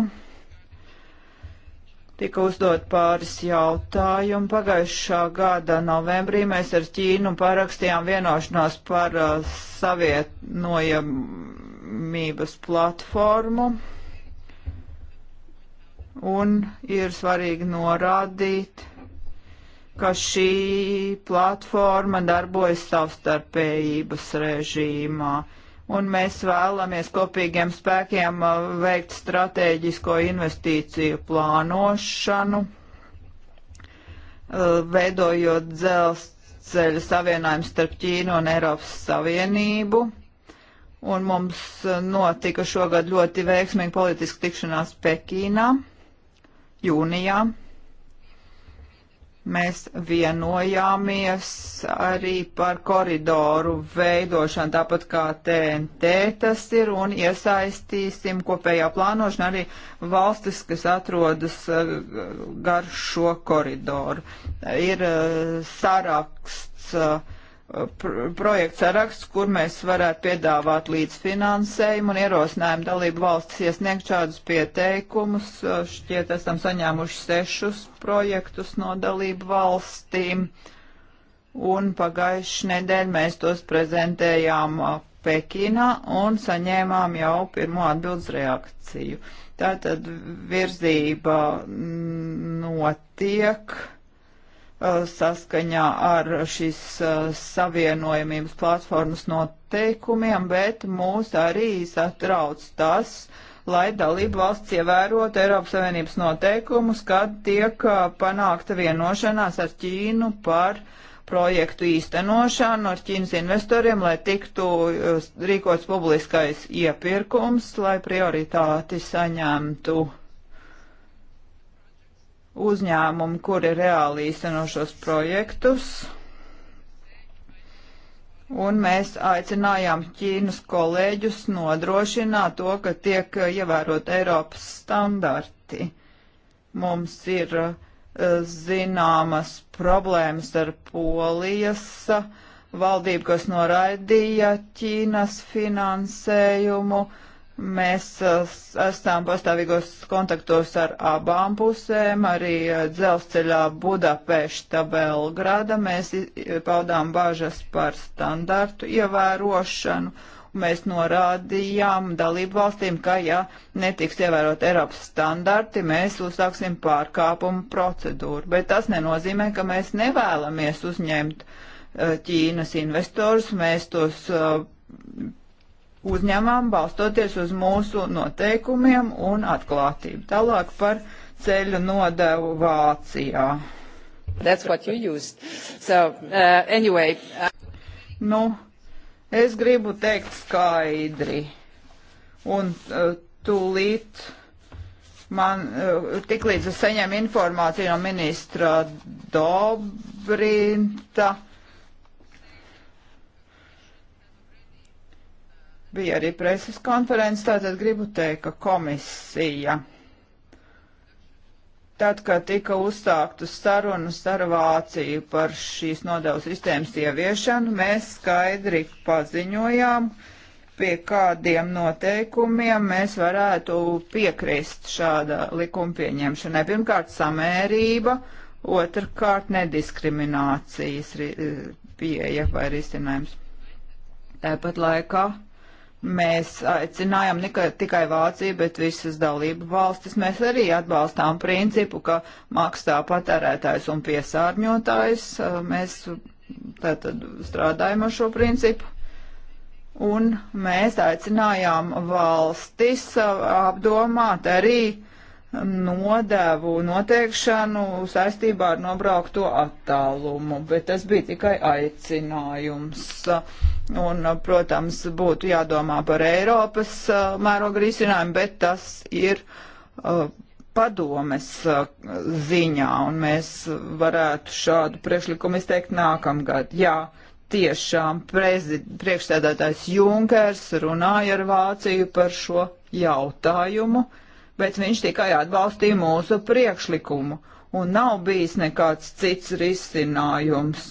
tika uzdot pāris jautājumu. Pagājušā gada novembrī mēs ar Ķīnu parakstījām vienošanos par uh, savienojamības platformu. Un ir svarīgi norādīt, ka šī platforma darbojas savstarpējības režīmā. Uh, un mēs vēlamies kopīgiem spēkiem uh, veikt strateģisko investīciju plānošanu, uh, veidojot dzelzceļa savienojumu starp Ķīnu un Eiropas Savienību. Un mums uh, notika šogad ļoti veiksmīga politiska tikšanās Pekīnā, jūnijā mēs vienojāmies arī par koridoru veidošanu, tāpat kā TNT tas ir, un iesaistīsim kopējā plānošanā arī valstis, kas atrodas eh, gar šo koridoru. Ir eh, saraksts eh, Uh, projekts saraksts, kur mēs varētu piedāvāt līdzfinansējumu un ierosinājumu dalību valstis iesniegt šādus pieteikumus. Uh, šķiet, esam saņēmuši sešus projektus no dalību valstīm, un pagājuši nedēļ mēs tos prezentējām uh, Pekinā un saņēmām jau pirmo atbildes reakciju. Tātad virzība mm, notiek Uh, saskaņā ar šīs uh, savienojamības platformas noteikumiem, bet mūs arī satrauc tas, lai dalību valsts ievērot Eiropas Savienības noteikumus, kad tiek uh, panākta vienošanās ar Ķīnu par projektu īstenošanu ar Ķīnas investoriem, lai tiktu rīkots publiskais iepirkums, lai prioritāti saņemtu uh, uzņēmumi, kuri reāli īsteno šos projektus. Un mēs aicinājām Ķīnas kolēģus nodrošināt to, ka tiek ievērot Eiropas standarti. Mums ir eh, zināmas problēmas ar polijas valdību, kas noraidīja Ķīnas finansējumu. Uh, Mēs eh, esam pastāvīgos kontaktos ar abām pusēm, arī eh, dzelzceļā Budapešta Belgrada. Mēs paudām bāžas par standartu ievērošanu. Mēs norādījām dalību valstīm, ka ja netiks ievērot Eiropas standarti, mēs uzsāksim pārkāpumu procedūru. Bet tas nenozīmē, ka mēs nevēlamies uzņemt eh, Ķīnas investorus. Mēs tos uzņemam, balstoties uz mūsu noteikumiem un atklātību. Tālāk par ceļu nodevu Vācijā. That's what you used. So, uh, anyway. Uh... Nu, es gribu teikt skaidri. Un uh, tūlīt man, uh, tiklīdz es saņemu informāciju no ministra Dobrinta, uh, Bija arī preses konferences, tātad gribu teikt, ka komisija. Tad, kad tika uzsāktas sarunas ar Vāciju par šīs nodevas sistēmas ieviešanu, mēs skaidri paziņojām, pie kādiem noteikumiem mēs varētu piekrist šāda likuma pieņemšanai. Pirmkārt, samērība, otrkārt, nediskriminācijas pieeja vai risinājums. Tāpat laikā Mēs aicinājām tikai Vāciju, bet visas dalību valstis mēs arī atbalstām principu, ka maksā patērētājs un piesārņotājs. Eh, mēs tātad strādājam ar šo principu. Un mēs aicinājām valstis eh, apdomāt arī uh, nodevu noteikšanu saistībā ar nobraukto attālumu, bet tas bija tikai aicinājums. Un, protams, būtu jādomā par Eiropas mēroga risinājumu, bet tas ir padomes ziņā, un mēs varētu šādu priekšlikumu izteikt nākamgad. Jā, tiešām priekšsēdētājs Junkers runāja ar Vāciju par šo jautājumu. Uh, bet viņš tikai atbalstīja mūsu priekšlikumu un nav bijis nekāds cits risinājums.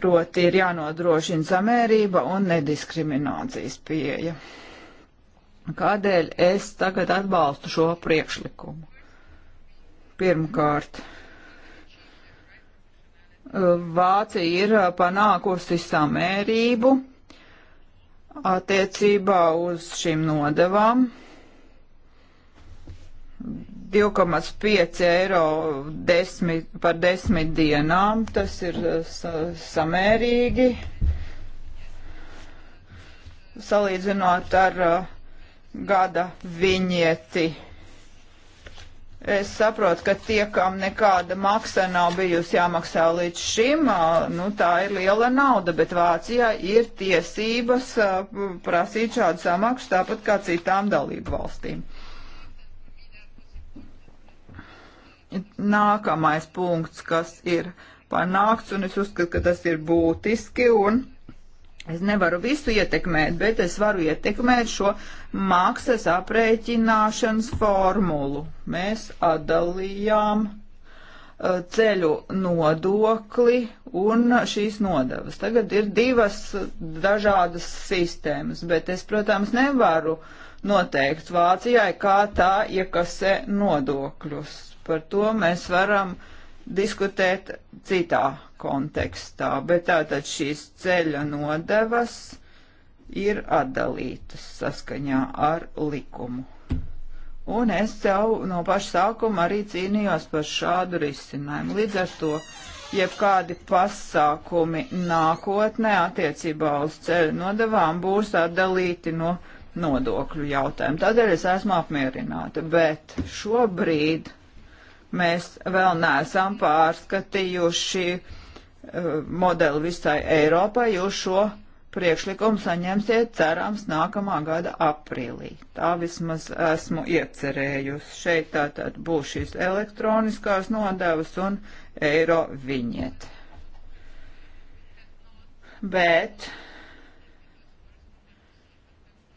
Proti ir jānodrošina samērība un nediskriminācijas pieeja. Kādēļ es tagad atbalstu šo priekšlikumu? Pirmkārt, Vācija ir panākusi samērību attiecībā uz šīm nodevām 2,5 eiro desmit, par desmit dienām. Tas ir uh, sa samērīgi. Salīdzinot ar uh, gada viņieti. Es saprotu, ka tie, kam nekāda maksa nav bijusi jāmaksā līdz šim, uh, nu tā ir liela nauda, bet Vācijā ir tiesības uh, prasīt šādu samaksu tāpat kā citām dalību valstīm. nākamais punkts, kas ir panākts, un es uzskatu, ka tas ir būtiski, un es nevaru visu ietekmēt, bet es varu ietekmēt šo maksas aprēķināšanas formulu. Mēs atdalījām uh, ceļu nodokli un šīs nodevas. Tagad ir divas dažādas sistēmas, bet es, protams, nevaru noteikt Vācijai, kā tā iekasē nodokļus Par to mēs varam diskutēt citā kontekstā, bet tātad šīs ceļa nodevas ir atdalītas saskaņā ar likumu. Un es jau no paša sākuma arī cīnījos par šādu risinājumu. Līdz ar to, jebkādi pasākumi nākotnē attiecībā uz ceļu nodevām būs atdalīti no nodokļu jautājumu. Tādēļ es esmu apmierināta, bet šobrīd Mēs vēl neesam pārskatījuši eh, modeli visai Eiropai, jo šo priekšlikumu saņemsiet cerams nākamā gada aprīlī. Tā vismaz esmu iecerējusi. Šeit tātad būs šīs elektroniskās nodevas un eiro viņiet. Bet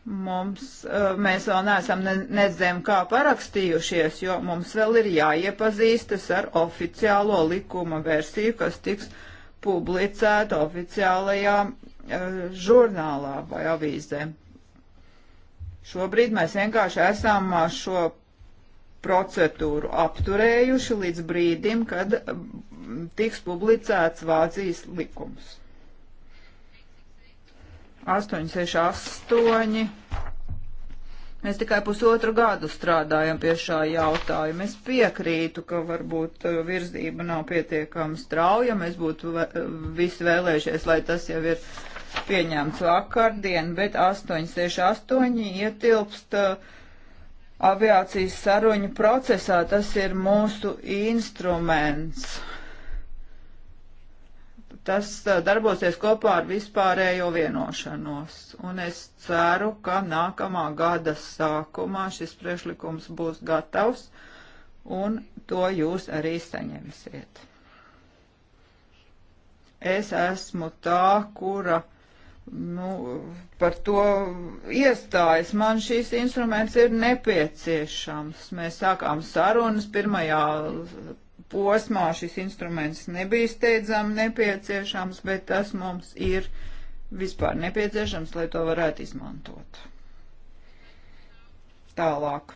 Mums, eh, mēs vēl neesam ne, nezem kā parakstījušies, jo mums vēl ir jāiepazīstas ar oficiālo likuma versiju, kas tiks publicēta oficiālajā eh, žurnālā vai avīzē. Šobrīd mēs vienkārši esam eh, šo procedūru apturējuši līdz brīdim, kad mm, tiks publicēts Vācijas likums. 868. Mēs tikai pusotru gadu strādājam pie šā jautājuma. Es piekrītu, ka varbūt uh, virzība nav pietiekama strauja. Mēs būtu uh, visi vēlējušies, lai tas jau ir pieņemts vakardien, bet 868 ietilpst uh, aviācijas saruņu procesā. Tas ir mūsu instruments tas darbosies kopā ar vispārējo vienošanos. Un es ceru, ka nākamā gada sākumā šis priešlikums būs gatavs un to jūs arī saņemsiet. Es esmu tā, kura nu, par to iestājas. Man šīs instruments ir nepieciešams. Mēs sākām sarunas pirmajā posmā šis instruments nebija steidzami nepieciešams, bet tas mums ir vispār nepieciešams, lai to varētu izmantot. Tālāk.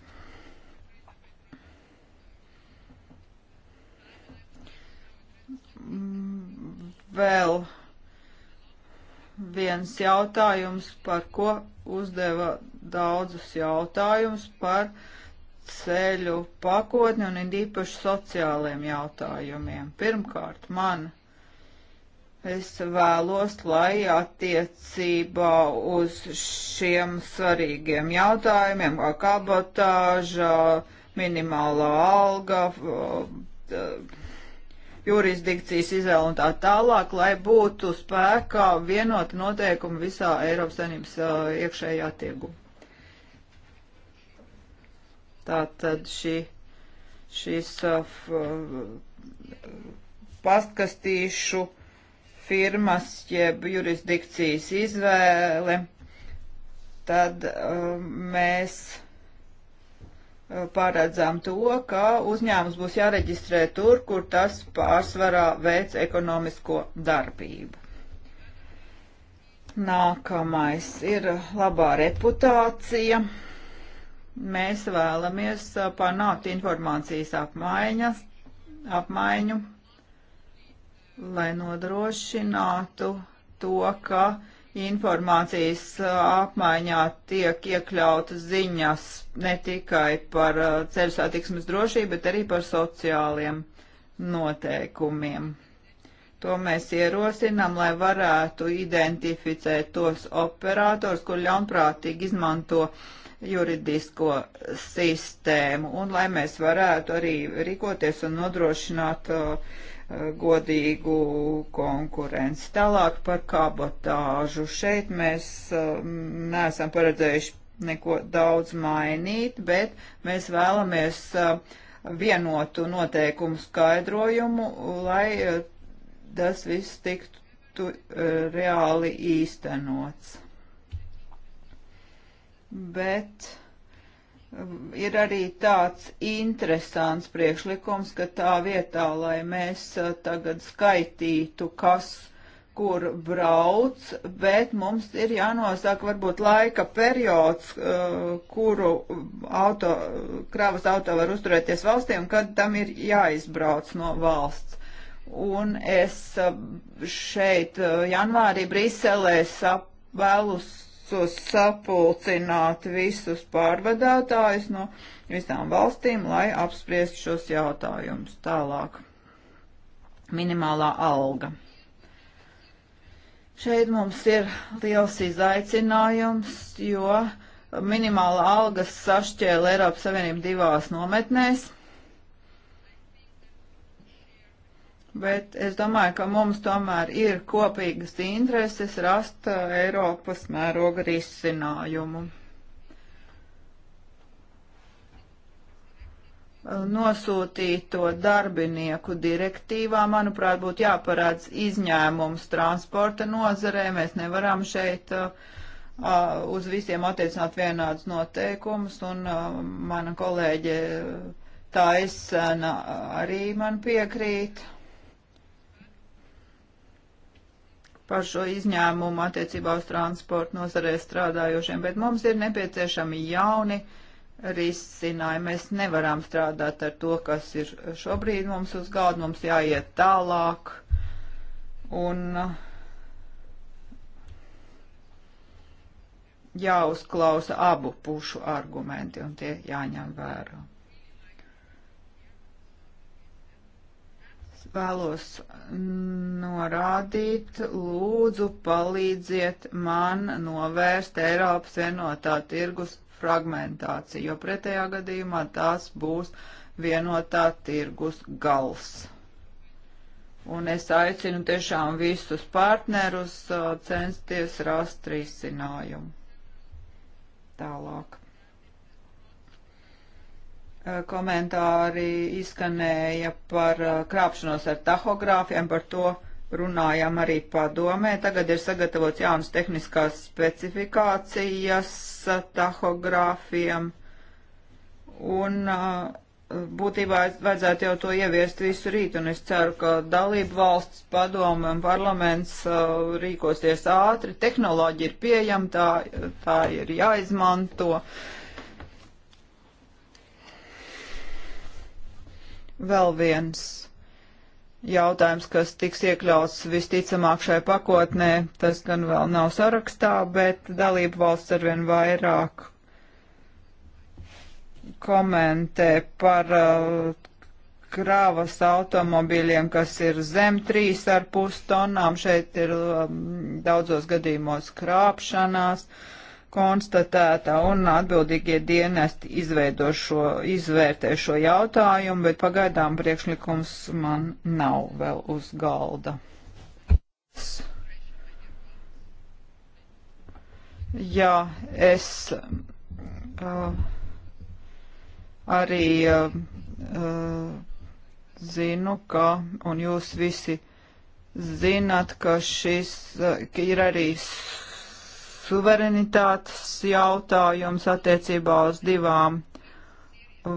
Vēl viens jautājums, par ko uzdeva daudzus jautājumus par uh, ceļu pakotni un ir īpaši sociāliem jautājumiem. Pirmkārt, man es vēlos, lai attiecībā uz šiem svarīgiem jautājumiem, kā kabotāža, minimālā alga, jurisdikcijas izvēle un tā tālāk, lai būtu spēkā vienota noteikuma visā Eiropas Savienības uh, iekšējā tieguma. Tātad šī, šīs uh, pastkastīšu firmas jeb jurisdikcijas izvēle, tad uh, mēs uh, paredzam to, ka uzņēmums būs jāreģistrē tur, kur tas pārsvarā veic ekonomisko darbību. Nākamais ir labā reputācija mēs vēlamies uh, panākt informācijas apmaiņas, apmaiņu, lai nodrošinātu to, ka informācijas uh, apmaiņā tiek iekļautas ziņas ne tikai par uh, ceļu satiksmes drošību, bet arī par sociāliem noteikumiem. To mēs ierosinām, lai varētu identificēt tos operators, kur ļaunprātīgi izmanto uh, juridisko sistēmu un lai mēs varētu arī rīkoties un nodrošināt uh, godīgu konkurenci. Tālāk par kabotāžu. Šeit mēs uh, neesam paredzējuši neko daudz mainīt, bet mēs vēlamies uh, vienotu noteikumu skaidrojumu, lai uh, tas viss tiktu uh, reāli īstenots bet um, ir arī tāds interesants priekšlikums, ka tā vietā, lai mēs uh, tagad skaitītu, kas kur brauc, bet mums ir jānosaka varbūt laika periods, uh, kuru auto, kravas auto var uzturēties valstiem, kad tam ir jāizbrauc no valsts. Un es uh, šeit janvārī Briselē sap, vēlus piecos sapulcināt visus pārvadātājus no visām valstīm, lai apspriest šos jautājumus tālāk. Minimālā alga. Šeit mums ir liels izaicinājums, jo minimāla algas sašķēla Eiropas Savienību divās nometnēs bet es domāju, ka mums tomēr ir kopīgas intereses rast uh, Eiropas mēroga risinājumu. Uh, nosūtīto darbinieku direktīvā, manuprāt, būtu jāparāds izņēmums transporta nozarē. Mēs nevaram šeit uh, uh, uz visiem attiecināt vienādus noteikumus, un uh, mana kolēģe Taisana arī man piekrīt. Uh, par šo izņēmumu attiecībā uz transportu nozarē strādājošiem, bet mums ir nepieciešami jauni risinājumi. Mēs nevaram strādāt ar to, kas ir šobrīd mums uz galda, mums jāiet tālāk. Un uh, jāuzklausa abu pušu argumenti, un tie jāņem vērā. vēlos norādīt, lūdzu palīdziet man novērst Eiropas vienotā tirgus fragmentāciju, jo pretējā gadījumā tās būs vienotā tirgus gals. Un es aicinu tiešām visus partnerus uh, censties rast risinājumu. Tālāk. Eh, komentāri izskanēja par eh, krāpšanos ar tahogrāfiem, par to runājām arī padomē. Tagad ir sagatavots jaunas tehniskās specifikācijas tahogrāfiem, un eh, būtībā vajadzētu jau to ieviest visu rīt, un es ceru, ka dalību valsts padome un parlaments rīkosies ātri. Tehnoloģija ir pieejama, tā, tā ir jāizmanto. Uh, vēl viens jautājums, kas tiks iekļauts visticamāk šai pakotnē. Tas gan vēl nav sarakstā, bet dalību valsts arvien vairāk komentē par uh, krāvas automobīļiem, kas ir zem 3,5 tonnām. Šeit ir um, daudzos gadījumos krāpšanās. Uh, konstatēta un atbildīgie dienesti izveido šo, izvērtē šo jautājumu, bet pagaidām priekšlikums man nav vēl uz galda. Jā, es uh, arī uh, uh zinu, ka, un jūs visi zinat, ka šis uh, ir arī suverenitātes jautājums attiecībā uz divām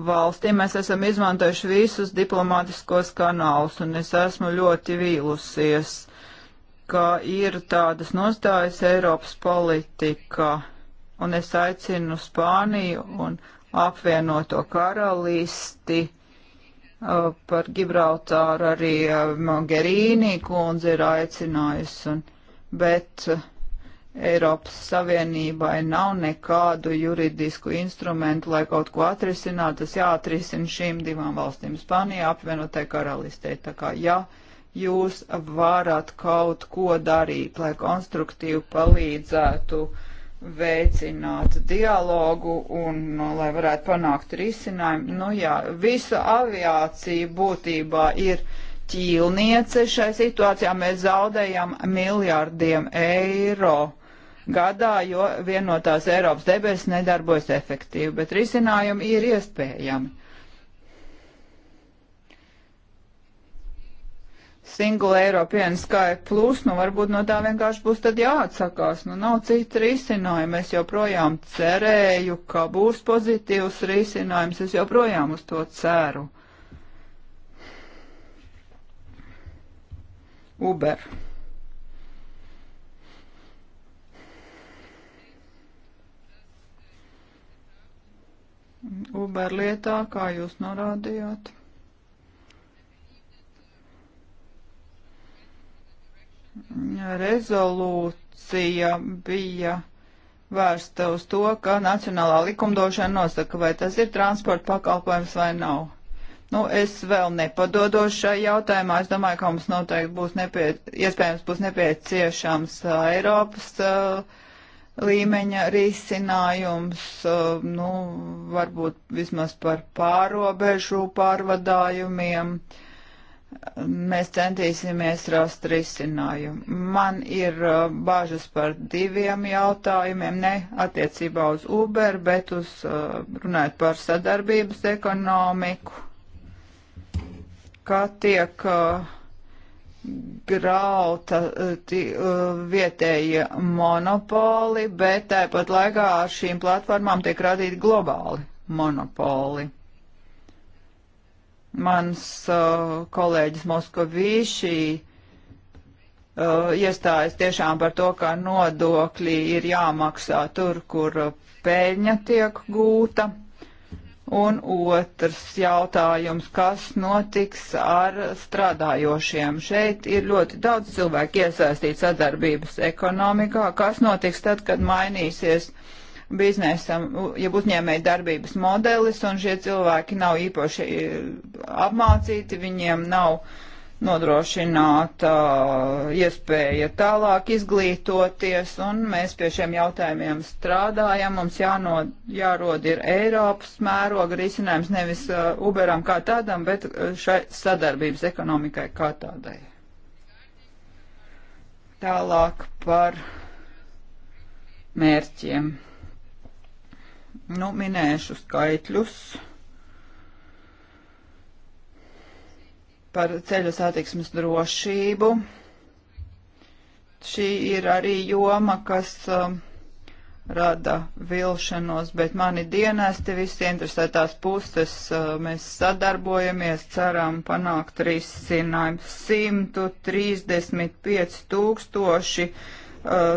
valstīm. Mēs esam izmantojuši visus diplomātiskos kanālus, un es esmu ļoti vīlusies, ka ir tādas nostājas Eiropas politika, un es aicinu Spāniju un apvienoto karalisti uh, par Gibraltāru arī uh, Mogherīnī kundze ir aicinājusi, un, bet uh, Eiropas Savienībai nav nekādu juridisku instrumentu, lai kaut ko atrisinātu. Tas jāatrisina šīm divām valstīm - Spānijā, apvienotai karalistē. Tā kā, ja jūs varat kaut ko darīt, lai konstruktīvi palīdzētu veicināt dialogu un no, nu, lai varētu panākt risinājumu, nu jā, visa aviācija būtībā ir ķīlniece šai situācijā. Mēs zaudējam miljārdiem eiro gadā, jo vienotās Eiropas debesis nedarbojas efektīvi, bet risinājumi ir iespējami. Single European Sky Plus, nu varbūt no tā vienkārši būs tad jāatsakās, nu nav cita risinājuma, es joprojām cerēju, ka būs pozitīvs risinājums, es joprojām uz to ceru. Uber. Uber lietā, kā jūs norādījāt. Rezolūcija bija vērsta uz to, ka nacionālā likumdošana nosaka, vai tas ir transporta pakalpojums vai nav. Nu, es vēl nepadodos šai jautājumā. Es domāju, ka mums noteikti būs nepie, iespējams būs nepieciešams uh, Eiropas uh, līmeņa risinājums, uh, nu, varbūt vismaz par pārobežu pārvadājumiem. Mēs centīsimies rast risinājumu. Man ir uh, bāžas par diviem jautājumiem, ne attiecībā uz Uber, bet uz uh, runājot par sadarbības ekonomiku, kā tiek uh, grauta eh, eh, vietējie monopoli, bet tāpat laikā ar šīm platformām tiek radīti globāli monopoli. Mans uh, kolēģis Moskovīši uh, iestājas tiešām par to, ka nodokļi ir jāmaksā tur, kur peļņa tiek gūta Un otrs jautājums, kas notiks ar strādājošiem? Šeit ir ļoti daudz cilvēku iesaistīts sadarbības ekonomikā. Kas notiks tad, kad mainīsies biznesam, ja uzņēmēji darbības modelis un šie cilvēki nav īpaši apmācīti, viņiem nav nodrošināta uh, iespēja tālāk izglītoties, un mēs pie šiem jautājumiem strādājam. Mums jānod, jārod ir Eiropas mēroga risinājums nevis uh, Uberam kā tādam, bet uh, šai sadarbības ekonomikai kā tādai. Tālāk par mērķiem. Nu, minēšu skaitļus. par ceļu satiksmes drošību. Šī ir arī joma, kas uh, rada vilšanos, bet mani dienesti, visi interesētās puses, uh, mēs sadarbojamies, ceram panākt risinājumu. 135 tūkstoši uh,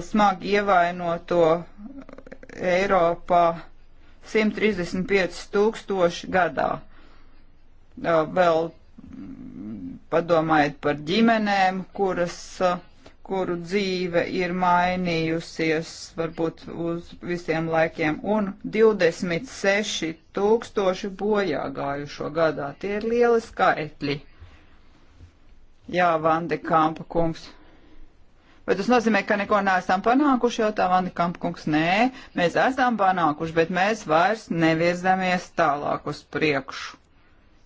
smagi ievainoto Eiropā, 135 tūkstoši gadā. Uh, vēl padomājiet par ģimenēm, kuras, kuru dzīve ir mainījusies varbūt uz visiem laikiem, un 26 tūkstoši bojā gājušo gadā. Tie ir lieli skaitļi. Jā, Vande Kampa kungs. Vai tas nozīmē, ka neko neesam panākuši, jautā Vanda Kampkungs? Nē, mēs esam panākuši, bet mēs vairs nevirzamies tālāk uz priekšu.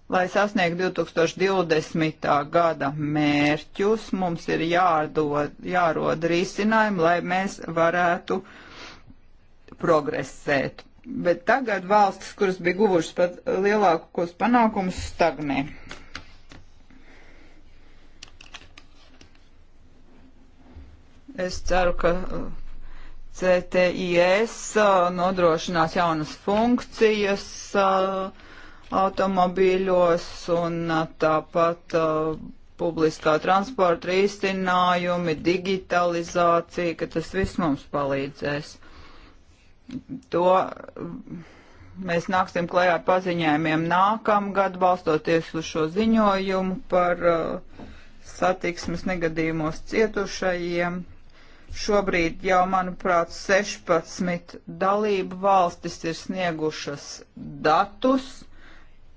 Lai sasniegtu 2020. gada mērķus, mums ir jādod, jārod risinājumi, lai mēs varētu progresēt. Bet tagad valstis, kuras bija guvušas pat lielākos panākumus, stagnē. Es ceru, ka uh, CTIS uh, nodrošinās jaunas funkcijas. Uh, automobīļos un uh, tāpat uh, publiskā transporta īstenājumi, digitalizācija, ka tas viss mums palīdzēs. To mm, mēs nāksim klajā ar paziņojumiem nākamgad, balstoties uz šo ziņojumu par uh, satiksmes negadījumos cietušajiem. Šobrīd jau, manuprāt, 16 dalību valstis ir sniegušas datus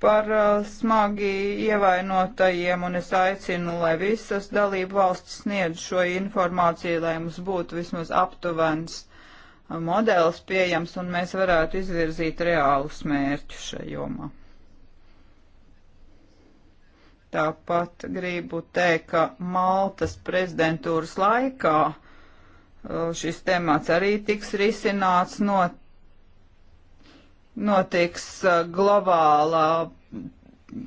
par uh, smagi ievainotajiem, un es aicinu, lai visas dalību valstis sniedz šo informāciju, lai mums būtu vismaz aptuvens uh, modelis pieejams, un mēs varētu izvirzīt reālus mērķus šajā jomā. Tāpat gribu teikt, ka Maltas prezidentūras laikā uh, šis temats arī tiks risināts, not notiks uh, globālā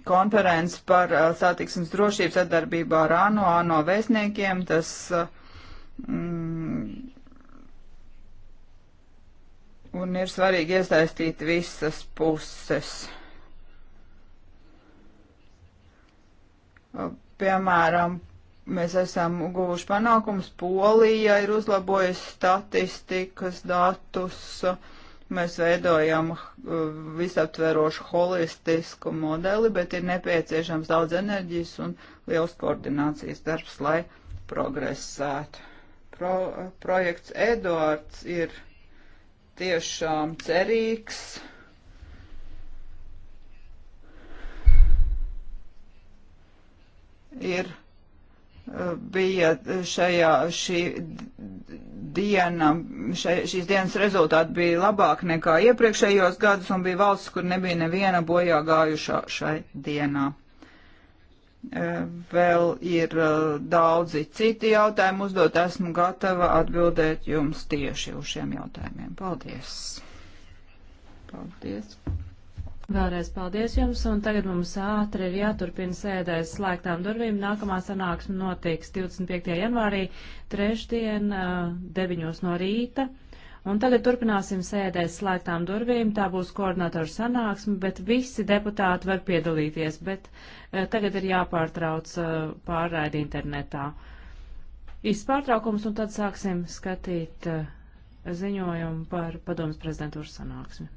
konferences par uh, satiksmes drošību sadarbībā ar ANO, ANO vēstniekiem. Tas uh, mm, un ir svarīgi iesaistīt visas puses. Piemēram, mēs esam guvuši panākums, Polija ir uzlabojusi statistikas datus. Uh, Mēs veidojam uh, visaptverošu holistisku modeli, bet ir nepieciešams daudz enerģijas un liels koordinācijas darbs, lai progresētu. Pro, uh, projekts Eduards ir tiešām cerīgs. ir bija šajā šī diena, še, šīs dienas rezultāti bija labāk nekā iepriekšējos gadus un bija valsts, kur nebija neviena bojā gājušā šai dienā. Eh, vēl ir eh, daudzi citi jautājumi uzdot, esmu gatava atbildēt jums tieši uz šiem jautājumiem. Paldies! Paldies! Vēlreiz paldies jums, un tagad mums ātri ir jāturpina sēdēs slēgtām durvīm. Nākamā sanāksme notiks 25. janvārī, trešdien, 9. no rīta. Un tagad turpināsim sēdēs slēgtām durvīm. Tā būs koordinatoru sanāksme, bet visi deputāti var piedalīties, bet tagad ir jāpārtrauc pārraidi internetā. Īsts pārtraukums, un tad sāksim skatīt ziņojumu par padomas prezidentūras sanāksmi.